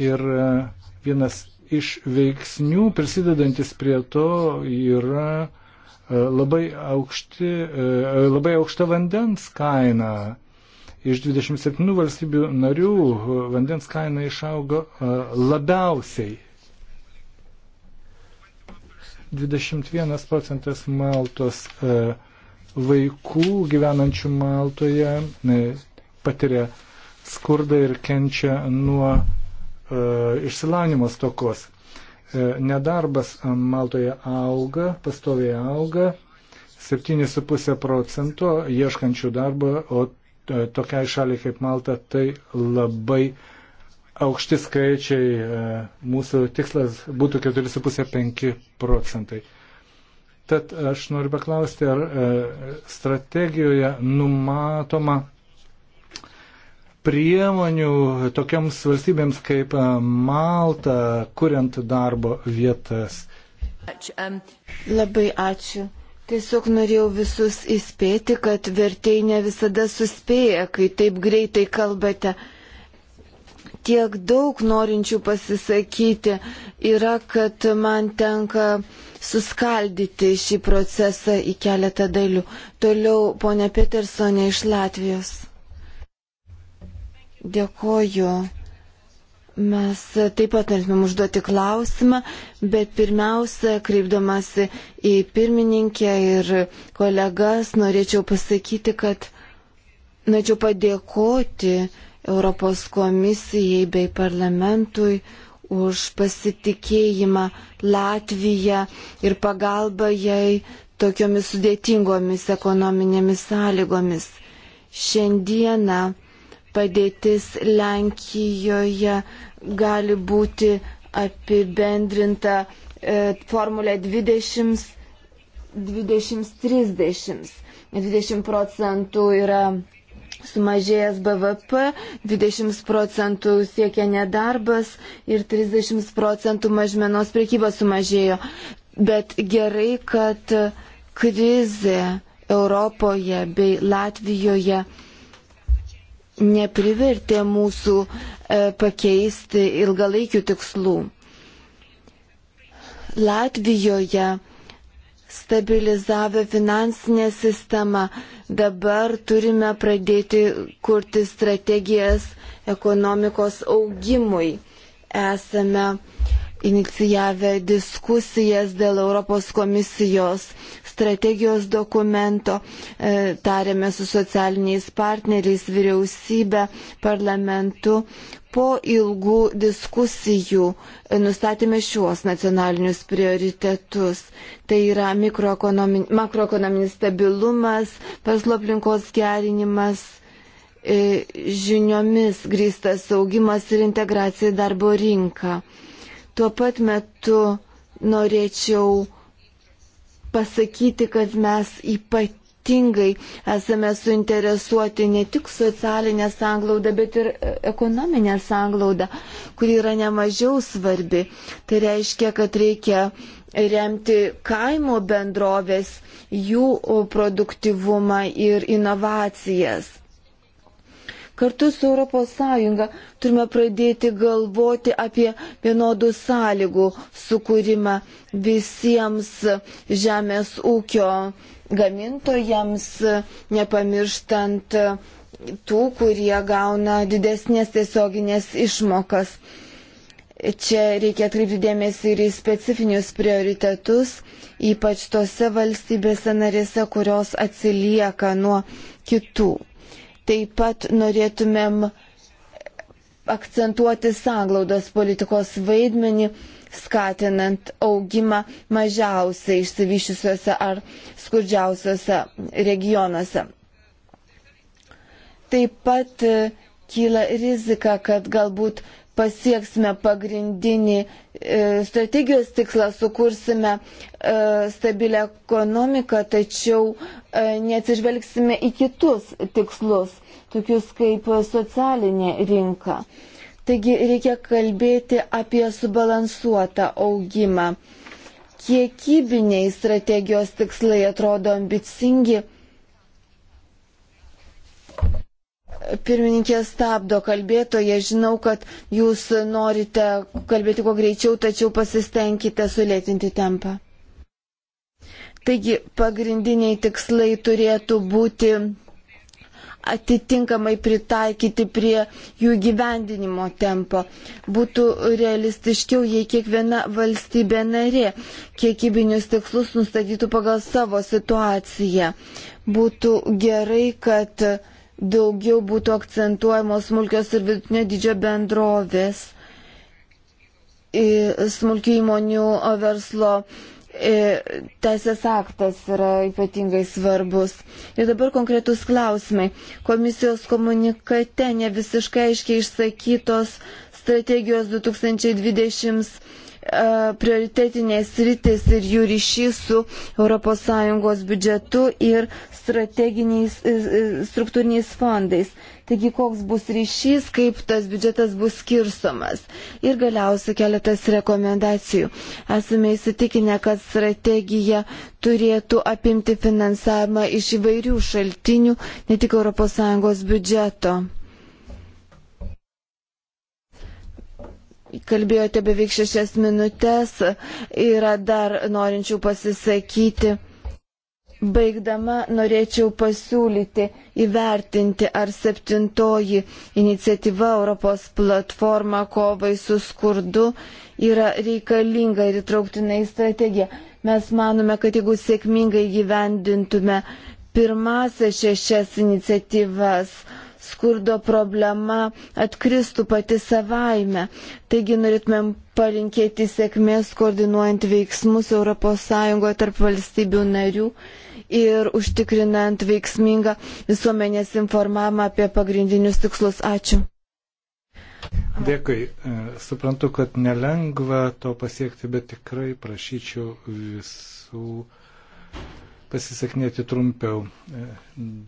Ir Vienas iš veiksnių prisidedantis prie to yra e, labai, aukšti, e, labai aukšta vandens kaina. Iš 27 valstybių narių e, vandens kaina išaugo labiausiai. 21 procentas Maltos vaikų gyvenančių Maltoje patiria skurdą ir kenčia nuo E, išsilavinimo stokos. E, nedarbas Maltoje auga, pastoviai auga, 7,5 procento ieškančių darbo, o e, tokiai šaliai kaip Malta tai labai aukšti skaičiai, mūsų tikslas būtų 4,5-5 procentai. Tad aš noriu paklausti, ar strategijoje numatoma priemonių tokiams valstybėms kaip e, Malta, kuriant darbo vietas. Labai ačiū. Tiesiog norėjau visus įspėti, kad vertėjai ne visada suspėja, kai taip greitai kalbate. Tiek daug norinčių pasisakyti yra, kad man tenka suskaldyti šį procesą į keletą dalių. Toliau ponia Petersonė iš Latvijos. Dėkoju. Mes taip pat norėtumėm užduoti klausimą, bet pirmiausia, kreipdamasi į pirmininkę ir kolegas, norėčiau pasakyti, kad norėčiau padėkoti Europos komisijai bei parlamentui už pasitikėjimą Latviją ir pagalbą jai tokiomis sudėtingomis ekonominėmis sąlygomis. Šiandieną padėtis Lenkijoje gali būti apibendrinta e, formulė 20, 20 30. 20 procentų yra sumažėjęs BVP, 20 procentų siekia nedarbas ir 30 procentų mažmenos priekyba sumažėjo. Bet gerai, kad krizė Europoje bei Latvijoje neprivertė mūsų e, pakeisti ilgalaikių tikslų. Latvijoje stabilizavę finansinę sistemą, dabar turime pradėti kurti strategijas ekonomikos augimui. Esame inicijavę diskusijas dėl Europos komisijos strategijos dokumento, e, tarėme su socialiniais partneriais, vyriausybė, parlamentu. Po ilgų diskusijų e, nustatėme šiuos nacionalinius prioritetus. Tai yra makroekonominis stabilumas, pasloplinkos gerinimas e, žiniomis grįstas augimas ir integracija į darbo rinką. Tuo pat metu norėčiau pasakyti, kad mes ypatingai esame suinteresuoti ne tik socialinę sanglaudą, bet ir e, ekonominę sanglaudą, kuri yra nemažiau svarbi. Tai reiškia, kad reikia remti kaimo bendrovės, jų produktivumą ir inovacijas. Kartu su ES turime pradėti galvoti apie vienodų sąlygų sukūrimą visiems žemės ūkio gamintojams, nepamirštant tų, kurie gauna didesnės tiesioginės išmokas. Čia reikia atkreipti dėmesį ir į specifinius prioritetus, ypač tose valstybėse narėse, kurios atsilieka nuo kitų. Taip pat norėtumėm akcentuoti sanglaudos politikos vaidmenį, skatinant augimą mažiausiai išsivyšiusiuose ar skurdžiausiuose regionuose. Taip pat e, kyla rizika, kad galbūt pasieksime pagrindinį e, strategijos tikslą, sukursime e, stabilę ekonomiką, tačiau e, neatsižvelgsime į kitus tikslus, tokius kaip socialinė rinka. Taigi reikia kalbėti apie subalansuotą augimą. Kiekybiniai strategijos tikslai atrodo ambicingi pirmininkė stabdo kalbėtoje. Žinau, kad jūs norite kalbėti kuo greičiau, tačiau pasistengkite sulėtinti tempą. Taigi pagrindiniai tikslai turėtų būti atitinkamai pritaikyti prie jų gyvendinimo tempo. Būtų realistiškiau, jei kiekviena valstybė narė kiekybinius tikslus nustatytų pagal savo situaciją. Būtų gerai, kad uh, daugiau būtų akcentuojamos smulkios ir vidutinio dydžio bendrovės, smulkių įmonių verslo teisės aktas yra ypatingai svarbus. Ir dabar konkretus klausimai. Komisijos komunikate ne visiškai aiškiai išsakytos strategijos 2020 prioritetinės rytis ir jų ryšys su ES biudžetu ir strateginiais e, e, struktūriniais fondais. Taigi, koks bus ryšys, kaip tas biudžetas bus skirstomas. Ir galiausiai keletas rekomendacijų. Esame įsitikinę, kad strategija turėtų apimti finansavimą iš įvairių šaltinių, ne tik ES biudžeto. Kalbėjote beveik šešias minutės, yra dar norinčių pasisakyti. Baigdama norėčiau pasiūlyti įvertinti, ar septintoji iniciatyva Europos platforma kovai su skurdu yra reikalinga ir įtrauktina į strategiją. Mes manome, kad jeigu sėkmingai gyvendintume pirmąsias šešias iniciatyvas, skurdo problema atkristų pati savaime. Taigi norėtumėm palinkėti sėkmės koordinuojant veiksmus ES tarp valstybių narių ir užtikrinant veiksmingą visuomenės informavimą apie pagrindinius tikslus. Ačiū. Dėkui. E, suprantu, kad nelengva to pasiekti, bet tikrai prašyčiau visų pasisakinėti trumpiau. E,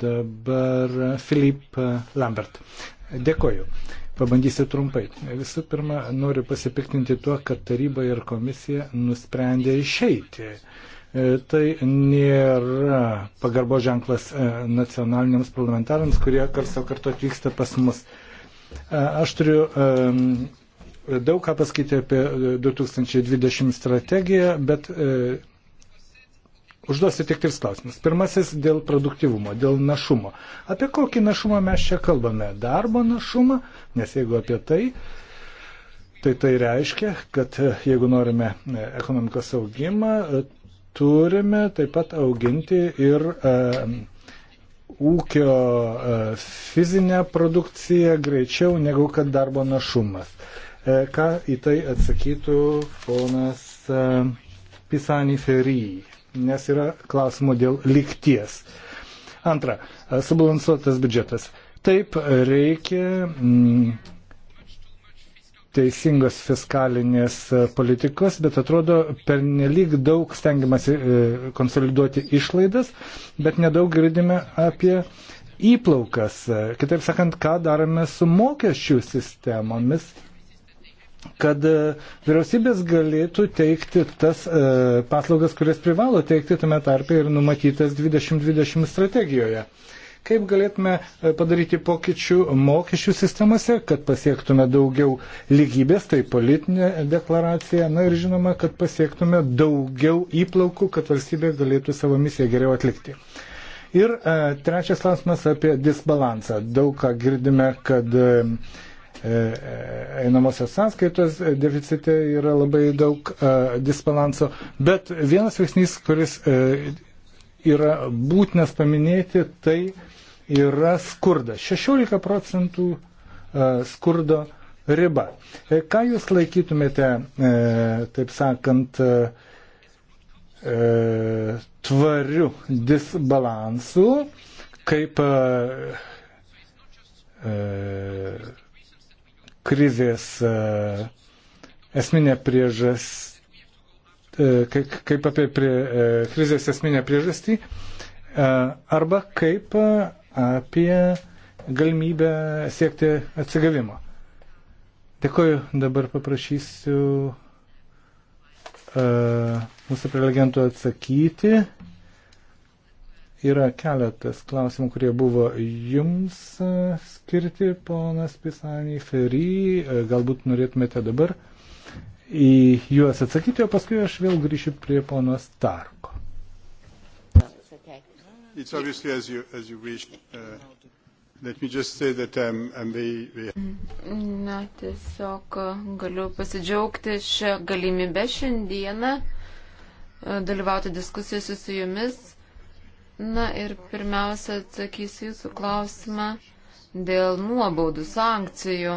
dabar Filip Lambert. Dėkoju. Pabandysiu trumpai. Visų pirma, noriu pasipiktinti tuo, kad taryba ir komisija nusprendė išeiti. Uh, E, tai nėra pagarbo ženklas e, nacionaliniams parlamentarams, kurie karsto kartu atvyksta pas mus. E, aš turiu daug ką pasakyti apie 2020 strategiją, bet Užduosiu tik tris klausimus. Pirmasis dėl produktivumo, dėl našumo. Apie kokį našumą mes čia kalbame? Darbo našumą, nes jeigu apie tai, tai tai reiškia, kad jeigu norime ekonomikos augimą, turime taip pat auginti ir e, ūkio e, fizinę produkciją greičiau negu kad darbo našumas. E, ką į tai atsakytų ponas e, Pisani Ferry, nes yra klausimų dėl likties. Antra, e, subalansuotas biudžetas. Taip, reikia. Mm, teisingos fiskalinės e, politikos, bet atrodo per nelik daug stengiamasi e, konsoliduoti išlaidas, bet nedaug girdime apie įplaukas. Kitaip sakant, ką darome su mokesčių sistemomis, kad e, vyriausybės galėtų teikti tas paslaugas, kurias privalo teikti tame tarpe ir numatytas 2020 strategijoje. Kaip galėtume e, padaryti pokyčių mokesčių sistemose, kad pasiektume daugiau lygybės, tai politinė deklaracija, na ir žinoma, kad pasiektume daugiau įplaukų, kad valstybė galėtų savo misiją geriau atlikti. Ir e, trečias klausimas apie disbalansą. Daug ką girdime, kad e, e einamosios sąskaitos deficite yra labai daug e, disbalanso, bet vienas veiksnys, kuris e, yra būtinas paminėti, tai yra skurdas. 16 procentų e, skurdo riba. E, ką jūs laikytumėte, e, taip sakant, tvariu disbalansu, kaip krizės esminė priežastis kaip apie prie, krizės esminę priežastį, arba kaip apie galimybę siekti atsigavimo. Dėkuoju, dabar paprašysiu uh, mūsų prelegentų atsakyti. Yra keletas klausimų, kurie buvo jums uh, skirti, ponas Pisanį, Ferry, uh, galbūt norėtumėte dabar į juos atsakyti, o paskui aš vėl grįšiu prie pono Starko it's obviously as you, as you wish. Uh, let me just say that I'm, I'm very, very... Na, tiesiog uh, galiu pasidžiaugti šią galimybę šiandieną uh, dalyvauti diskusijose su jumis. Na ir pirmiausia, atsakysiu jūsų klausimą dėl nuobaudų sankcijų,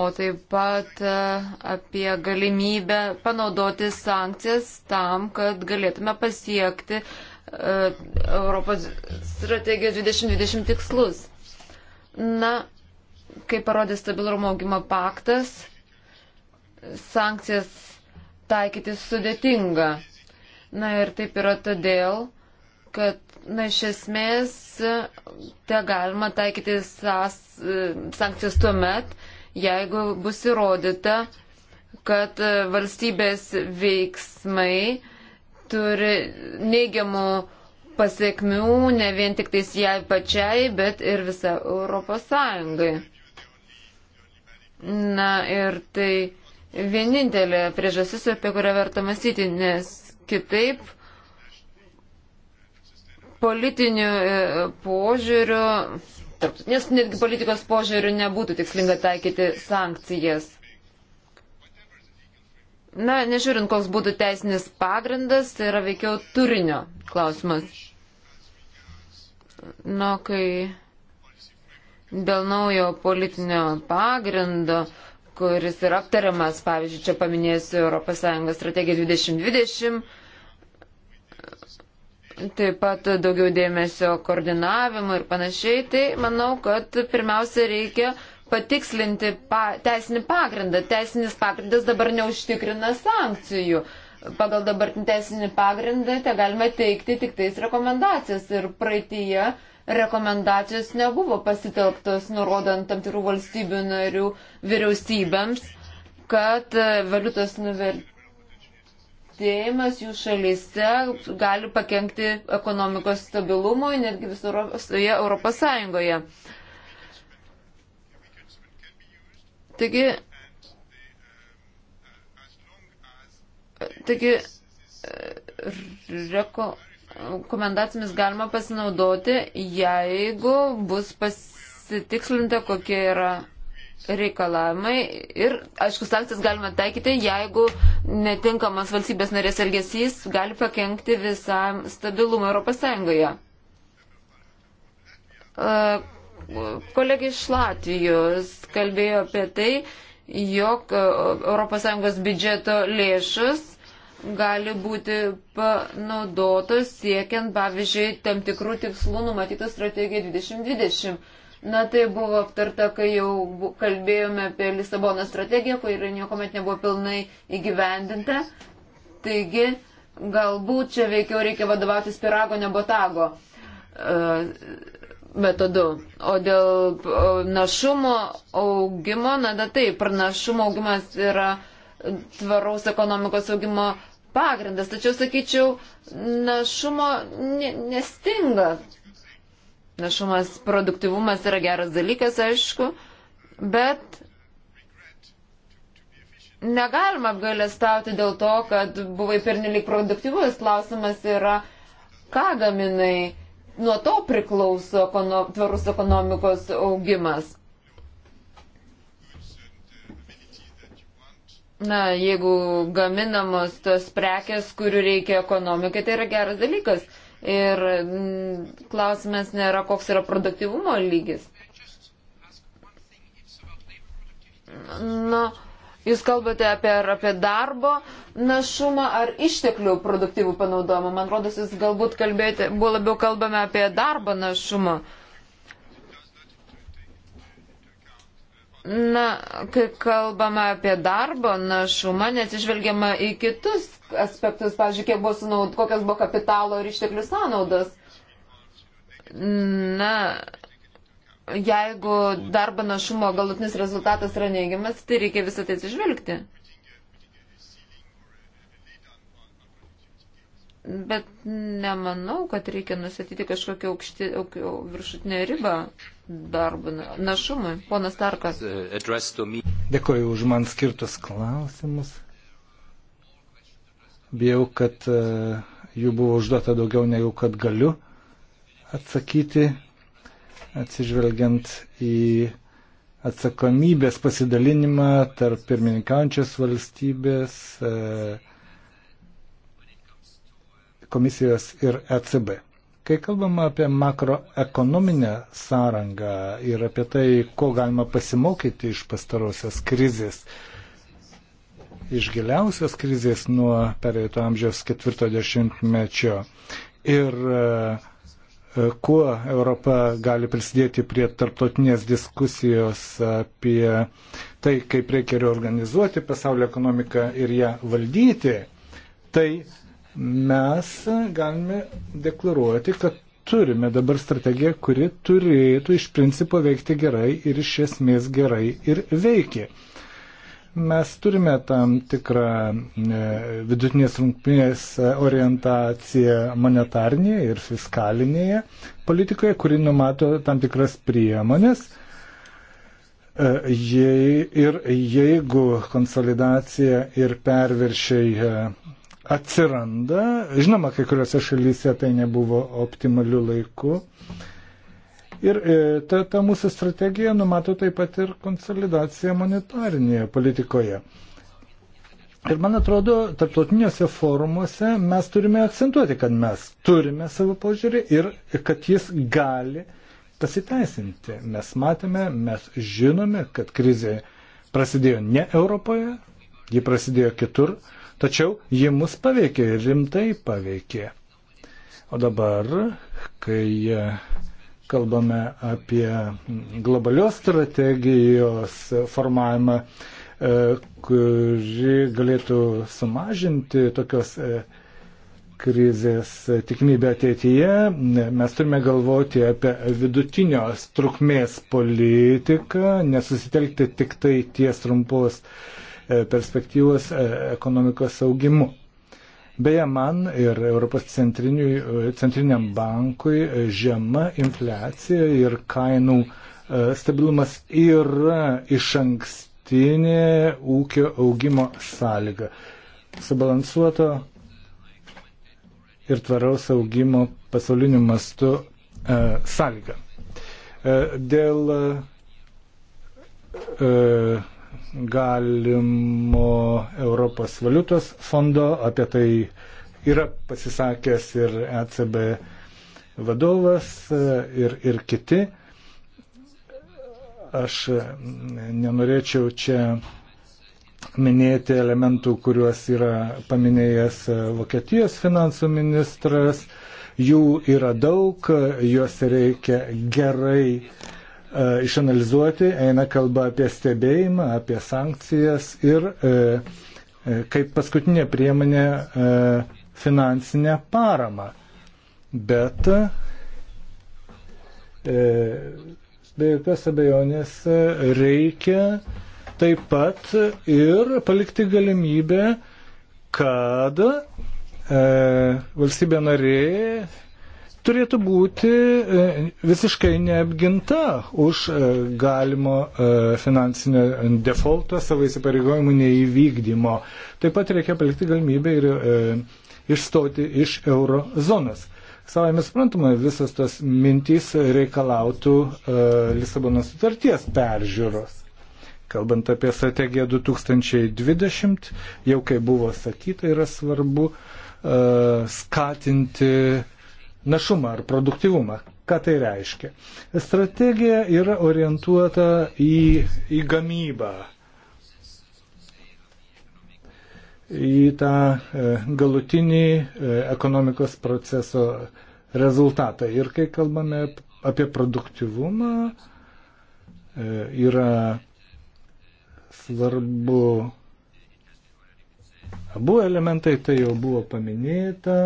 o taip pat uh, apie galimybę panaudoti sankcijas tam, kad galėtume pasiekti uh, E, Europos strategijos 2020 tikslus. Na, kaip parodė stabilumo augimo paktas, sankcijas taikyti sudėtinga. Na ir taip yra todėl, kad, na, iš esmės, te galima taikyti sas, e, sankcijas tuo met, jeigu bus įrodyta, kad e, valstybės veiksmai turi neigiamų pasiekmių ne vien tik tais jai pačiai, bet ir visą Europos Sąjungai. Na ir tai vienintelė priežasis, apie kurią verta mąstyti, nes kitaip politinių e, požiūrių, nes netgi politikos požiūrių nebūtų tikslinga taikyti sankcijas. Na, nežiūrint, koks būtų teisinis pagrindas, tai yra veikiau turinio klausimas. Na, kai dėl naujo politinio pagrindo, kuris yra aptariamas, pavyzdžiui, čia paminėsiu ES strategiją 2020, taip pat daugiau dėmesio koordinavimo ir panašiai, tai manau, kad pirmiausia reikia patikslinti pa, teisinį pagrindą. Teisinis pagrindas dabar neužtikrina sankcijų. Pagal dabartinį teisinį pagrindą te galima teikti tik tais rekomendacijas ir praeitie rekomendacijos nebuvo pasitelktos, nurodant tam tikrų valstybių narių vyriausybėms, kad e, valiutos nuvertėjimas jų šalyse gali pakengti ekonomikos stabilumui netgi visoje Europos Sąjungoje. Europos Taigi, taigi reko, rekomendacijomis galima pasinaudoti, jeigu bus pasitikslinta, kokie yra reikalavimai ir, aišku, sankcijas galima taikyti, jeigu netinkamas valstybės narės elgesys gali pakengti visam stabilumui Europos Sąjungoje. Kolegė iš Latvijos kalbėjo apie tai, jog ES biudžeto lėšas gali būti panaudotos siekiant, pavyzdžiui, tam tikrų tikslų numatytų strategiją 2020. Na tai buvo aptarta, kai jau kalbėjome apie Lisabono strategiją, kuri niekuomet nebuvo pilnai įgyvendinta. Taigi, galbūt čia veikiau reikia vadovautis pirago, ne botago uh, metodu. O dėl našumo augimo, na da, taip, pranašumo augimas yra tvaraus ekonomikos augimo pagrindas, tačiau sakyčiau, našumo nestinga. Našumas, produktivumas yra geras dalykas, aišku, bet negalima apgailestauti dėl to, kad buvai pernelik produktyvus. Klausimas yra, ką gaminai nuo to priklauso ekono, tvarus ekonomikos augimas. Na, jeigu gaminamos tos prekes, kurių reikia ekonomikai, tai yra geras dalykas. Ir m, mm, klausimas nėra, koks yra produktivumo lygis. Na, Jūs kalbate apie, apie darbo našumą ar išteklių produktyvų panaudojimą. Man rodos, jūs galbūt kalbėjote, buvo labiau kalbame apie darbo našumą. Na, kai kalbame apie darbo našumą, nesižvelgiama į kitus aspektus, pažiūrėk, buvo sunaud, kokios buvo kapitalo ir išteklių sąnaudos. Na, jeigu darbo našumo galutinis rezultatas yra neigiamas, tai reikia visą tai atsižvelgti. Bet nemanau, kad reikia nusatyti kažkokią aukštį, aukštį, viršutinę ribą darbų našumui. Ponas Tarkas. Dėkuoju už man skirtus klausimus. Bijau, kad e, jų buvo užduota daugiau negu kad galiu atsakyti atsižvelgiant į atsakomybės pasidalinimą tarp pirmininkaujančios valstybės, e, komisijos ir ECB. Kai kalbama apie makroekonominę sąrangą ir apie tai, ko galima pasimokyti iš pastarosios krizės, iš giliausios krizės nuo pereito amžiaus ketvirto dešimtmečio ir uh, kuo Europa gali prisidėti prie tarptautinės diskusijos apie tai, kaip reikia reorganizuoti pasaulio ekonomiką ir ją valdyti, tai mes galime deklaruoti, kad turime dabar strategiją, kuri turėtų iš principo veikti gerai ir iš esmės gerai ir veikia. Mes turime tam tikrą e, vidutinės rungtinės orientaciją monetarnėje ir fiskalinėje politikoje, kuri numato tam tikras priemonės. E, jei, ir jeigu konsolidacija ir perviršiai e, atsiranda, žinoma, kai kuriuose šalyse tai nebuvo optimaliu laiku, Ir e, ta, ta mūsų strategija numato taip pat ir konsolidaciją monetarinėje politikoje. Ir man atrodo, tarptautiniuose forumuose mes turime akcentuoti, kad mes turime savo požiūrį ir kad jis gali pasiteisinti. Mes matėme, mes žinome, kad krizė prasidėjo ne Europoje, ji prasidėjo kitur, tačiau ji mus paveikė ir rimtai paveikė. O dabar, kai kalbame apie globalios strategijos formavimą, e, kuri galėtų sumažinti tokios e, krizės tikimybę ateityje, mes turime galvoti apie vidutinio trukmės politiką, nesusitelkti tik tai ties trumpos e, perspektyvos ekonomikos augimu. Beje, man ir Europos centriniam bankui žema infliacija ir kainų e, stabilumas yra iš ankstinė ūkio augimo sąlyga. Subalansuoto ir tvaraus augimo pasauliniu mastu e, sąlyga. E, dėl galimo Europos valiutos fondo, apie tai yra pasisakęs ir ECB vadovas e, ir, ir kiti. Aš e, nenorėčiau čia minėti elementų, kuriuos yra paminėjęs e, Vokietijos finansų ministras. Jų yra daug, juos reikia gerai E, išanalizuoti, eina kalba apie stebėjimą, apie sankcijas ir e, e, kaip paskutinė priemonė finansinę paramą. Bet be jokios abejonės reikia taip pat ir palikti galimybę, kad e, valstybė narė turėtų būti e, visiškai neapginta už e, galimo e, finansinio defaulto savo įsipareigojimų neįvykdymo. Taip pat reikia palikti galimybę ir išstoti iš euro zonas. Savai mes suprantama, visas tas mintys reikalautų Lisabono sutarties peržiūros. Kalbant apie strategiją 2020, jau kaip buvo sakyta, yra svarbu uh, skatinti uh, našumą ar produktivumą. Ką tai reiškia? Strategija yra orientuota į, į gamybą, į tą e, galutinį e, ekonomikos proceso rezultatą. Ir kai kalbame apie produktivumą, e, yra svarbu abu elementai, tai jau buvo paminėta.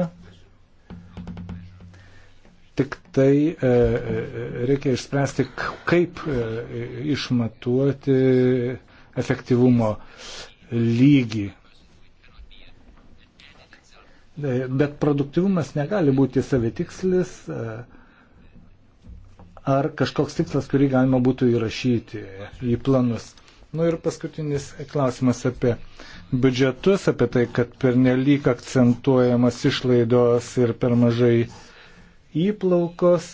Tik tai e, e, reikia išspręsti, kaip e, išmatuoti efektyvumo lygį. Bet produktivumas negali būti savitikslis ar kažkoks tikslas, kurį galima būtų įrašyti į planus. Na nu ir paskutinis klausimas apie biudžetus, apie tai, kad per nelik akcentuojamas išlaidos ir per mažai uh, įplaukos.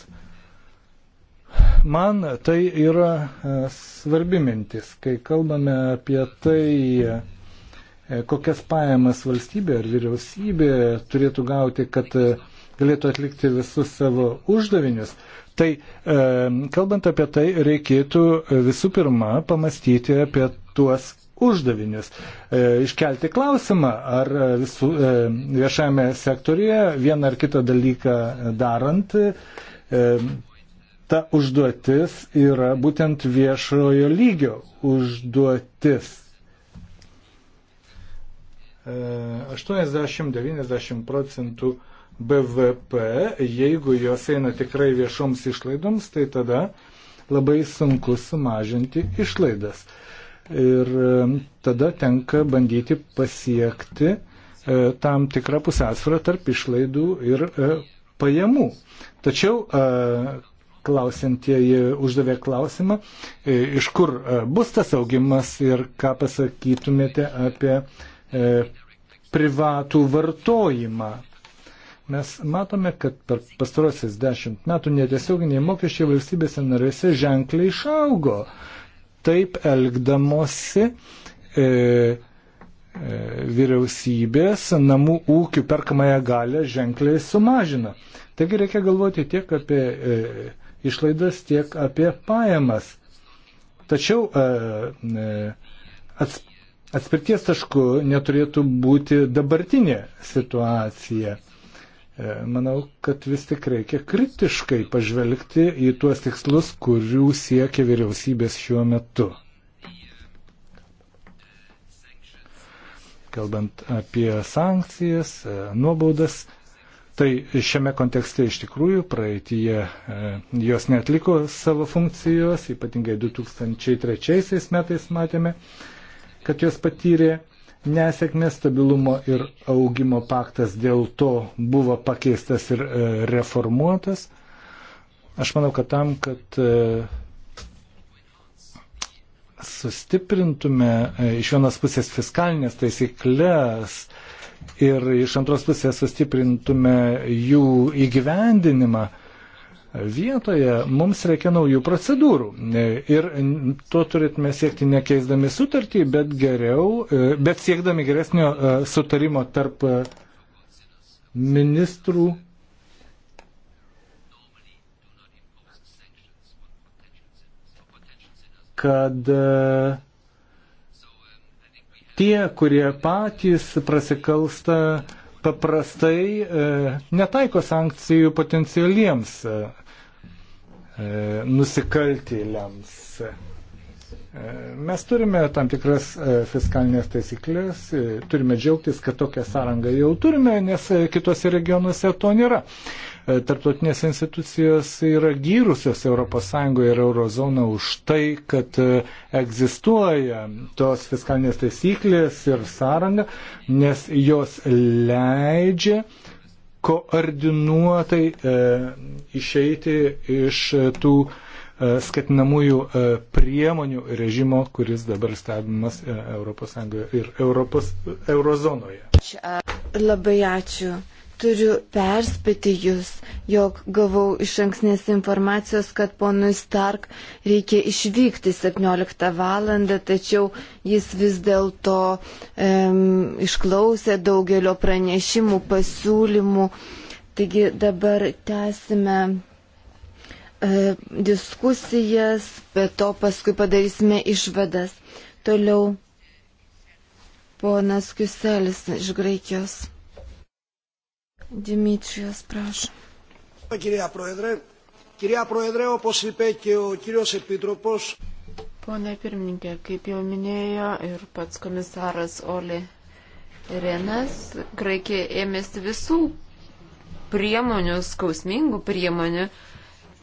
Man tai yra e, svarbi mintis, kai kalbame apie tai, e, kokias pajamas valstybė ar vyriausybė turėtų gauti, kad e, galėtų atlikti visus savo uždavinius. Tai e, kalbant apie tai, reikėtų visų pirma pamastyti apie tuos uždavinius. E, iškelti klausimą, ar visų, e, viešame sektorija vieną ar kitą dalyką darant, e, ta užduotis yra būtent viešojo lygio užduotis. 80-90 procentų BVP, jeigu jos eina tikrai viešoms išlaidoms, tai tada labai sunku sumažinti išlaidas ir tada tenka bandyti pasiekti e, tam tikrą pusiausvyrą tarp išlaidų ir e, pajamų. Tačiau e, klausintieji uždavė klausimą, iš kur bus tas augimas ir ką pasakytumėte apie privatų vartojimą. Mes matome, kad per pastarosius dešimt metų netiesioginiai mokesčiai valstybėse narėse ženkliai išaugo. Uh, taip elgdamosi e, e, vyriausybės namų ūkių perkamąją galę ženkliai sumažina. Taigi reikia galvoti tiek apie e, išlaidas, tiek apie pajamas. Tačiau e, e ats, atspirties tašku neturėtų būti dabartinė situacija. E, manau, kad vis tik reikia kritiškai pažvelgti į tuos tikslus, kurių siekia vyriausybės šiuo metu. Kalbant apie sankcijas, e, nuobaudas, tai šiame kontekste iš tikrųjų praeitie e, jos netliko savo funkcijos, ypatingai 2003 metais matėme, kad jos patyrė nesėkmės stabilumo ir augimo paktas dėl to buvo pakeistas ir e, reformuotas. Aš manau, kad tam, kad e, sustiprintume e, iš vienos pusės fiskalinės taisyklės ir iš antros pusės sustiprintume jų įgyvendinimą, vietoje mums reikia naujų procedūrų. Ir to turėtume siekti nekeisdami sutartį, bet, geriau, e, bet siekdami geresnio e, sutarimo tarp e, ministrų. kad tie, kurie patys prasikalsta, uh, paprastai e, netaiko sankcijų potencialiems e, e, nusikaltėliams. Mes turime tam tikras fiskalinės taisyklės, turime džiaugtis, kad tokią sąrangą jau turime, nes kitose regionuose to nėra. E, tarptautinės institucijos yra gyrusios ES ir Eurozoną už tai, kad e, egzistuoja tos fiskalinės taisyklės ir sąranga, nes jos leidžia koordinuotai e, išeiti iš tų e, skatinamųjų priemonių režimo, kuris dabar stebimas ES ir Europos, Eurozonoje. Labai ačiū Turiu perspėti jūs, jog gavau iš anksnės informacijos, kad ponui Stark reikia išvykti 17 val. tačiau jis vis dėlto um, išklausė daugelio pranešimų, pasiūlymų. Taigi dabar tęsime e, diskusijas, bet to paskui padarysime išvadas. Toliau ponas Kiuselis iš Graikijos. Δημήτριος, prašom. Κυρία Πρόεδρε, κυρία Πρόεδρε, όπως είπε και ο κύριος Επίτροπος... Pone pirmininkė, kaip jau minėjo ir pats komisaras Oli Renas, Graikija ėmėsi visų priemonių, skausmingų priemonių,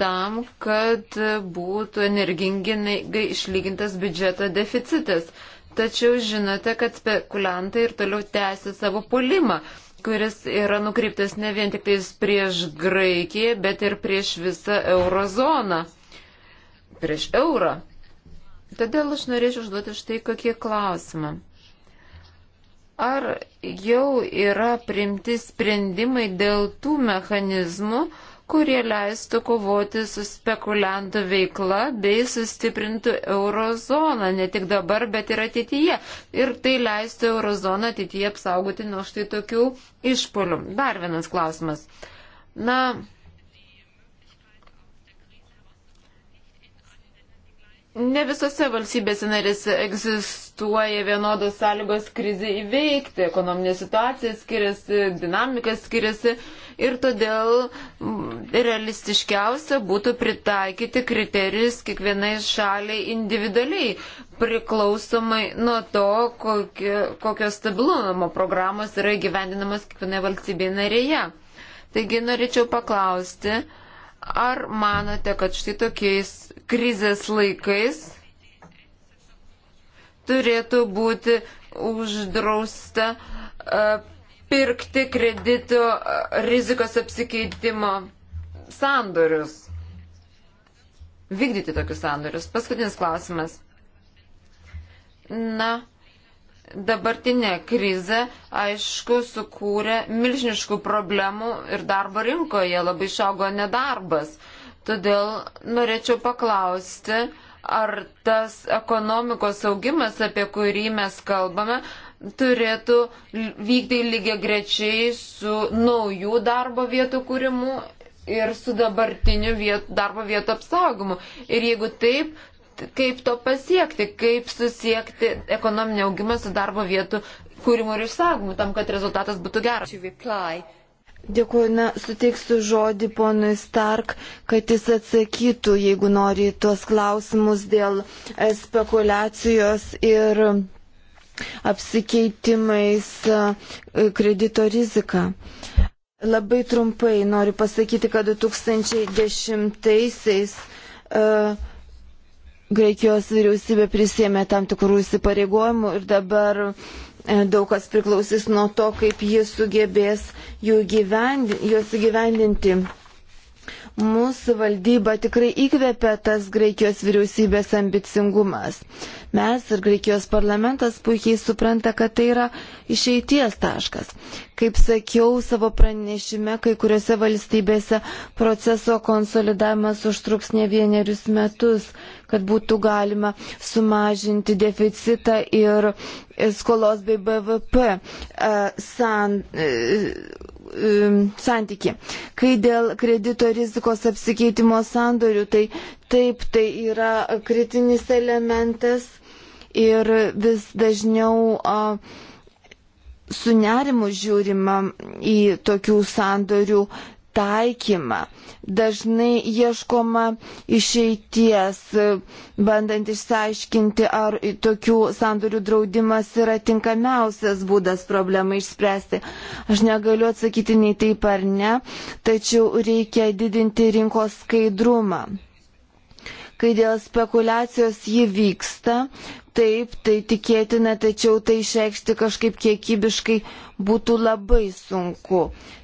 tam, kad būtų energingai išlygintas biudžeto deficitas. Tačiau žinote, kad spekuliantai ir toliau tęsia savo polimą kuris yra nukreiptas ne vien tik tais prieš Graikiją, bet ir prieš visą eurozoną, prieš eurą. Todėl aš norėčiau užduoti štai kokie klausimą. Ar jau yra primti sprendimai dėl tų mechanizmų, kurie leistų kovoti su spekuliantų veikla bei sustiprintų eurozoną, ne tik dabar, bet ir ateityje. Ir tai leistų eurozoną ateityje apsaugoti nuo štai tokių išpolių. Dar vienas klausimas. Na, ne visose valstybėse narėse egzistuoja vienodos sąlygos krizai įveikti, ekonominė situacija skiriasi, dinamika skiriasi. Uh, ir todėl realistiškiausia būtų pritaikyti kriterijus kiekvienai šaliai individualiai, priklausomai nuo to, kokio, kokio stabilumo programos yra gyvendinamas kiekvienoje valstybėje narėje. Taigi norėčiau paklausti, ar manote, kad štai tokiais krizės laikais turėtų būti uždrausta uh, pirkti kredito rizikos apsikeitimo sandorius. Vykdyti tokius sandorius. Paskutinis klausimas. Na, dabartinė krizė, aišku, sukūrė milžiniškų problemų ir darbo rinkoje labai išaugo nedarbas. Todėl norėčiau paklausti, ar tas ekonomikos augimas, apie kurį mes kalbame, turėtų vykti lygiai grečiai su naujų darbo vietų kūrimu ir su dabartiniu viet, darbo vietų apsaugomu. Ir jeigu taip, kaip to pasiekti, kaip susiekti ekonominį augimą su darbo vietų kūrimu ir išsaugomu, tam, kad rezultatas būtų geras. Dėkuoju, na, suteiksiu žodį ponui Stark, kad jis atsakytų, jeigu nori, tuos klausimus dėl e, spekulacijos ir apsikeitimais e, kredito rizika. Labai trumpai noriu pasakyti, kad 2010-aisiais uh, Graikijos vyriausybė prisėmė tam tikrų įsipareigojimų ir dabar e, daug kas priklausys nuo to, kaip jis sugebės jų gyvendi, juos įgyvendinti. Mūsų valdyba tikrai įkvėpė tas Graikijos vyriausybės ambicingumas. Mes ir Graikijos parlamentas puikiai supranta, kad tai yra išeities taškas. Kaip sakiau savo pranešime, kai kuriuose valstybėse proceso konsolidavimas užtruks ne vienerius metus, kad būtų galima sumažinti deficitą ir skolos bei BVP e, san, e, Um, santyki. Kai dėl kredito rizikos apsikeitimo sandorių, tai taip, tai yra kritinis elementas ir vis dažniau a, su nerimu žiūrima į tokių sandorių taikymą dažnai ieškoma išeities, bandant išsiaiškinti, ar tokių sandorių draudimas yra tinkamiausias būdas problemą išspręsti. Aš negaliu atsakyti nei taip ar ne, tačiau reikia didinti rinkos skaidrumą. Kai dėl spekulacijos ji vyksta, taip, tai tikėtina, tačiau tai išreikšti kažkaip kiekybiškai būtų labai sunku.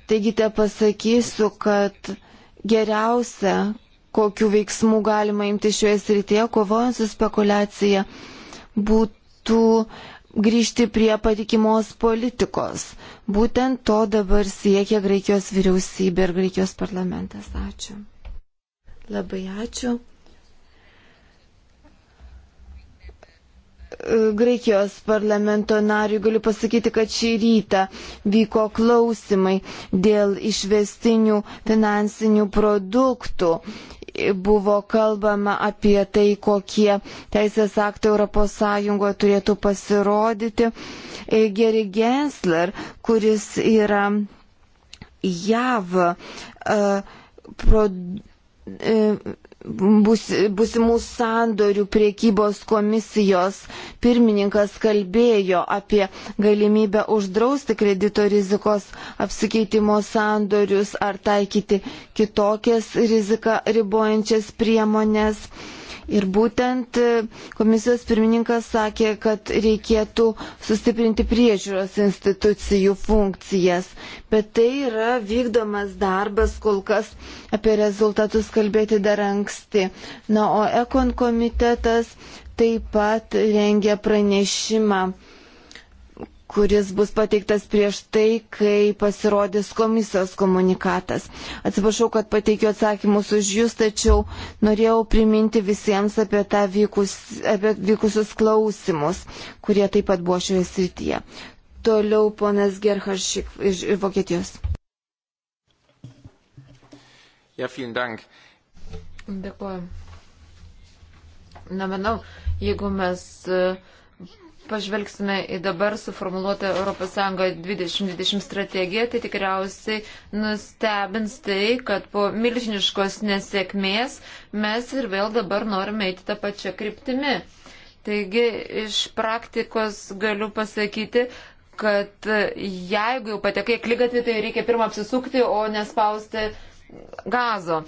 Taigi te pasakysiu, kad geriausia, kokiu veiksmu galima imti šioje srityje, kovojant su spekulacija, būtų grįžti prie patikimos politikos. Būtent to dabar siekia Graikijos vyriausybė ir Graikijos parlamentas. Ačiū. Labai ačiū. E, Graikijos parlamento nariui galiu pasakyti, kad šį rytą vyko klausimai dėl išvestinių finansinių produktų. E, Buvo kalbama apie tai, kokie teisės aktai ES turėtų pasirodyti. E, Geri Gensler, kuris yra JAV uh, pro, uh, bus, busimų sandorių priekybos komisijos pirmininkas kalbėjo apie galimybę uždrausti kredito rizikos apsikeitimo sandorius ar taikyti kitokias riziką ribojančias priemonės. Uh, Ir būtent e, komisijos pirmininkas sakė, kad reikėtų sustiprinti priežiūros institucijų funkcijas. Bet tai yra vykdomas darbas, kol kas apie rezultatus kalbėti dar anksti. Na, o Ekon komitetas taip pat rengia pranešimą kuris bus pateiktas prieš tai, kai pasirodys komisijos komunikatas. Atsiprašau, kad pateikiu atsakymus už jūs, tačiau norėjau priminti visiems apie, vykus, apie vykusius klausimus, kurie taip pat buvo šioje srityje. Toliau ponas Gerhard Šik iš Vokietijos. Ja, Dėkuoju. Na, manau, jeigu mes uh, pažvelgsime į dabar suformuoluotą ES 2020 strategiją, tai tikriausiai nustebins tai, kad po milžiniškos nesėkmės mes ir vėl dabar norime eiti tą pačią kryptimį. Taigi iš praktikos galiu pasakyti, kad jeigu jau patekai klygatį, tai reikia pirmą apsisukti, o nespausti gazo.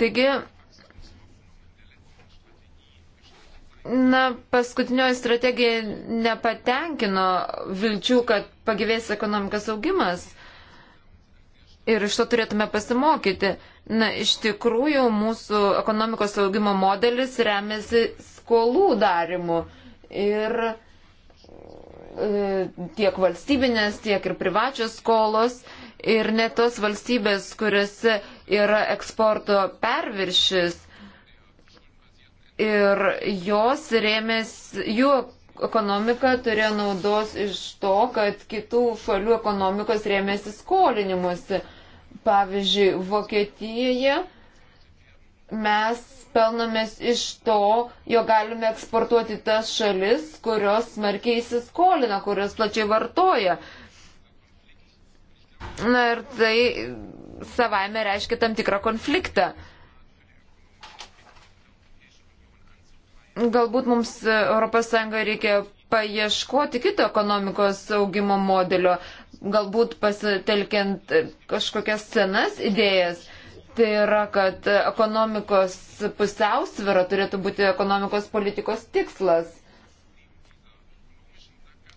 Taigi Na, paskutinioji strategija nepatenkino vilčių, kad pagyvės ekonomikos augimas. Ir iš to turėtume pasimokyti. Na, iš tikrųjų, mūsų ekonomikos augimo modelis remiasi skolų darimu. Ir e, tiek valstybinės, tiek ir privačios skolos. Ir net tos valstybės, kuriuose yra eksporto perviršis, ir jos rėmės, jų ekonomika turėjo naudos iš to, kad kitų šalių ekonomikos rėmėsi skolinimuose. Pavyzdžiui, Vokietijoje mes pelnomės iš to, jo galime eksportuoti tas šalis, kurios smarkiai įsiskolina, kurios plačiai vartoja. Na ir tai savaime reiškia tam tikrą konfliktą. galbūt mums ES reikia paieškoti kito ekonomikos augimo modelio, galbūt pasitelkiant e, kažkokias senas idėjas. Tai yra, kad e, ekonomikos pusiausvėra turėtų būti ekonomikos politikos tikslas.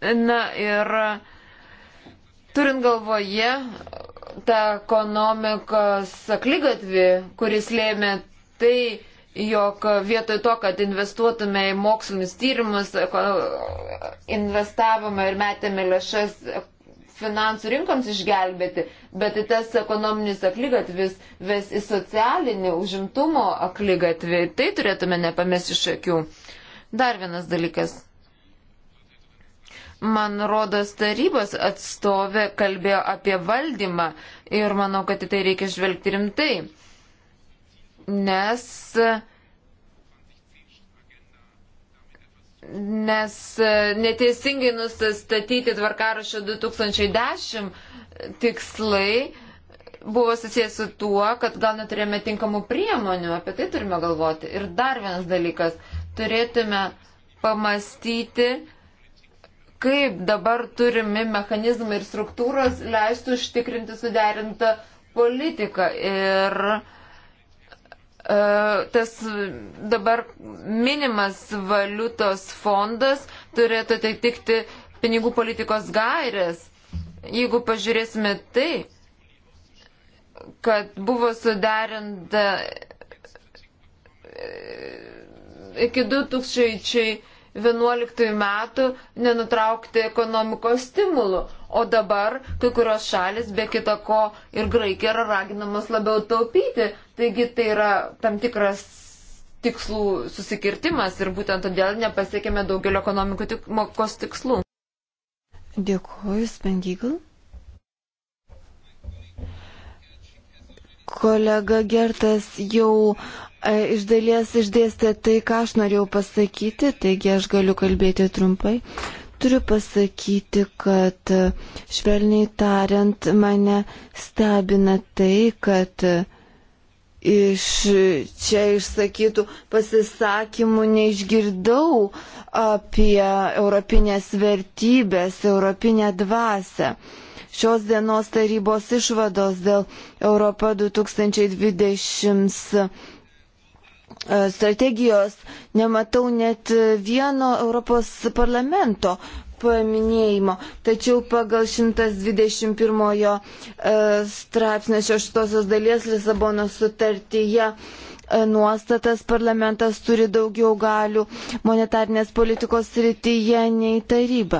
Na ir turint galvoje tą ekonomikos aklygatvį, kuris lėmė tai, jog vietoj to, kad investuotume į mokslinius tyrimus, investavome ir metėme lėšas finansų rinkoms išgelbėti, bet į tas ekonominis aklygatvis ves į socialinį užimtumo aklygatvį. Tai turėtume nepamesti iš akių. Dar vienas dalykas. Man rodos, tarybos atstovė kalbėjo apie valdymą ir manau, kad į tai reikia žvelgti rimtai nes, nes neteisingai nustatyti tvarkarašio 2010 tikslai buvo susijęs su tuo, kad gal neturėjome tinkamų priemonių, apie tai turime galvoti. Ir dar vienas dalykas, turėtume pamastyti, kaip dabar turimi mechanizmai ir struktūros leistų užtikrinti suderintą politiką. Ir uh, E, tas dabar minimas valiutos fondas turėtų atitikti pinigų politikos gairės. Jeigu pažiūrėsime tai, kad buvo suderinta e, iki 2011 metų nenutraukti ekonomikos stimulų. O dabar kai kurios šalis, be kita ko, ir Graikija yra raginamos labiau taupyti. Taigi tai yra tam tikras tikslų susikirtimas ir būtent todėl nepasiekėme daugelio ekonomikos tikslų. Dėkuoju, Spendygal. Kolega Gertas jau e, iš dalies išdėstė tai, ką aš norėjau pasakyti, taigi aš galiu kalbėti trumpai. E, Turiu pasakyti, kad švelniai tariant mane stebina tai, kad iš čia išsakytų pasisakymų neišgirdau apie europinės vertybės, europinę dvasę. Šios dienos tarybos išvados dėl Europa 2020 E, strategijos nematau net vieno Europos parlamento paminėjimo. Tačiau pagal 121 e, straipsnio šeštosios dalies Lisabono sutartyje E, nuostatas parlamentas turi daugiau galių monetarnės politikos srityje nei taryba.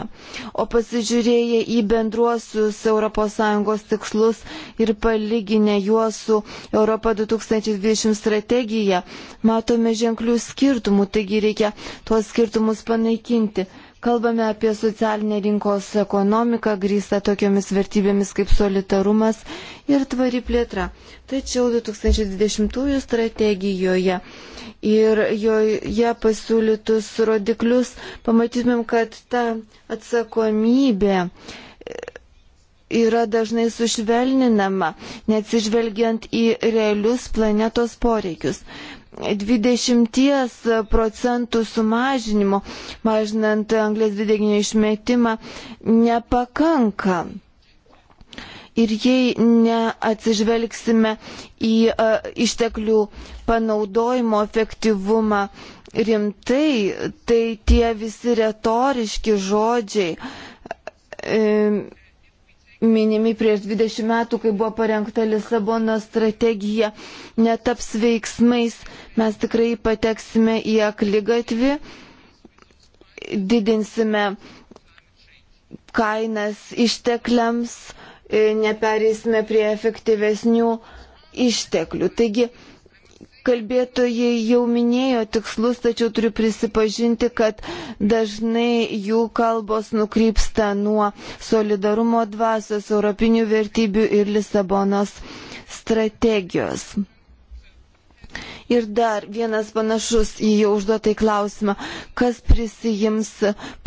O pasižiūrėję į bendruosius ES tikslus ir palyginę juos su Europa 2020 strategija, matome ženklių skirtumų, taigi reikia tuos skirtumus panaikinti. Kalbame apie socialinę rinkos ekonomiką, grįstą tokiomis vertybėmis kaip solidarumas ir tvari plėtra. Tačiau 2020 strategijoje ir joje pasiūlytus rodiklius pamatytumėm, kad ta atsakomybė yra dažnai sušvelninama, neatsižvelgiant į realius planetos poreikius. 20 procentų sumažinimo, mažinant anglės dvideginio išmetimą, nepakanka. Ir jei neatsižvelgsime į a, e, išteklių panaudojimo efektyvumą rimtai, tai tie visi retoriški žodžiai e, minimi prieš 20 metų, kai buvo parengta Lisabono strategija, netaps veiksmais, mes tikrai pateksime į aklygatvį, didinsime kainas ištekliams, e, neperėsime prie efektyvesnių išteklių. Taigi, Kalbėtojai jau minėjo tikslus, tačiau turiu prisipažinti, kad dažnai jų kalbos nukrypsta nuo solidarumo dvasios, europinių vertybių ir Lisabonos strategijos. Ir dar vienas panašus į jau užduotą klausimą, kas prisijims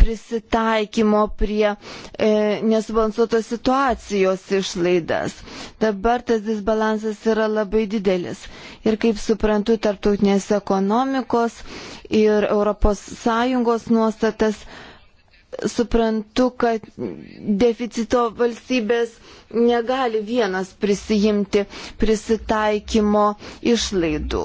prisitaikymo prie e, nesubalansuotos situacijos išlaidas. Dabar tas disbalansas yra labai didelis. Ir kaip suprantu, tarptautinės ekonomikos ir ES nuostatas suprantu, kad deficito valstybės negali vienas prisijimti prisitaikymo išlaidų.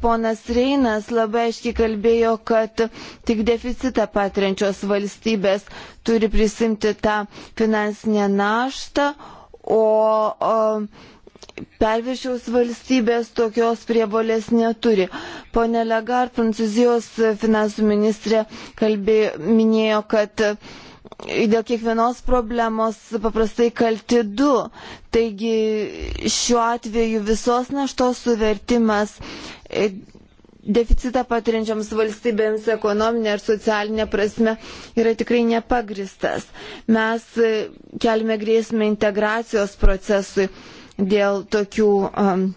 Ponas Reinas labai aiškiai kalbėjo, kad tik deficitą patiriančios valstybės turi prisimti tą finansinę naštą, o, o perviršiaus valstybės tokios prievolės neturi. Pone Legar, Prancūzijos finansų ministrė kalbė, minėjo, kad dėl kiekvienos problemos paprastai kalti du. Taigi šiuo atveju visos naštos suvertimas deficitą patiriančioms valstybėms ekonominė ir socialinė prasme yra tikrai nepagristas. Mes e, kelime grėsmę integracijos procesui dėl tokių um,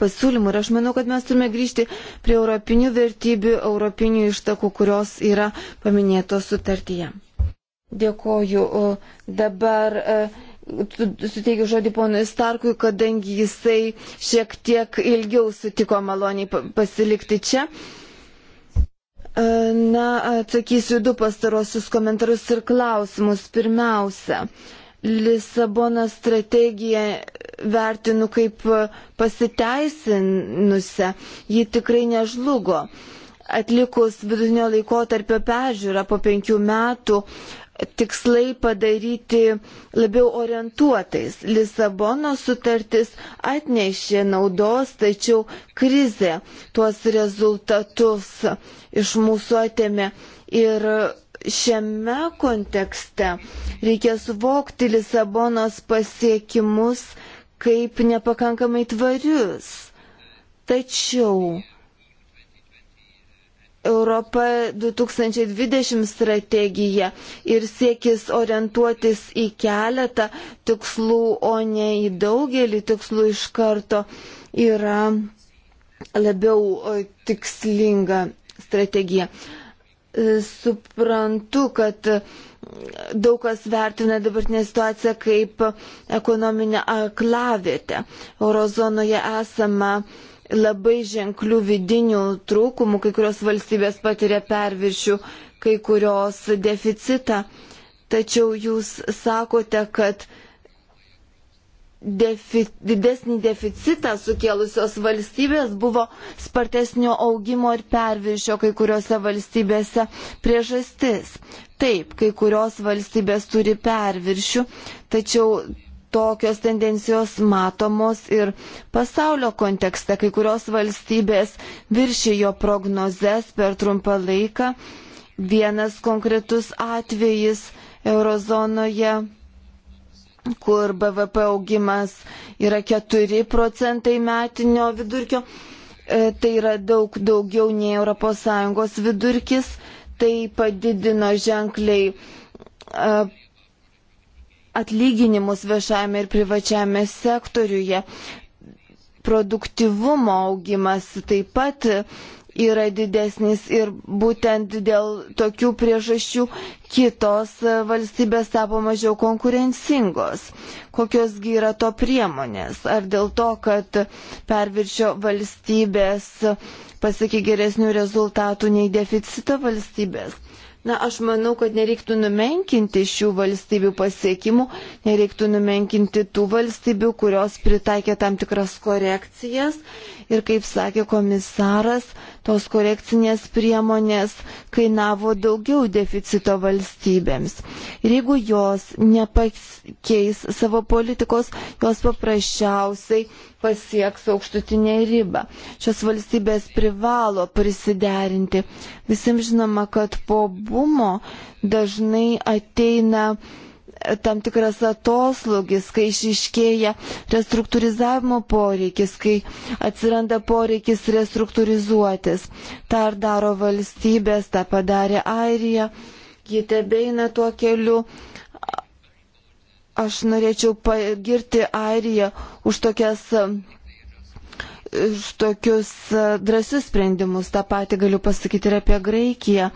pasiūlymų. Ir aš manau, kad mes turime grįžti prie europinių vertybių, europinių ištakų, kurios yra paminėtos sutartyje. Dėkoju. Dabar uh, suteikiu žodį ponui Starkui, kadangi jisai šiek tiek ilgiau sutiko maloniai pasilikti čia. E, na, atsakysiu du pastarosius komentarus ir klausimus. Pirmiausia, Lisabono strategija vertinu kaip pasiteisinusią, ji tikrai nežlugo atlikus vidutinio laiko tarp pežiūrą po penkių metų, tikslai padaryti labiau orientuotais. Lisabono sutartis atnešė naudos, tačiau krize tuos rezultatus iš mūsų atėmė. Ir šiame kontekste reikia suvokti Lisabonos pasiekimus kaip nepakankamai tvarius. Tačiau Europa 2020 strategija ir siekis orientuotis į keletą tikslų, o ne į daugelį tikslų iš karto yra labiau tikslinga strategija. E, suprantu, kad daug kas vertina dabartinę situaciją kaip ekonominę aklavietę. Eurozonoje esama uh, labai ženklių vidinių trūkumų, kai kurios valstybės patiria perviršių, kai kurios deficitą. Tačiau jūs sakote, kad defi, didesnį deficitą sukėlusios valstybės buvo spartesnio augimo ir perviršio kai kuriuose valstybėse priežastis. Taip, kai kurios valstybės turi perviršių, tačiau tokios tendencijos matomos ir pasaulio kontekste. Kai kurios valstybės viršijo prognozes per trumpą laiką. Vienas konkretus atvejis eurozonoje, kur BVP augimas yra 4 procentai metinio vidurkio, e, tai yra daug daugiau nei ES vidurkis, tai padidino ženkliai e, atlyginimus viešajame ir privačiame sektoriuje. Produktivumo augimas taip pat yra didesnis ir būtent dėl tokių priežasčių kitos valstybės tapo mažiau konkurencingos. Kokiosgi yra to priemonės? Ar dėl to, kad perviršio valstybės pasiekė geresnių rezultatų nei deficito valstybės? Na, aš manau, kad nereiktų numenkinti šių valstybių pasiekimų, nereiktų numenkinti tų valstybių, kurios pritaikė tam tikras korekcijas ir, kaip sakė komisaras, uh, tos korekcinės priemonės kainavo daugiau deficito valstybėms. Ir jeigu jos nepakeis savo politikos, jos paprasčiausiai pasieks aukštutinę ribą. Šios valstybės privalo prisiderinti. Visiems žinoma, kad po bumo dažnai ateina tam tikras atoslūgis, kai išiškėja restruktūrizavimo poreikis, kai atsiranda poreikis restruktūrizuotis. Ta ar daro valstybės, tą padarė Airija, ji tebeina tuo keliu. Aš norėčiau pagirti Airiją už tokias už tokius drąsius sprendimus. Ta pati galiu pasakyti ir apie Graikiją.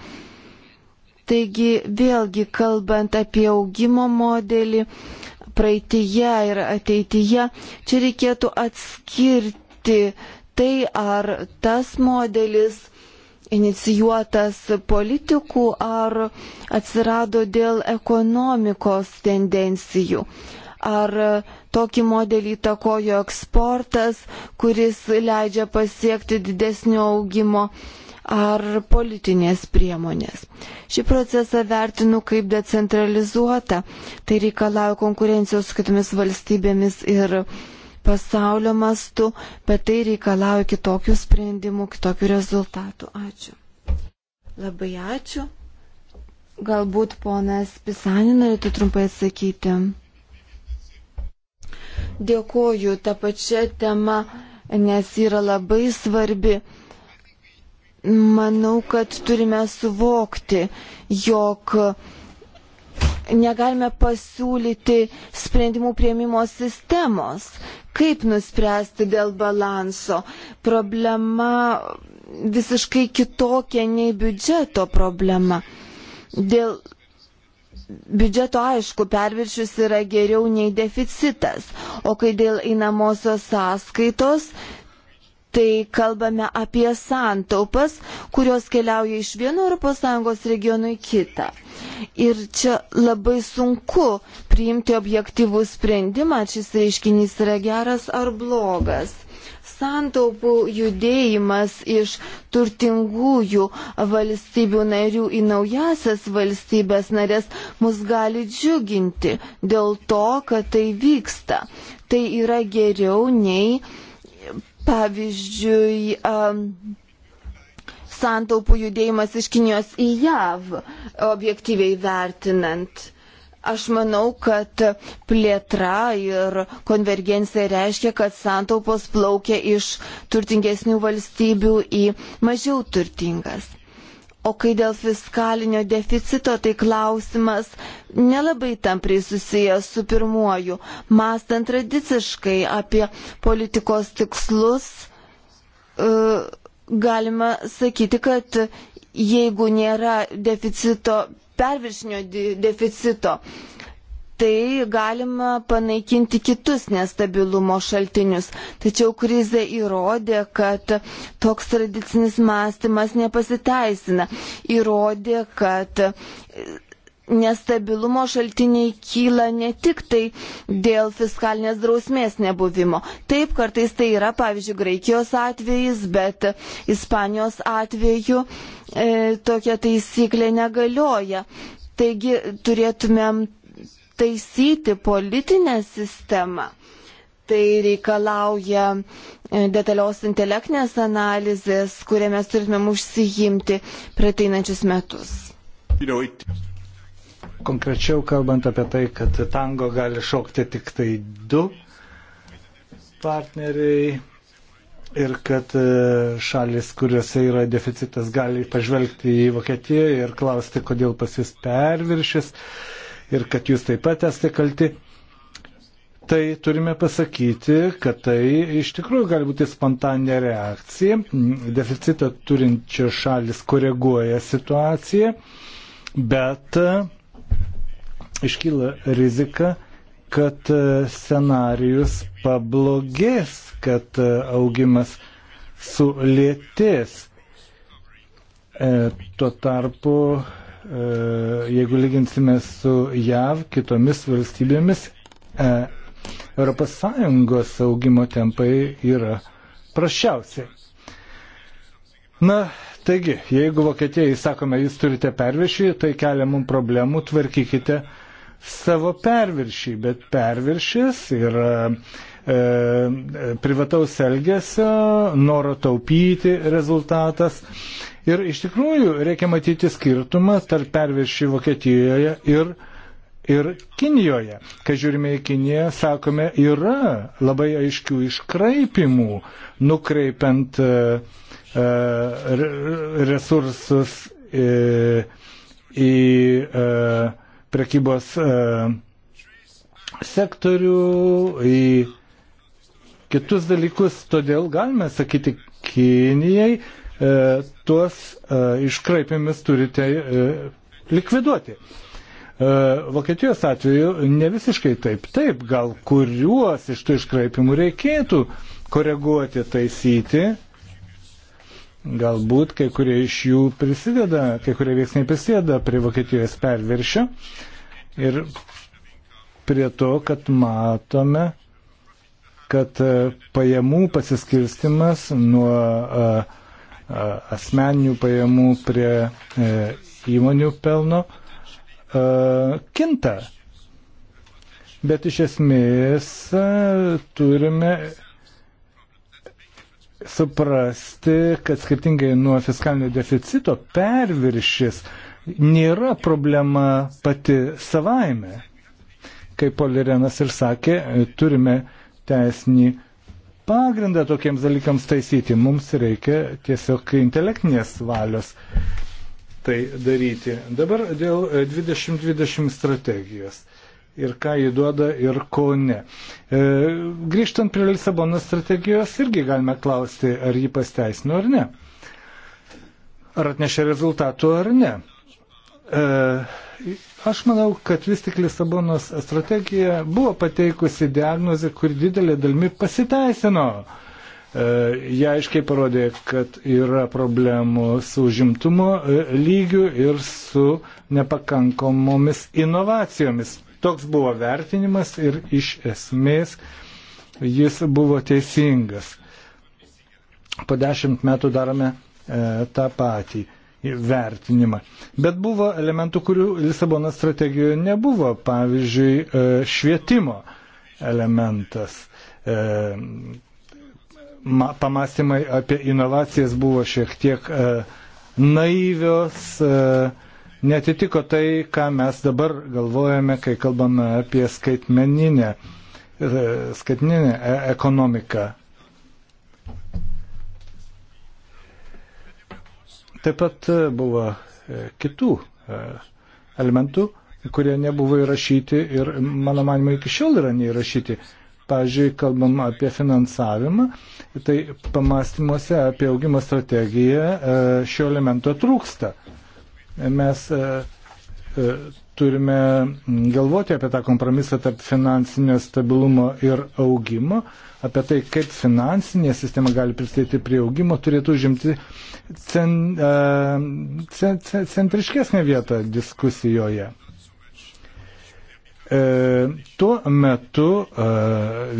Taigi vėlgi kalbant apie augimo modelį, praeitįje ir ateityje, čia reikėtų atskirti tai, ar tas modelis inicijuotas politikų ar atsirado dėl ekonomikos tendencijų. Ar tokį modelį įtakojo eksportas, kuris leidžia pasiekti didesnio augimo ar politinės priemonės. Šį procesą vertinu kaip decentralizuotą, tai reikalauja konkurencijos su kitomis valstybėmis ir pasaulio mastu, bet tai reikalauja kitokių sprendimų, kitokių rezultatų. Ačiū. Labai ačiū. Galbūt ponas Pisanin norėtų trumpai atsakyti. Dėkoju, ta pačia tema, nes yra labai svarbi. Manau, kad turime suvokti, jog negalime pasiūlyti sprendimų prieimimo sistemos, kaip nuspręsti dėl balanso. Problema visiškai kitokia nei biudžeto problema. Dėl biudžeto aišku, perviršius yra geriau nei deficitas, o kai dėl einamosios sąskaitos, tai kalbame apie santaupas, kurios keliauja iš vieno ES regiono į kitą. Ir čia labai sunku priimti objektyvų sprendimą, ar šis reiškinys yra geras ar blogas. Santaupų judėjimas iš turtingųjų valstybių narių į naujasias valstybės narės mus gali džiuginti dėl to, kad tai vyksta. Tai yra geriau nei uh, Pavyzdžiui, um, santaupų judėjimas iš Kinijos į JAV, objektyviai vertinant. Aš manau, kad plėtra ir konvergencija reiškia, kad santaupos plaukia iš turtingesnių valstybių į mažiau turtingas. O kai dėl fiskalinio deficito, tai klausimas nelabai tampriai susijęs su pirmuoju. Mastant tradiciškai apie politikos tikslus, e, galima sakyti, kad jeigu nėra deficito, perviršnio deficito, tai galima panaikinti kitus nestabilumo šaltinius. Tačiau krizė įrodė, kad toks tradicinis mąstymas nepasiteisina. Įrodė, kad nestabilumo šaltiniai kyla ne tik tai dėl fiskalinės drausmės nebuvimo. Taip, kartais tai yra, pavyzdžiui, Graikijos atvejais, bet Ispanijos atveju e, tokia taisyklė negalioja. Taigi turėtumėm taisyti politinę sistemą. Tai reikalauja e, detalios intelektinės analizės, kurią mes turėtumėm užsijimti prateinančius metus. Konkrečiau kalbant apie tai, kad tango gali šokti tik tai du partneriai ir kad e, šalis, kuriuose yra deficitas, gali pažvelgti į Vokietiją ir klausti, kodėl pas jūs perviršis. Uh, ir kad jūs taip pat esate kalti, tai turime pasakyti, kad tai iš tikrųjų gali būti spontaninė reakcija. Deficitą turinčios šalis koreguoja situaciją, bet iškyla rizika, kad scenarius pablogės, kad augimas sulėtės. E, tuo tarpu E, jeigu lyginsime su JAV kitomis valstybėmis, ES augimo tempai yra prašiausiai. Na, taigi, jeigu Vokietijai sakome, jūs turite perviršį, tai kelia mums problemų, tvarkykite savo perviršį, bet perviršis yra e, privataus elgesio, noro taupyti rezultatas. Ir iš tikrųjų reikia matyti skirtumą tarp perviršį Vokietijoje ir, ir Kinijoje. Kai žiūrime į Kiniją, sakome, yra labai aiškių iškraipimų, nukreipiant e, e re, resursus e, į e, prekybos e, sektorių, į kitus dalykus. Todėl galime sakyti Kinijai, E, tuos e, iškraipimis turite e, likviduoti. Vokietijos atveju ne visiškai taip. Taip, gal kuriuos iš tų iškraipimų reikėtų koreguoti, taisyti. Galbūt kai kurie iš jų prisideda, kai kurie veiksniai prisideda prie Vokietijos perviršio ir prie to, kad matome, kad pajamų pasiskirstimas nuo uh, asmeninių pajamų prie e, įmonių pelno kinta. Bet iš esmės turime suprasti, kad skirtingai nuo fiskalinio deficito perviršis nėra problema pati savaime. Kaip Polirenas ir sakė, turime teisinį pagrindą tokiems dalykams taisyti. Mums reikia tiesiog intelektinės valios tai daryti. Dabar dėl 2020 strategijos ir ką jį duoda ir ko ne. E, grįžtant prie Lisabono strategijos, irgi galime klausti, ar jį pasteisino ar ne. Ar atnešė rezultatų ar ne. E, Aš manau, kad vis tik Lisabonos strategija buvo pateikusi diagnozę, kuri didelė dalimi pasiteisino. E, jie aiškiai parodė, kad yra problemų su užimtumo e, lygiu ir su nepakankomomis inovacijomis. Toks buvo vertinimas ir iš esmės jis buvo teisingas. Po dešimt metų darome e, tą patį. E, vertinimą. Bet buvo elementų, kurių Lisabono strategijoje nebuvo, pavyzdžiui, e, švietimo elementas. E, pamastymai apie inovacijas buvo šiek tiek e, naivios, netitiko tai, ką mes dabar galvojame, kai kalbame apie skaitmeninę, skaitmeninę ekonomiką. Taip pat e, buvo e, kitų e, elementų, kurie nebuvo įrašyti ir, mano manimo, iki šiol yra neįrašyti. Pavyzdžiui, kalbam apie finansavimą, tai pamastymuose apie augimo strategiją šio elemento trūksta. Mes E, turime galvoti apie tą kompromisą tarp finansinio stabilumo ir augimo, apie tai, kaip finansinė sistema gali prisidėti prie augimo, turėtų užimti cen, cen, cen, centriškesnę vietą diskusijoje. E, tuo metu e,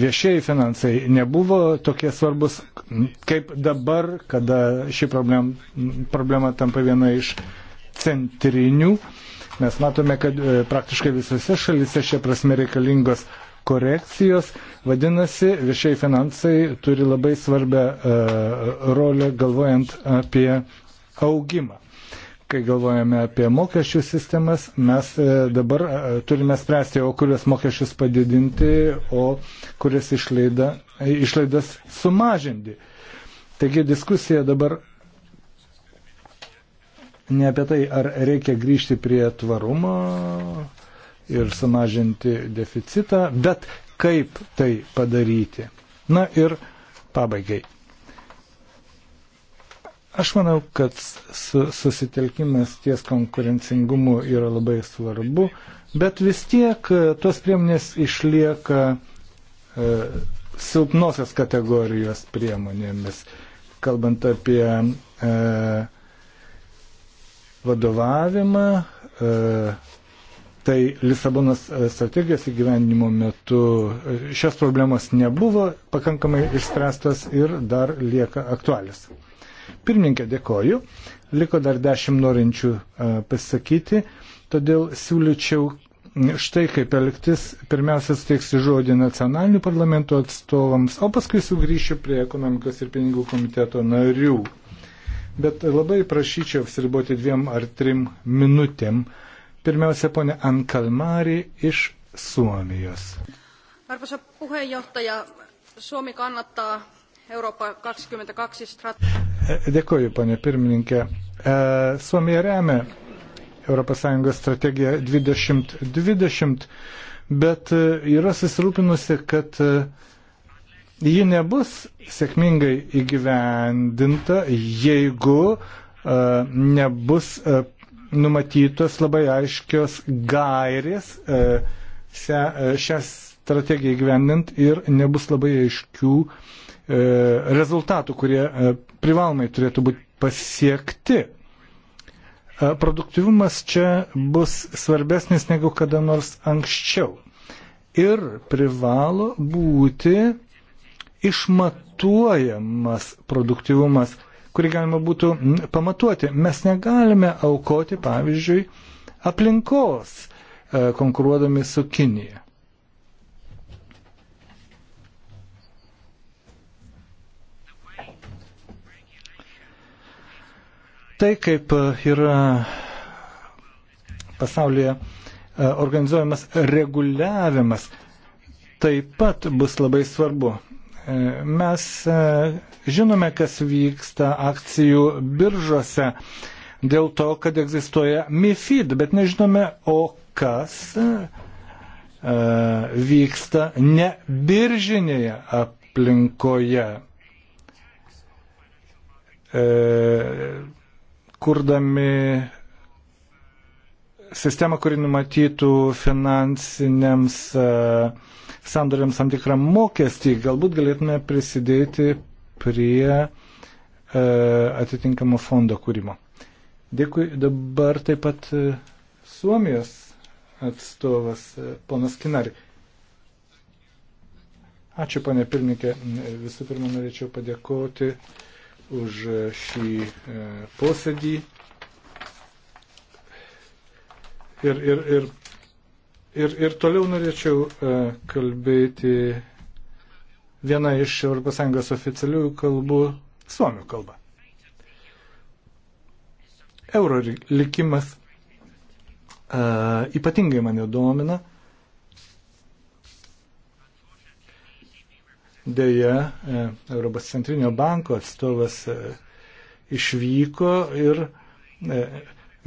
viešieji finansai nebuvo tokie svarbus kaip dabar, kada ši problem, problema tampa viena iš centrinių Mes matome, kad e, praktiškai visose šalise šia prasme reikalingos korekcijos, vadinasi, viešiai finansai turi labai svarbę e, rolę galvojant apie augimą. Kai galvojame apie mokesčių sistemas, mes e, dabar turime spręsti, o kurias mokesčius padidinti, o kurias išlaida, išlaidas sumažinti. Taigi diskusija dabar ne apie tai, ar reikia grįžti prie tvarumo ir sumažinti deficitą, bet kaip tai padaryti. Na ir pabaigai. Aš manau, kad susitelkimas ties konkurencingumu yra labai svarbu, bet vis tiek e, tos priemonės išlieka e, silpnosios kategorijos priemonėmis, kalbant apie e, vadovavimą. E, tai Lisabonas e, strategijos įgyvendinimo metu e, šios problemos nebuvo pakankamai išspręstos ir dar lieka aktualios. Pirmininkė, dėkoju. Liko dar dešimt norinčių pasakyti, todėl siūlyčiau štai kaip elgtis. Pirmiausia, steiksiu žodį nacionalinių parlamentų atstovams, o paskui sugrįšiu prie ekonomikos ir pinigų komiteto narių bet labai prašyčiau apsiriboti dviem ar trim minutėm. Pirmiausia, ponė Ankalmari iš Suomijos. Arvoisa puheenjohtaja, Suomi kannattaa Eurooppa 22 strategiją. Dėkoju, ponė pirmininkė. E, Suomija remia ES strategiją 2020, bet e, yra susirūpinusi, kad e, ji nebus sėkmingai įgyvendinta, jeigu e, nebus e, numatytos labai aiškios gairės e, šią strategiją įgyvendint ir nebus labai aiškių rezultatų, kurie privalomai turėtų būti pasiekti. Produktivumas čia bus svarbesnis negu kada nors anksčiau. Ir privalo būti išmatuojamas produktivumas, kurį galima būtų pamatuoti. Mes negalime aukoti, pavyzdžiui, aplinkos e, konkuruodami su Kinija. Tai kaip e, yra pasaulyje e, organizuojamas reguliavimas, taip pat bus labai svarbu. Mes e, žinome, kas vyksta akcijų biržose dėl to, kad egzistuoja MIFID, bet nežinome, o kas e, vyksta ne biržinėje aplinkoje. E, kurdami sistemą, kuri numatytų finansiniams uh, sandoriams tam tikrą mokestį, galbūt galėtume prisidėti prie e, atitinkamo fondo kūrimo. Dėkui, dabar taip pat e, Suomijos atstovas e, ponas Kinari. Ačiū, ponė pirmininkė. Visų pirma, norėčiau padėkoti už šį e, posėdį. Ir, ir, ir Ir, ir toliau norėčiau e, kalbėti viena iš ES oficialiųjų kalbų - suomių kalba. Euro likimas a, e, ypatingai mane domina. Deja, e, Europos centrinio banko atstovas išvyko ir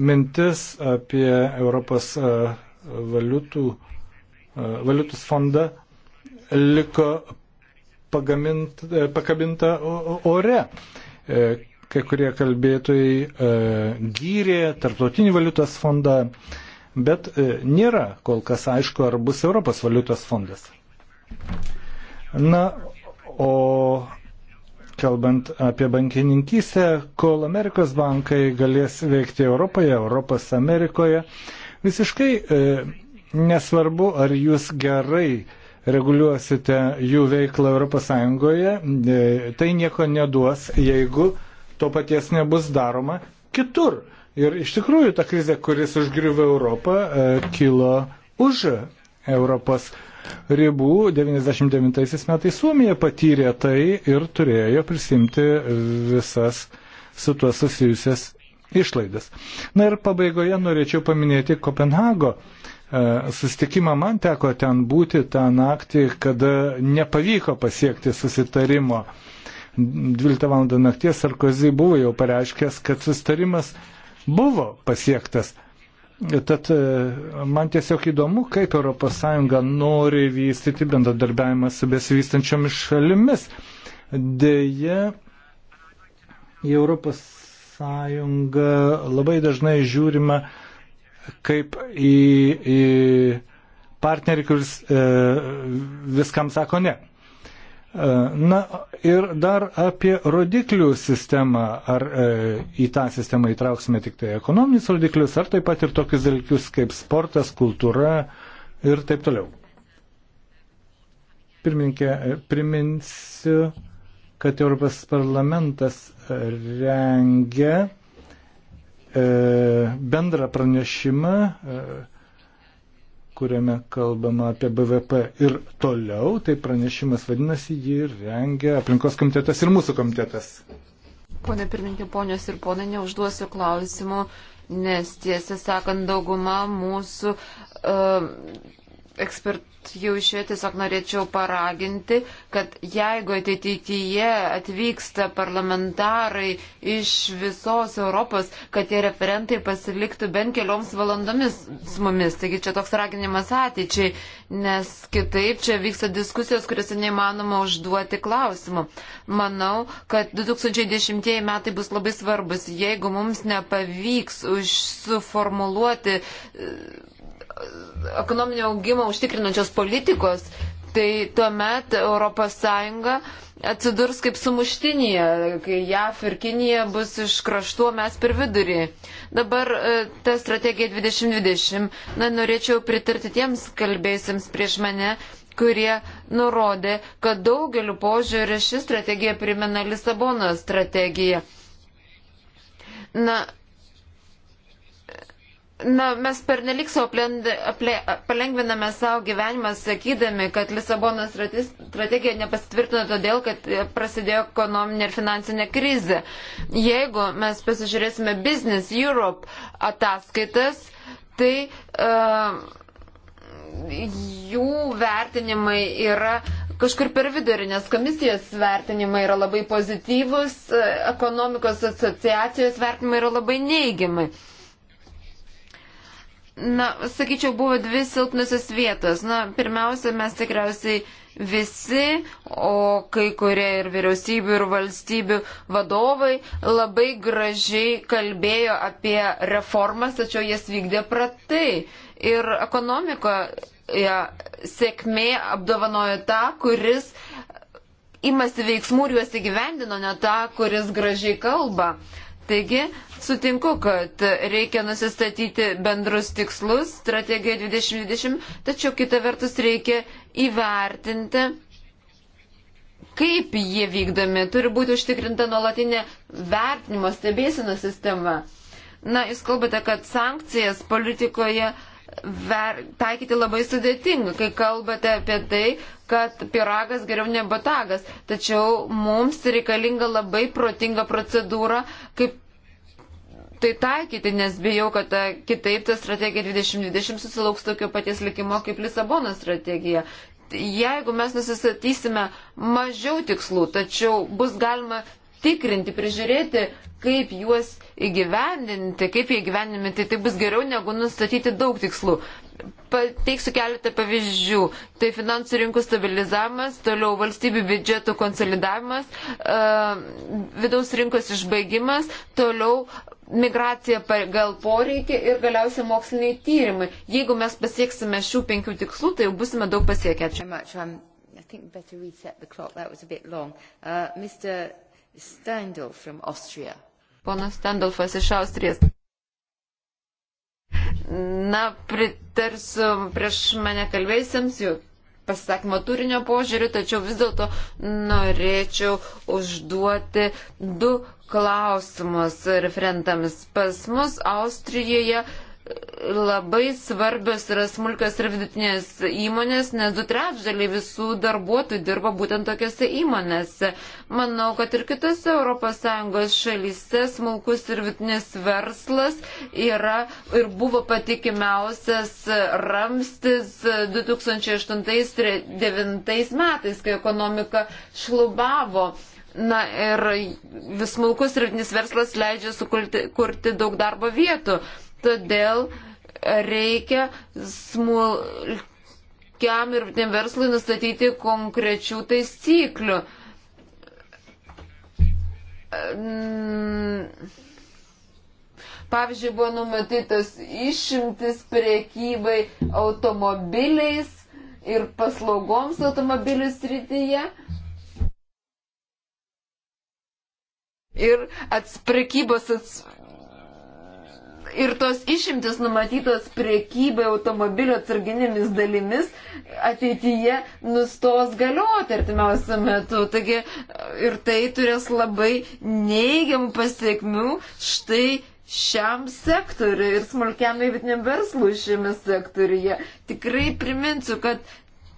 mintis apie Europos valiutų, e, valiutos fondą liko pagamint, e, pakabinta ore. E, kai kurie kalbėtojai gyrė tarptautinį valiutos fondą, bet nėra kol kas aišku, ar bus Europos valiutos fondas. Na, o kalbant apie bankininkystę, kol Amerikos bankai galės veikti Europoje, Europos Amerikoje, Visiškai e, nesvarbu, ar jūs gerai reguliuosite jų veiklą ES, e, tai nieko neduos, jeigu to paties nebus daroma kitur. Ir iš tikrųjų ta krizė, kuris užgriuvo Europą, e, kilo už Europos ribų. 99 metais Suomija patyrė tai ir turėjo prisimti visas su tuo susijusias išlaidas. Na ir pabaigoje norėčiau paminėti Kopenhago e, sustikimą. Man teko ten būti tą naktį, kada nepavyko pasiekti susitarimo. 12 val. nakties Sarkozy buvo jau pareiškęs, kad susitarimas buvo pasiektas. Tad e, man tiesiog įdomu, kaip ES nori vystyti bendradarbiavimą su besivystančiomis šalimis. Deja, į ES sąjungą labai dažnai žiūrima kaip į, į partnerį, kuris e, viskam sako ne. E, na ir dar apie rodiklių sistemą. Ar e, į tą sistemą įtrauksime tik tai ekonominius rodiklius, ar taip pat ir tokius dalykius kaip sportas, kultūra ir taip toliau. Pirmininkė, e, priminsiu, kad Europos parlamentas rengia e, bendrą pranešimą, e, kuriame kalbama apie BVP ir toliau, tai pranešimas vadinasi, jį rengia aplinkos komitetas ir mūsų komitetas. Pone pirmininkė, ponios ir ponai, neužduosiu klausimų, nes tiesą sakant, dauguma mūsų uh, ekspertų šioje tiesiog norėčiau paraginti, kad jeigu ateityje atvyksta parlamentarai iš visos Europos, kad tie referentai pasiliktų bent kelioms valandomis su mumis. Taigi čia toks raginimas ateičiai, nes kitaip čia vyksta diskusijos, kuriuose neįmanoma užduoti klausimų. Manau, kad 2010 metai bus labai svarbus, jeigu mums nepavyks užsuformuluoti ekonominio augimo užtikrinančios politikos, tai tuomet ES atsidurs kaip sumuštinėje, kai JAF ir Kinija bus iš kraštų, mes per vidurį. Dabar e, ta strategija 2020, na, norėčiau pritarti tiems kalbėjusiems prieš mane, kurie nurodė, kad daugeliu požiūrį ši strategija primena Lisabono strategiją. Na, Na, mes pernelik savo palengviname savo gyvenimą, sakydami, kad Lisabonos strategija nepasitvirtino todėl, kad prasidėjo ekonominė ir finansinė krizė. Jeigu mes pasižiūrėsime Business Europe ataskaitas, tai uh, jų vertinimai yra kažkur per vidurį, nes komisijos vertinimai yra labai pozityvus, uh, ekonomikos asociacijos vertinimai yra labai neigiamai. Uh, Na, sakyčiau, buvo dvi silpnusios vietos. Na, pirmiausia, mes tikriausiai visi, o kai kurie ir vyriausybių, ir valstybių vadovai labai gražiai kalbėjo apie reformas, tačiau jas vykdė pratai. Ir ekonomikoje sėkmė apdovanojo tą, kuris imasi veiksmų ir juos įgyvendino, ne tą, kuris gražiai kalba. Uh, Taigi, sutinku, kad reikia nusistatyti bendrus tikslus strategijoje 2020, tačiau kita vertus reikia įvertinti, kaip jie vykdomi. Turi būti užtikrinta nuolatinė vertinimo stebėsino sistema. Na, jūs kalbate, kad sankcijas politikoje uh, ver, taikyti labai sudėtinga, kai kalbate apie tai, kad piragas geriau ne batagas. Tačiau mums reikalinga labai protinga procedūra, kaip tai taikyti, nes bijau, kad ta, kitaip ta strategija 2020 susilauks tokio paties likimo kaip Lisabono strategija. Jeigu mes nusistatysime mažiau tikslų, tačiau bus galima tikrinti, prižiūrėti, kaip juos įgyvendinti, kaip jie įgyvendinti, tai tai bus geriau negu nustatyti daug tikslų. Pateiksiu keletą pavyzdžių. Tai finansų rinkų stabilizavimas, toliau valstybių biudžetų konsolidavimas, e, vidaus rinkos išbaigimas, toliau migracija pagal poreikį ir galiausiai moksliniai tyrimai. Jeigu mes pasieksime šių penkių tikslų, tai jau busime daug pasiekę. Ačiū. Um, I think better reset the clock. That was a bit long. Uh, Mr. Standolf from Austria. Ponas Standolfas iš Austrijos. Na, pritarsiu prieš mane kalbėjusiems jų pasakymo turinio požiūriu, tačiau vis dėlto norėčiau užduoti du klausimus referentams. Pas mus Austrijoje labai svarbios yra smulkios ir vidutinės įmonės, nes du trečdaliai visų darbuotojų dirba būtent tokiose įmonėse. Manau, kad ir kitose ES šalyse smulkus ir vidutinis verslas yra ir buvo patikimiausias ramstis 2008-2009 metais, kai ekonomika šlubavo. Na ir vis smulkus ir vidinis verslas leidžia sukurti daug darbo vietų. Todėl reikia smulkiam ir tiem verslui nustatyti konkrečių taisyklių. Pavyzdžiui, buvo numatytas išimtis priekybai automobiliais ir paslaugoms automobilių srityje. Ir atsprekybos ats, ir tos išimtis numatytos priekybai automobilio atsarginėmis dalimis ateityje nustos galioti artimiausiu metu. Taigi ir tai turės labai neigiamų pasiekmių štai šiam sektoriui ir smulkiam įvitiniam verslui šiame sektoriuje. Tikrai priminsiu, kad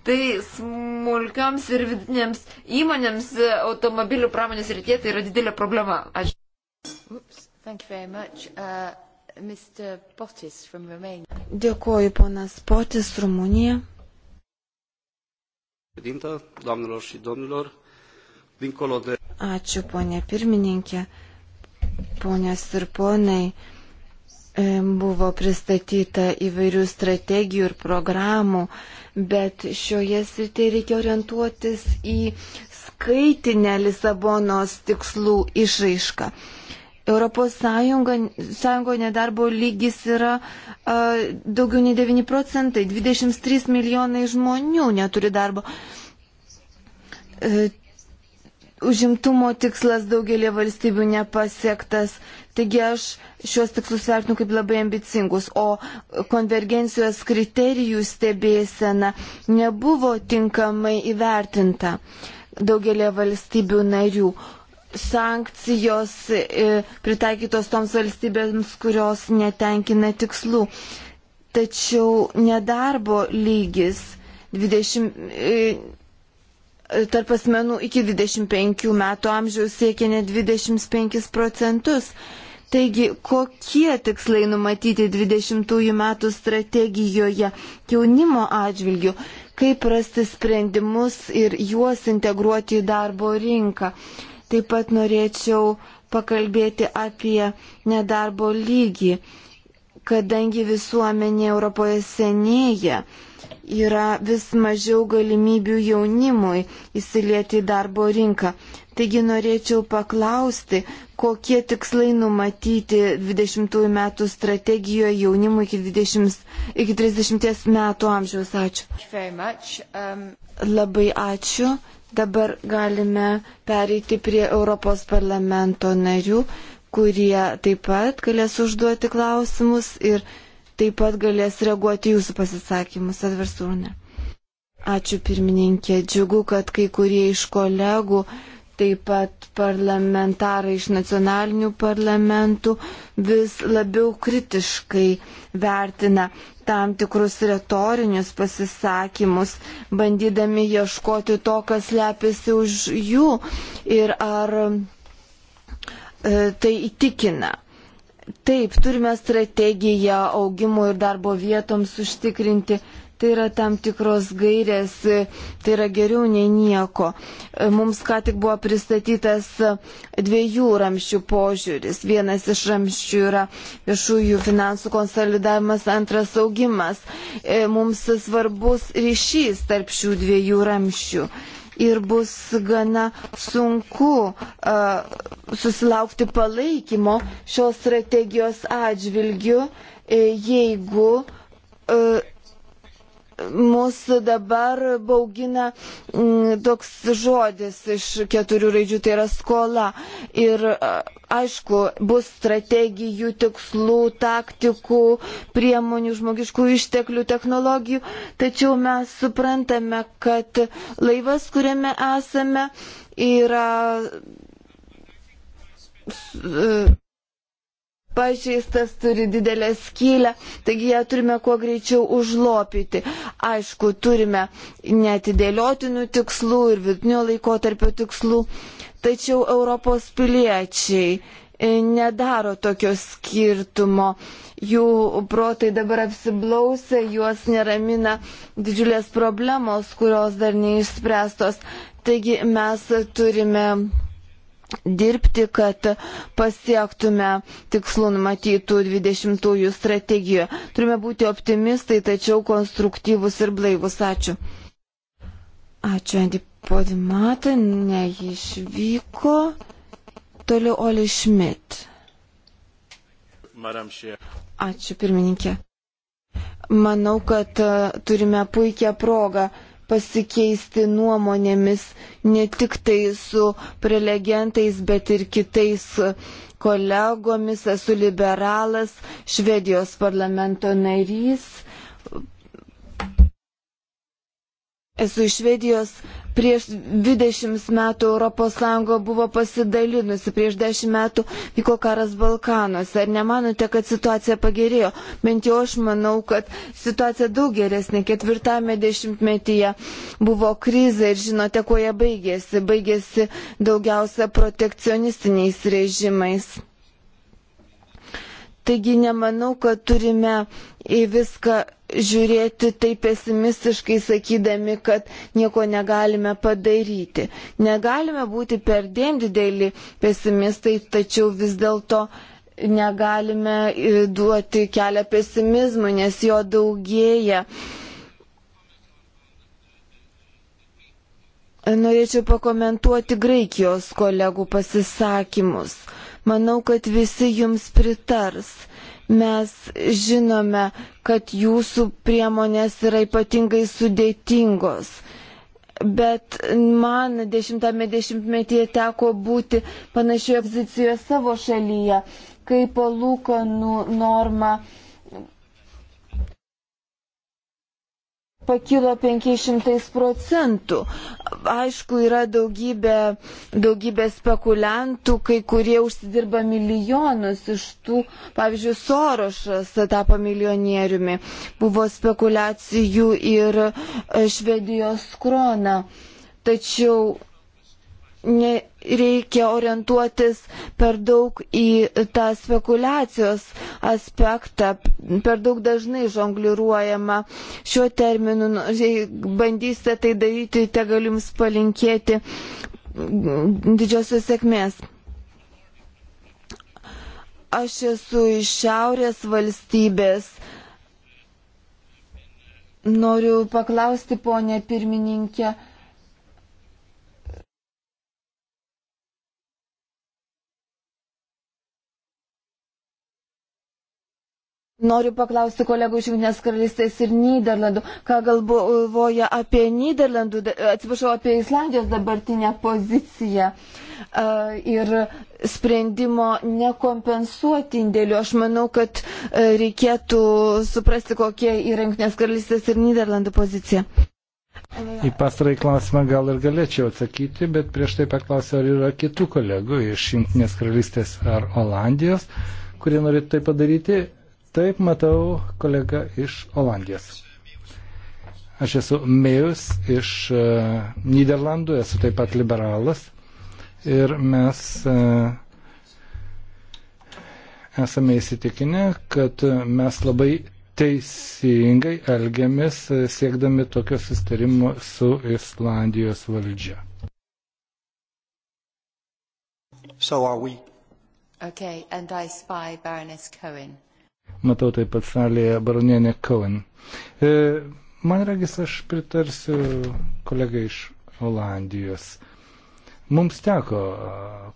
tai smulkiams ir vidinėms įmonėms automobilių pramonės rytie tai yra didelė problema. Aš... Oops, thank you very much. Uh... Dėkoju, ponas Potis, Rumunija. Ačiū, ponė pirmininkė. Ponios ir ponai, e, buvo pristatyta įvairių strategijų ir programų, bet šioje srityje reikia orientuotis į skaitinę Lisabonos tikslų išraišką. Europos Sąjungoje Sąjungo nedarbo lygis yra a, daugiau nei 9 procentai, 23 milijonai žmonių neturi darbo. E, užimtumo tikslas daugelį valstybių nepasiektas, taigi aš šios tikslus vertinu kaip labai ambicingus, o konvergencijos kriterijų stebėsena nebuvo tinkamai įvertinta daugelį valstybių narių sankcijos e, pritaikytos toms valstybėms, kurios netenkina tikslų. Tačiau nedarbo lygis 20, e, tarp asmenų iki 25 metų amžiaus siekia net 25 procentus. Taigi, kokie tikslai numatyti 20 metų strategijoje jaunimo atžvilgių, kaip rasti sprendimus ir juos integruoti į darbo rinką. Taip pat norėčiau pakalbėti apie nedarbo lygį, kadangi visuomenė Europoje senėja, yra vis mažiau galimybių jaunimui įsilieti į darbo rinką. Taigi norėčiau paklausti, kokie tikslai numatyti 20 metų strategijoje jaunimui iki, 20, iki 30 metų amžiaus. Ačiū. Um... Labai ačiū. Dabar galime pereiti prie Europos parlamento narių, kurie taip pat galės užduoti klausimus ir taip pat galės reaguoti jūsų pasisakymus. Adversūrne. Ačiū pirmininkė. Džiugu, kad kai kurie iš kolegų Taip pat parlamentarai iš nacionalinių parlamentų vis labiau kritiškai vertina tam tikrus retorinius pasisakymus, bandydami ieškoti to, kas lepiasi už jų ir ar e, tai įtikina. Taip, turime strategiją augimui ir darbo vietoms užtikrinti, tai yra tam tikros gairės, tai yra geriau nei nieko. Mums ką tik buvo pristatytas dviejų ramščių požiūris. Vienas iš ramščių yra viešųjų finansų konsolidavimas, antras augimas. E, mums svarbus ryšys tarp šių dviejų ramščių ir bus gana sunku uh, susilaukti palaikymo šios strategijos atžvilgiu, e, jeigu uh, mūsų dabar baugina mm, toks žodis iš keturių raidžių, tai yra skola. Ir aišku, bus strategijų, tikslų, taktikų, priemonių, žmogiškų išteklių, technologijų, tačiau mes suprantame, kad laivas, kuriame esame, yra e, pažeistas, turi didelę skylę, taigi ją turime kuo greičiau užlopyti. Aišku, turime netidėliotinų tikslų ir vidinio laikotarpio tikslų, tačiau Europos piliečiai e, nedaro tokio skirtumo. Jų protai dabar apsiblausia, juos neramina didžiulės problemos, kurios dar neišspręstos. Taigi mes turime dirbti, kad pasiektume tikslų numatytų 20-ųjų strategijoje. Turime būti optimistai, tačiau konstruktyvus ir blaivus. Ačiū. Ačiū, Andy Podimata, neišvyko. Toliau Oli Šmit. Ačiū, pirmininkė. Manau, kad e, turime puikią progą pasikeisti nuomonėmis ne tik tai su prelegentais, bet ir kitais kolegomis. Esu liberalas, Švedijos parlamento narys, esu iš Švedijos. Prieš 20 metų ES buvo pasidalinusi, prieš 10 metų vyko karas Balkanuose. Ar nemanote, kad situacija pagerėjo? Bent jau aš manau, kad situacija daug geresnė. Ketvirtame dešimtmetyje buvo krizė ir žinote, kuo jie baigėsi. Baigėsi daugiausia protekcionistiniais režimais. Taigi nemanau, kad turime į viską žiūrėti taip pesimistiškai, sakydami, kad nieko negalime padaryti. Negalime būti perdėm dideli pesimistai, tačiau vis dėlto negalime e, duoti kelią pesimizmui, nes jo daugėja. Norėčiau pakomentuoti Graikijos kolegų pasisakymus. Manau, kad visi jums pritars Mes žinome, kad jūsų priemonės yra ypatingai sudėtingos. Bet man dešimtame dešimtmetyje teko būti panašioje pozicijoje savo šalyje, kai palūkanų norma uh, pakilo 500 procentų. Aišku, yra daugybė, daugybė spekuliantų, kai kurie užsidirba milijonus iš tų, pavyzdžiui, Sorošas tapo milijonieriumi. Buvo spekulacijų ir e, Švedijos krona. Tačiau reikia orientuotis per daug į tą spekulacijos aspektą, per daug dažnai žongliruojama šiuo terminu. Nu, jei bandysite tai daryti, te galiu jums palinkėti didžiosios sėkmės. Aš esu iš šiaurės valstybės. Noriu paklausti, ponė pirmininkė, Noriu paklausti kolegų iš Jungtinės karalystės ir Niderlandų, ką galvoja apie Niderlandų, atsiprašau, apie Islandijos dabartinę poziciją ir sprendimo nekompensuoti indėlių. Aš manau, kad reikėtų suprasti, kokia yra Jungtinės karalystės ir Niderlandų pozicija. Į pastarąjį klausimą gal ir galėčiau atsakyti, bet prieš tai paklausiau, ar yra kitų kolegų iš Jungtinės karalystės ar Olandijos kurie norėtų tai padaryti. Taip matau kolega iš Olandijos. Aš esu Mėjus iš uh, Niderlandų, esu taip pat liberalas ir mes uh, esame įsitikinę, kad mes labai teisingai elgiamės e, siekdami tokio sustarimo su Islandijos valdžia. So are we. Okay, and I spy Baroness Cohen. Matau taip pat salėje baronienė Cohen. E, man regis, aš pritarsiu kolegai iš Olandijos. Mums teko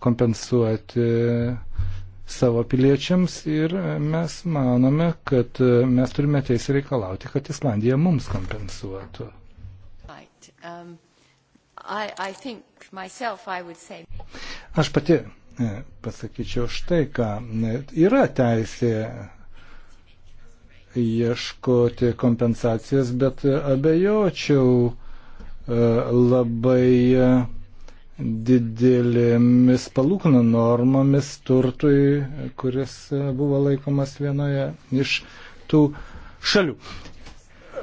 kompensuoti savo piliečiams ir mes manome, kad mes turime teisę reikalauti, kad Islandija mums kompensuotų. Right. Um, I, I myself, I say... Aš pati e, pasakyčiau štai ką. E, yra teisė ieškoti kompensacijas, bet abejočiau e, labai didelėmis palūkanų normomis turtui, kuris buvo laikomas vienoje iš tų šalių.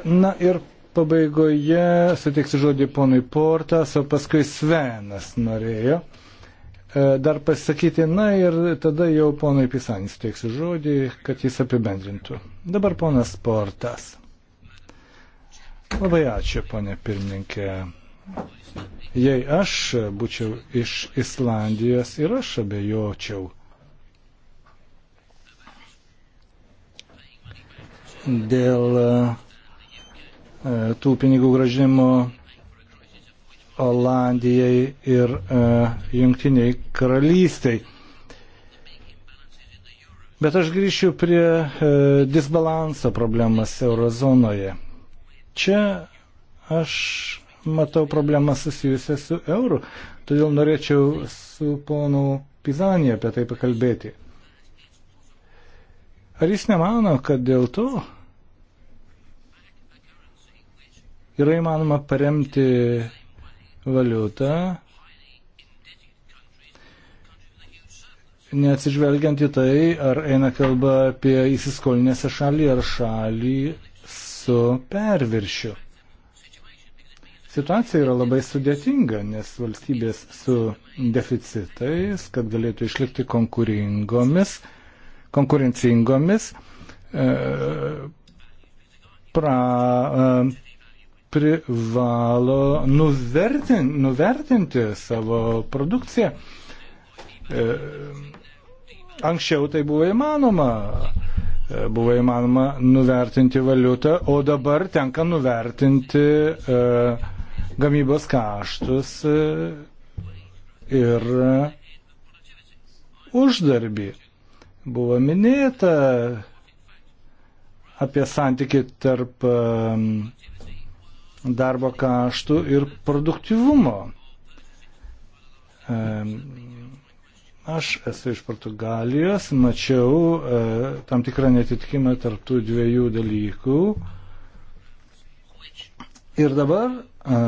Na ir pabaigoje suteiksiu žodį ponui Portas, o paskui Svenas norėjo E, dar pasakyti, na ir tada jau ponui Pisanis teiksiu žodį, kad jis apibendrintų. Dabar ponas Portas. Labai ačiū, ponė pirmininkė. Jei aš būčiau iš Islandijos ir aš abejočiau dėl e, tų pinigų gražimo Olandijai ir e, Junktiniai karalystiai. Bet aš grįšiu prie e, disbalanso problemas eurozonoje. Čia aš matau problemą susijusią su euru, todėl norėčiau su ponu Pizanė apie tai pakalbėti. Ar jis nemano, kad dėl to yra įmanoma paremti valiutą, neatsižvelgiant į tai, ar eina kalba apie įsiskolinęsią šalį ar šalį su perviršiu. Situacija yra labai sudėtinga, nes valstybės su deficitais, kad galėtų išlikti konkuringomis, konkurencingomis, e, pra, e, privalo nuvertinti, nuvertinti savo produkciją. E, anksčiau tai buvo įmanoma. E, buvo įmanoma nuvertinti valiutą, o dabar tenka nuvertinti e, gamybos kaštus ir uždarbį. Buvo minėta apie santyki tarp darbo kaštų ir produktivumo. Aš esu iš Portugalijos, mačiau e, tam tikrą netitikimą tarptų dviejų dalykų. Ir dabar e,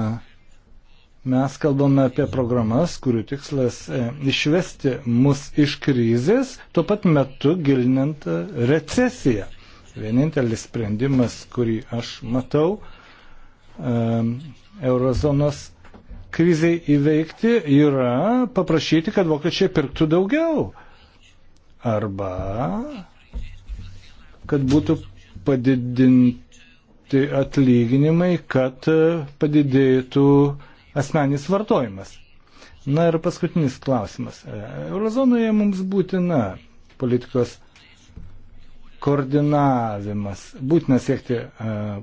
mes kalbame apie programas, kurių tikslas e, išvesti mus iš krizės, tuo pat metu gilinant e, recesiją. Vienintelis sprendimas, kurį aš matau, eurozonos krizai įveikti yra paprašyti, kad vokiečiai pirktų daugiau. Arba kad būtų padidinti atlyginimai, kad e, padidėtų asmeninis vartojimas. Na ir paskutinis klausimas. E, eurozonoje mums būtina politikos koordinavimas. Būtina siekti e,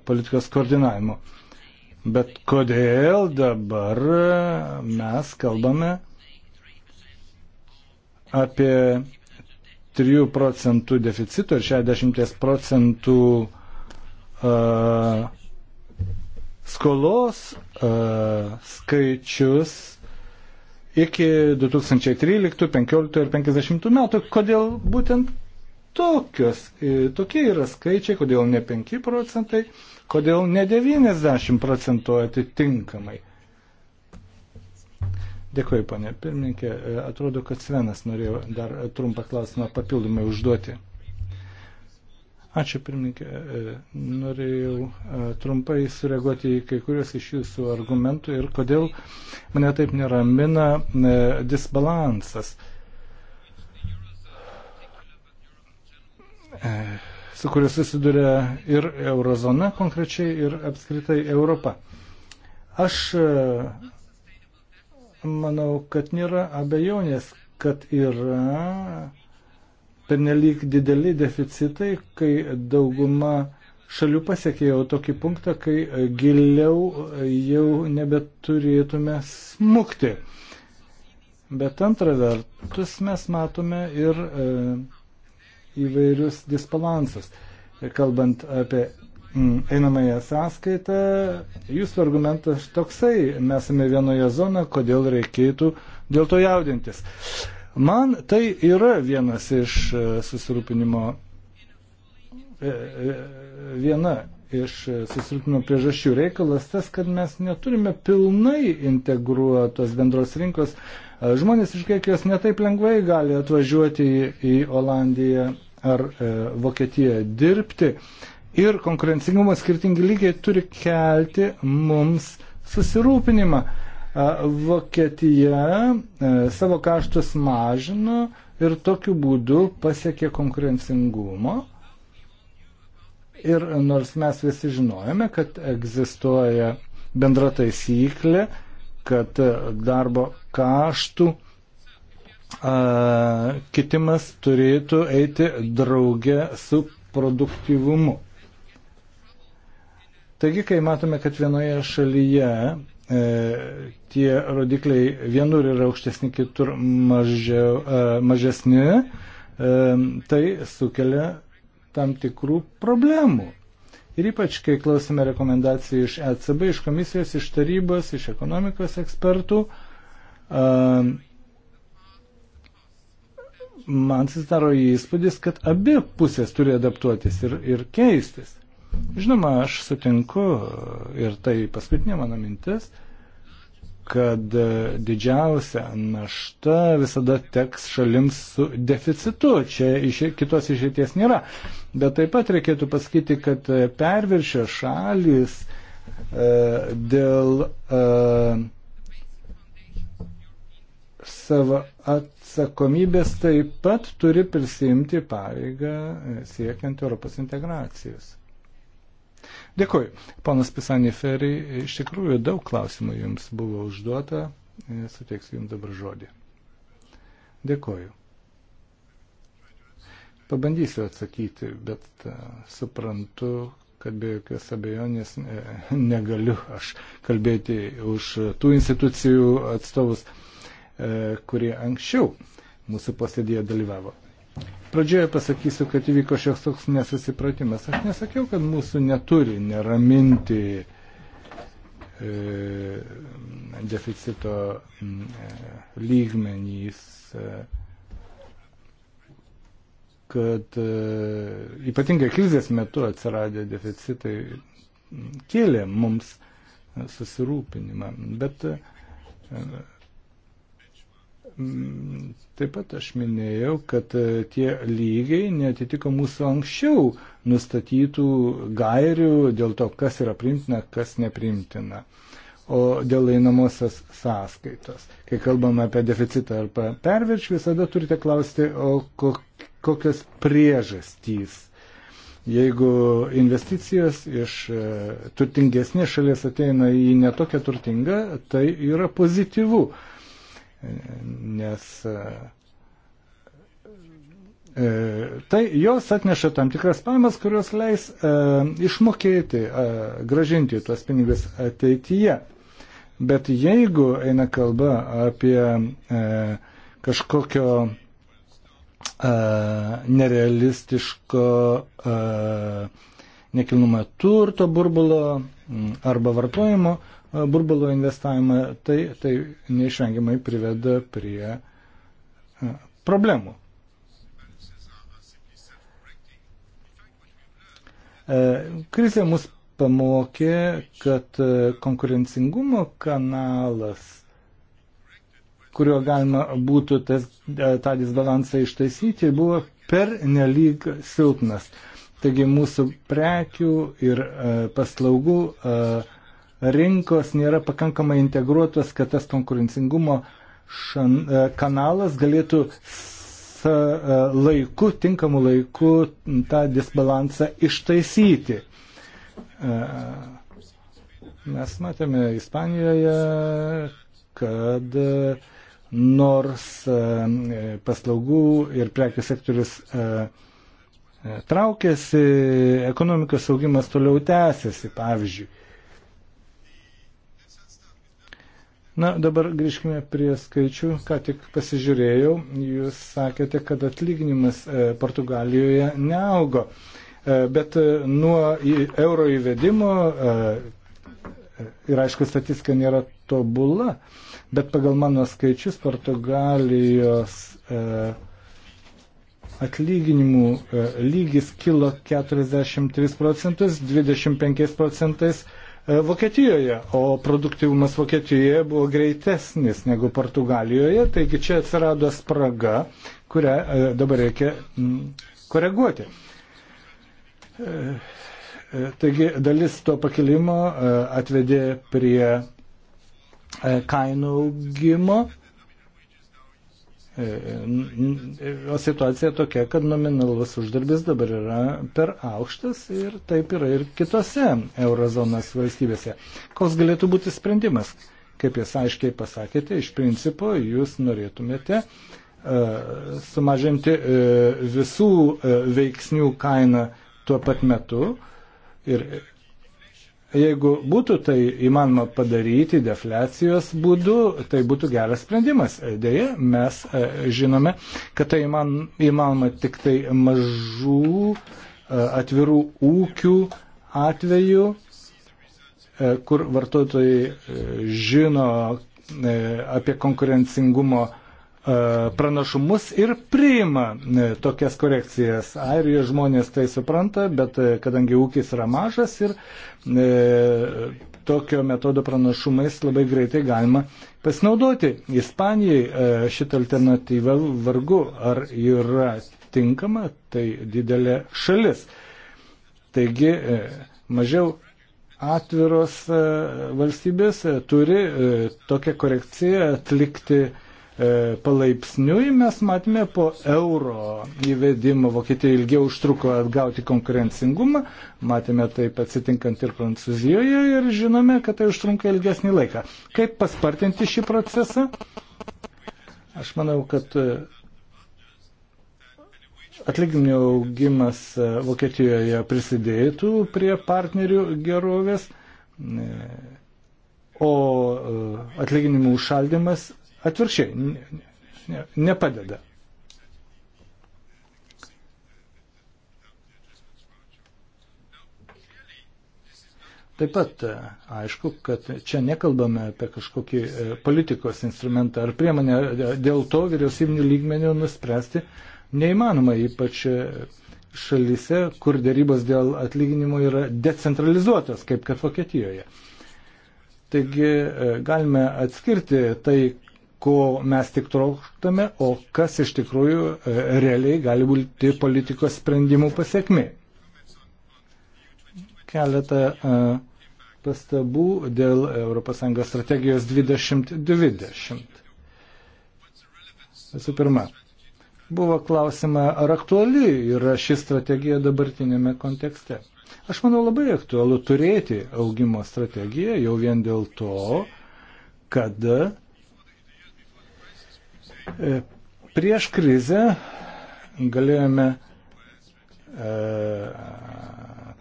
politikos koordinavimo. Uh, Bet kodėl dabar mes kalbame apie 3 procentų deficito ir 60 procentų uh, skolos uh, skaičius iki 2013, 2015 ir 2050 metų. Kodėl būtent tokios, e, tokie yra skaičiai, kodėl ne 5 procentai, kodėl ne 90 procentų atitinkamai. Dėkuoju, ponė pirmininkė. E, atrodo, kad Svenas norėjo dar trumpą klausimą papildomai užduoti. Ačiū, pirmininkė. E, norėjau trumpai sureaguoti į kai kurios iš jūsų argumentų ir kodėl mane taip neramina disbalansas. E, E, su kuria susiduria ir eurozona konkrečiai, ir apskritai Europa. Aš e, manau, kad nėra abejonės, kad yra pernelyg dideli deficitai, kai dauguma šalių pasiekė jau tokį punktą, kai giliau jau nebeturėtume smukti. Bet antra vertus mes matome ir e, įvairius disbalansus. Kalbant apie mm, einamąją sąskaitą, jūsų argumentas toksai, mes esame vienoje zonoje, kodėl reikėtų dėl to jaudintis. Man tai yra vienas iš e, susirūpinimo, e, e, viena iš susirūpinimo priežasčių reikalas tas, kad mes neturime pilnai integruotos bendros rinkos Žmonės iš Graikijos netaip lengvai gali atvažiuoti į Olandiją ar e, Vokietiją dirbti. Ir konkurencingumo skirtingi lygiai turi kelti mums susirūpinimą. E, Vokietija e, savo kaštus mažino ir tokiu būdu pasiekė konkurencingumo. Ir nors mes visi žinojame, kad egzistuoja bendra taisyklė, kad darbo kaštų a, kitimas turėtų eiti drauge su produktyvumu. Taigi, kai matome, kad vienoje šalyje e, tie rodikliai vienur yra aukštesni, kitur mažiau, e, mažesni, e, tai sukelia tam tikrų problemų. Ir ypač, kai klausime rekomendacijų iš ECB, iš komisijos, iš tarybos, iš ekonomikos ekspertų, e, Ehm, man susidaro įspūdis, kad abi pusės turi adaptuotis ir, ir keistis. Žinoma, aš sutinku e, ir tai paskutinė mano mintis, kad e, didžiausia našta visada teks šalims su deficitu. Čia iš, kitos išeities nėra. Bet taip pat reikėtų pasakyti, kad e, perviršio šalis e, dėl e, savo atsakomybės taip pat turi prisimti pareigą siekiant Europos integracijos. Dėkuoju. Ponas Pisaniferi, iš tikrųjų daug klausimų jums buvo užduota. E, suteiksiu jums dabar žodį. Dėkuoju. Pabandysiu atsakyti, bet e, suprantu, kad be jokios abejonės e, negaliu aš kalbėti už tų institucijų atstovus, E, kurie anksčiau mūsų posėdėje dalyvavo. Pradžioje pasakysiu, kad įvyko šioks toks nesusipratimas. Aš nesakiau, kad mūsų neturi neraminti e, deficito e, lygmenys, e, kad e, ypatingai krizės metu atsiradę deficitai kėlė mums susirūpinimą. Bet e, Mm, taip pat aš minėjau, kad e, tie lygiai netitiko mūsų anksčiau nustatytų gairių dėl to, kas yra primtina, kas neprimtina. O dėl einamosios sąskaitos. Kai kalbame apie deficitą arba perviršį, visada turite klausti, o kokios priežastys jeigu investicijos iš e, turtingesnės šalies ateina į netokią turtingą, tai yra pozityvu nes e, tai jos atneša tam tikras pajamas, kurios leis e, išmokėti, e, gražinti tuos pinigus ateityje. Bet jeigu eina kalba apie e, kažkokio e, nerealistiško e, nekilnumą turto burbulo arba vartojimo burbulo investavimą, tai, tai neišvengiamai priveda prie problemų. E, krizė mus pamokė, kad e, konkurencingumo kanalas, kuriuo galima būtų tas, e, tą disbalansą ištaisyti, buvo per nelyg silpnas. Taigi mūsų prekių ir paslaugų uh, rinkos nėra pakankamai integruotos, kad tas konkurencingumo šan, e, kanalas galėtų sa, e, laiku, tinkamu laiku tą disbalansą ištaisyti. E, mes matėme Ispanijoje, kad nors paslaugų ir prekių sektorius traukėsi, ekonomikos augimas toliau tęsiasi, pavyzdžiui. Na, dabar grįžkime prie skaičių. Ką tik pasižiūrėjau, jūs sakėte, kad atlyginimas e, Portugalijoje neaugo. E, bet e, nuo euro įvedimo, ir aišku, statistika nėra tobula, bet pagal mano skaičius Portugalijos atlyginimų lygis kilo 43 procentus, 25 procentais E, Vokietijoje, o produktyvumas Vokietijoje buvo greitesnis negu Portugalijoje, taigi čia atsirado spraga, kurią e, dabar reikia koreguoti. E, taigi dalis to pakilimo atvedė prie kainų augimo, O e, situacija tokia, kad nominalus uždarbis dabar yra per aukštas ir taip yra ir kitose eurozonas valstybėse. Koks galėtų būti sprendimas? Kaip jūs aiškiai pasakėte, iš principo jūs norėtumėte e, sumažinti e, visų veiksnių kainą tuo pat metu ir Jeigu būtų tai įmanoma padaryti deflecijos būdu, tai būtų geras sprendimas. Deja, mes e, žinome, kad tai įmanoma tik tai mažų e, atvirų ūkių atveju, e, kur vartotojai žino apie konkurencingumo E, pranašumus ir priima e, tokias korekcijas. Airijos žmonės tai supranta, bet e, kadangi ūkis yra mažas ir e, tokio metodo pranašumais labai greitai galima pasinaudoti. Ispanijai e, šitą alternatyvą vargu ar yra tinkama, tai didelė šalis. Taigi e, mažiau atviros e, valstybės e, turi e, tokią korekciją atlikti e, E, palaipsniui mes matėme po euro įvedimo Vokietija ilgiau užtruko atgauti konkurencingumą, matėme taip atsitinkant ir Prancūzijoje ir žinome, kad tai užtrunka ilgesnį laiką. Kaip paspartinti šį procesą? Aš manau, kad e, atlyginimų augimas e, Vokietijoje prisidėtų prie partnerių gerovės, o atlyginimų užšaldimas Atvirkščiai, ne, ne, nepadeda. Taip pat e, aišku, kad čia nekalbame apie kažkokį e, politikos instrumentą ar priemonę, e, dėl to vyriausybinių lygmenių nuspręsti neįmanoma, ypač šalyse, kur dėrybos dėl atlyginimų yra decentralizuotos, kaip kad Vokietijoje. Taigi galime atskirti tai, ko mes tik trokštame, o kas iš tikrųjų e, realiai gali būti politikos sprendimų pasiekmi. Keletą e, pastabų dėl ES strategijos 2020. Visų pirma, buvo klausima, ar aktuali yra ši strategija dabartinėme kontekste. Aš manau labai aktualu turėti augimo strategiją jau vien dėl to, kad E, prieš krizę galėjome e,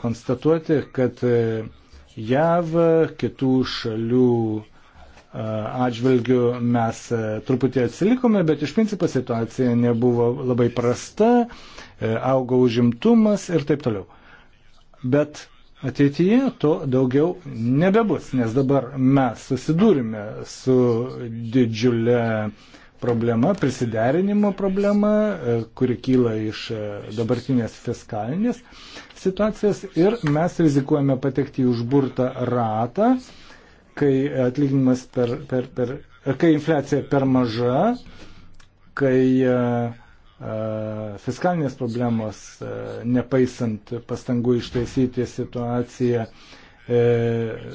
konstatuoti, kad e, JAV kitų šalių atžvilgių mes truputį atsilikome, bet iš principo situacija nebuvo labai prasta, augo užimtumas ir taip toliau. Bet ateityje to daugiau nebebus, nes dabar mes susidūrime su didžiulė uh, problema, prisiderinimo problema, e, kuri kyla iš e, dabartinės fiskalinės situacijos ir mes rizikuojame patekti į užburtą ratą, kai atlyginimas per, per, per kai infliacija per maža, kai a, e, a, fiskalinės problemos, a, nepaisant pastangų ištaisyti situaciją, e,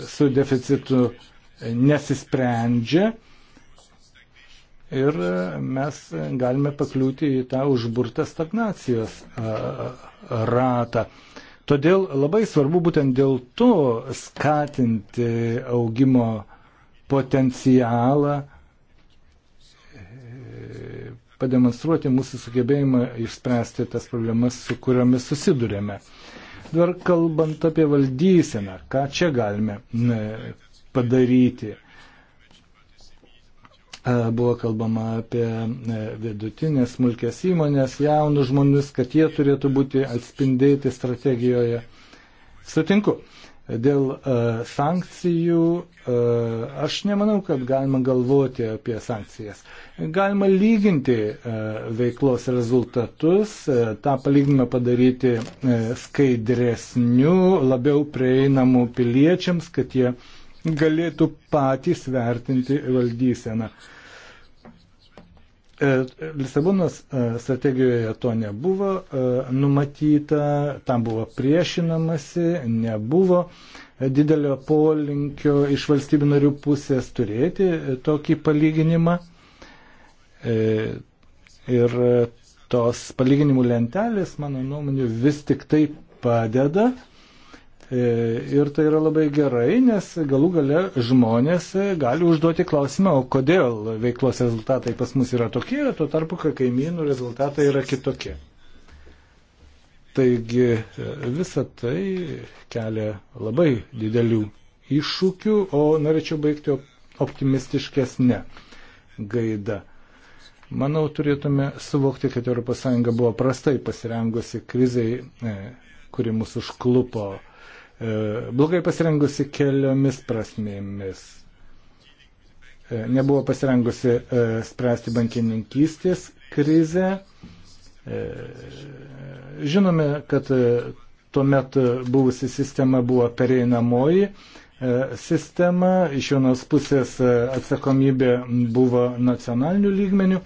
su deficitu nesisprendžia. E, ir e, mes galime pakliūti į tą užburtą stagnacijos ratą. Todėl labai svarbu būtent dėl to skatinti augimo potencialą, e, pademonstruoti mūsų sugebėjimą išspręsti tas problemas, su kuriomis susidurėme. Dar kalbant apie valdyseną, ką čia galime padaryti. Buvo kalbama apie e, vidutinės smulkės įmonės, jaunus žmonės, kad jie turėtų būti atspindėti strategijoje. Sutinku. Dėl e, sankcijų e, aš nemanau, kad galima galvoti apie sankcijas. Galima lyginti veiklos rezultatus, tą palyginimą padaryti skaidresniu, labiau prieinamu piliečiams, kad jie galėtų patys vertinti valdyseną. E, Lisabonos e, strategijoje to nebuvo e, numatyta, tam buvo priešinamasi, nebuvo didelio polinkio iš valstybių narių pusės turėti tokį palyginimą. Ir tos palyginimų lentelės, mano nuomonė, vis tik tai padeda E, ir tai yra labai gerai, nes galų gale žmonės e, gali užduoti klausimą, o kodėl veiklos rezultatai pas mus yra tokie, tuo tarpu, kai kaimynų rezultatai yra kitokie. Taigi e, visa tai kelia labai didelių iššūkių, o norėčiau baigti optimistiškesnę gaidą. Manau, turėtume suvokti, kad ES buvo prastai pasirengusi krizai, kuri mus užklupo E, blogai pasirengusi keliomis prasmėmis. E, nebuvo pasirengusi e, spręsti bankininkystės krizę. Žinome, kad tuomet buvusi sistema buvo pereinamoji sistema, iš vienos pusės atsakomybė buvo nacionalinių lygmenių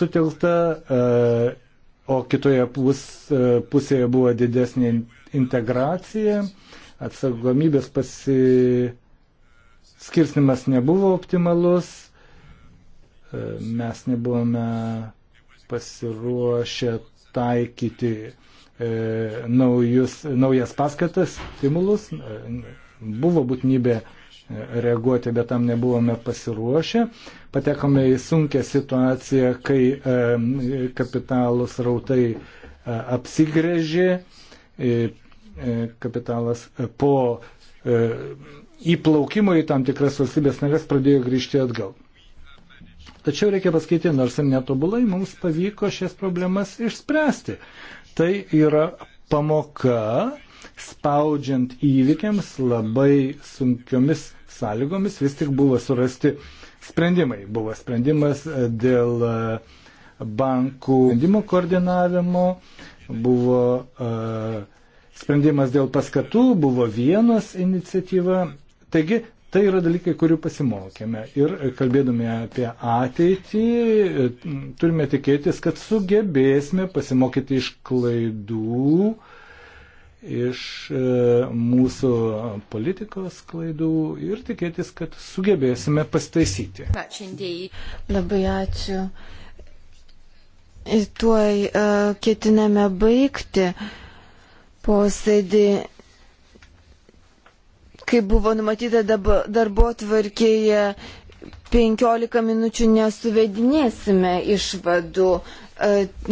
sutelta, o kitoje pus, pusėje buvo didesnė integracija, atsakomybės pasiskirstimas nebuvo optimalus, e, mes nebuvome pasiruošę taikyti e, naujus, naujas paskatas, stimulus, e, buvo būtinybė e, reaguoti, bet tam nebuvome pasiruošę. Patekome į sunkę situaciją, kai e, kapitalus rautai e, apsigrėžė, e, E, kapitalas e, po e, įplaukimo į tam tikras valstybės narės pradėjo grįžti atgal. Tačiau reikia pasakyti, nors ir netobulai, mums pavyko šias problemas išspręsti. Tai yra pamoka, spaudžiant įvykiams labai sunkiomis sąlygomis, vis tik buvo surasti sprendimai. Buvo sprendimas dėl bankų sprendimų koordinavimo, buvo uh, Sprendimas dėl paskatų buvo vienas iniciatyva. Taigi, tai yra dalykai, kurių pasimokėme. Ir kalbėdami apie ateitį, turime tikėtis, kad sugebėsime pasimokyti iš klaidų, iš e, mūsų politikos klaidų ir tikėtis, kad sugebėsime pastaisyti. Labai ačiū. Ir tuoj uh, ketiname baigti. Uh, posėdį, kaip buvo numatyta darbo tvarkėje, 15 minučių nesuvedinėsime išvadų, e,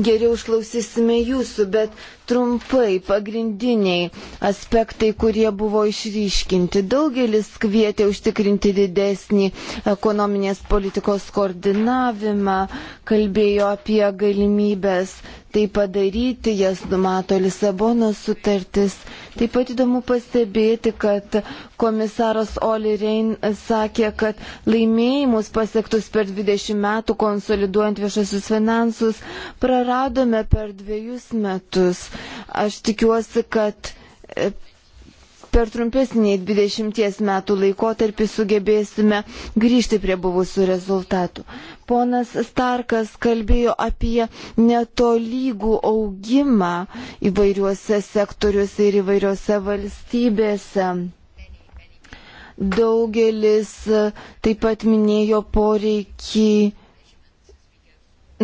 geriau išklausysime jūsų, bet trumpai pagrindiniai aspektai, kurie buvo išryškinti. Daugelis kvietė užtikrinti didesnį ekonominės politikos koordinavimą, kalbėjo apie galimybės tai padaryti, jas numato Lisabonos sutartis. Taip pat įdomu pastebėti, kad komisaras Oli Rein sakė, kad laimėjimus pasiektus per 20 metų konsoliduojant viešasius finansus praradome per dviejus metus. Aš tikiuosi, kad e, per trumpesnį 20 metų laikotarpį sugebėsime grįžti prie buvusių rezultatų. Ponas Starkas kalbėjo apie netolygų augimą įvairiuose sektoriuose ir įvairiuose valstybėse. Daugelis taip pat minėjo poreikį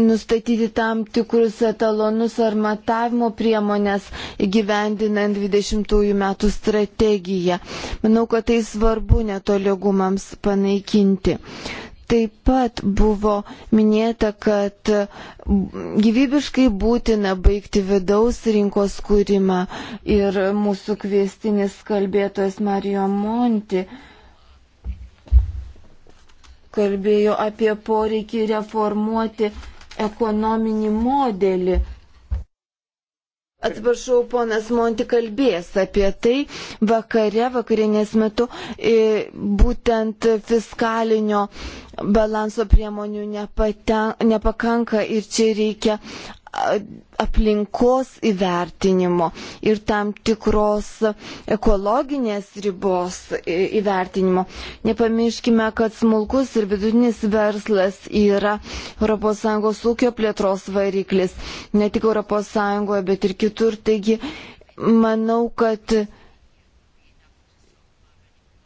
nustatyti tam tikrus etalonus ar matavimo priemonės gyvendinant 20 metų strategiją. Manau, kad tai svarbu netolygumams panaikinti. Taip pat buvo minėta, kad gyvybiškai būtina baigti vidaus rinkos kūrimą ir mūsų kviestinis kalbėtojas Marijo Monti kalbėjo apie poreikį reformuoti ekonominį modelį. Atsiprašau, ponas Monti kalbės apie tai vakare, vakarinės metu, būtent fiskalinio balanso priemonių nepaten, nepakanka ir čia reikia aplinkos įvertinimo ir tam tikros ekologinės ribos įvertinimo. Nepamirškime, kad smulkus ir vidutinis verslas yra ES ūkio plėtros variklis, ne tik ES, bet ir kitur. Taigi, manau, kad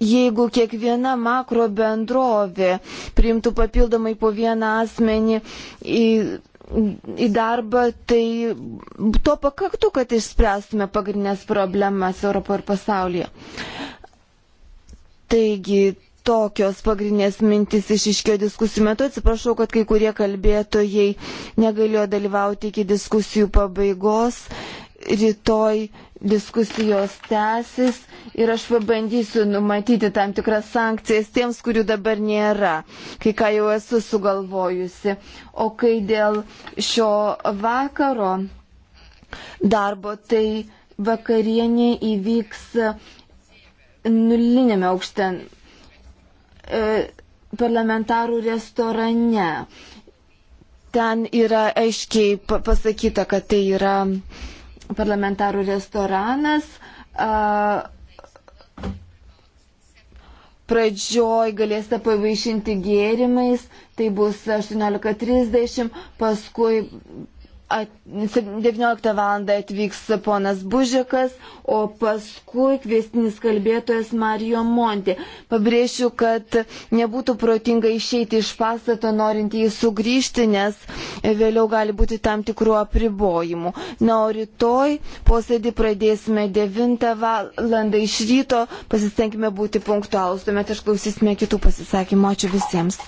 jeigu kiekviena makro bendrovė priimtų papildomai po vieną asmenį į į darbą, tai to pakaktų, kad išspręstume pagrindinės problemas Europoje ir pasaulyje. Taigi, tokios pagrindinės mintis išiškėjo diskusijų metu. Atsiprašau, kad kai kurie kalbėtojai negalėjo dalyvauti iki diskusijų pabaigos. Rytoj diskusijos tęsis ir aš pabandysiu numatyti tam tikras sankcijas tiems, kurių dabar nėra, kai ką jau esu sugalvojusi. O kai dėl šio vakaro darbo, tai vakarienė įvyks nulinėme aukšte e, parlamentarų restorane. Ten yra aiškiai pasakyta, kad tai yra parlamentarų restoranas. Pradžioj galėsite pavaišinti gėrimais, tai bus 18.30, paskui 19 val. atvyks ponas Bužikas, o paskui kviestinis kalbėtojas Marijo Monti. Pabrėšiu, kad nebūtų protinga išeiti iš pastato, norint jį sugrįžti, nes vėliau gali būti tam tikrų apribojimų. Na, o rytoj posėdį pradėsime 9 val. iš ryto, pasistengime būti punktualus, tuomet išklausysime kitų pasisakymų. Ačiū visiems.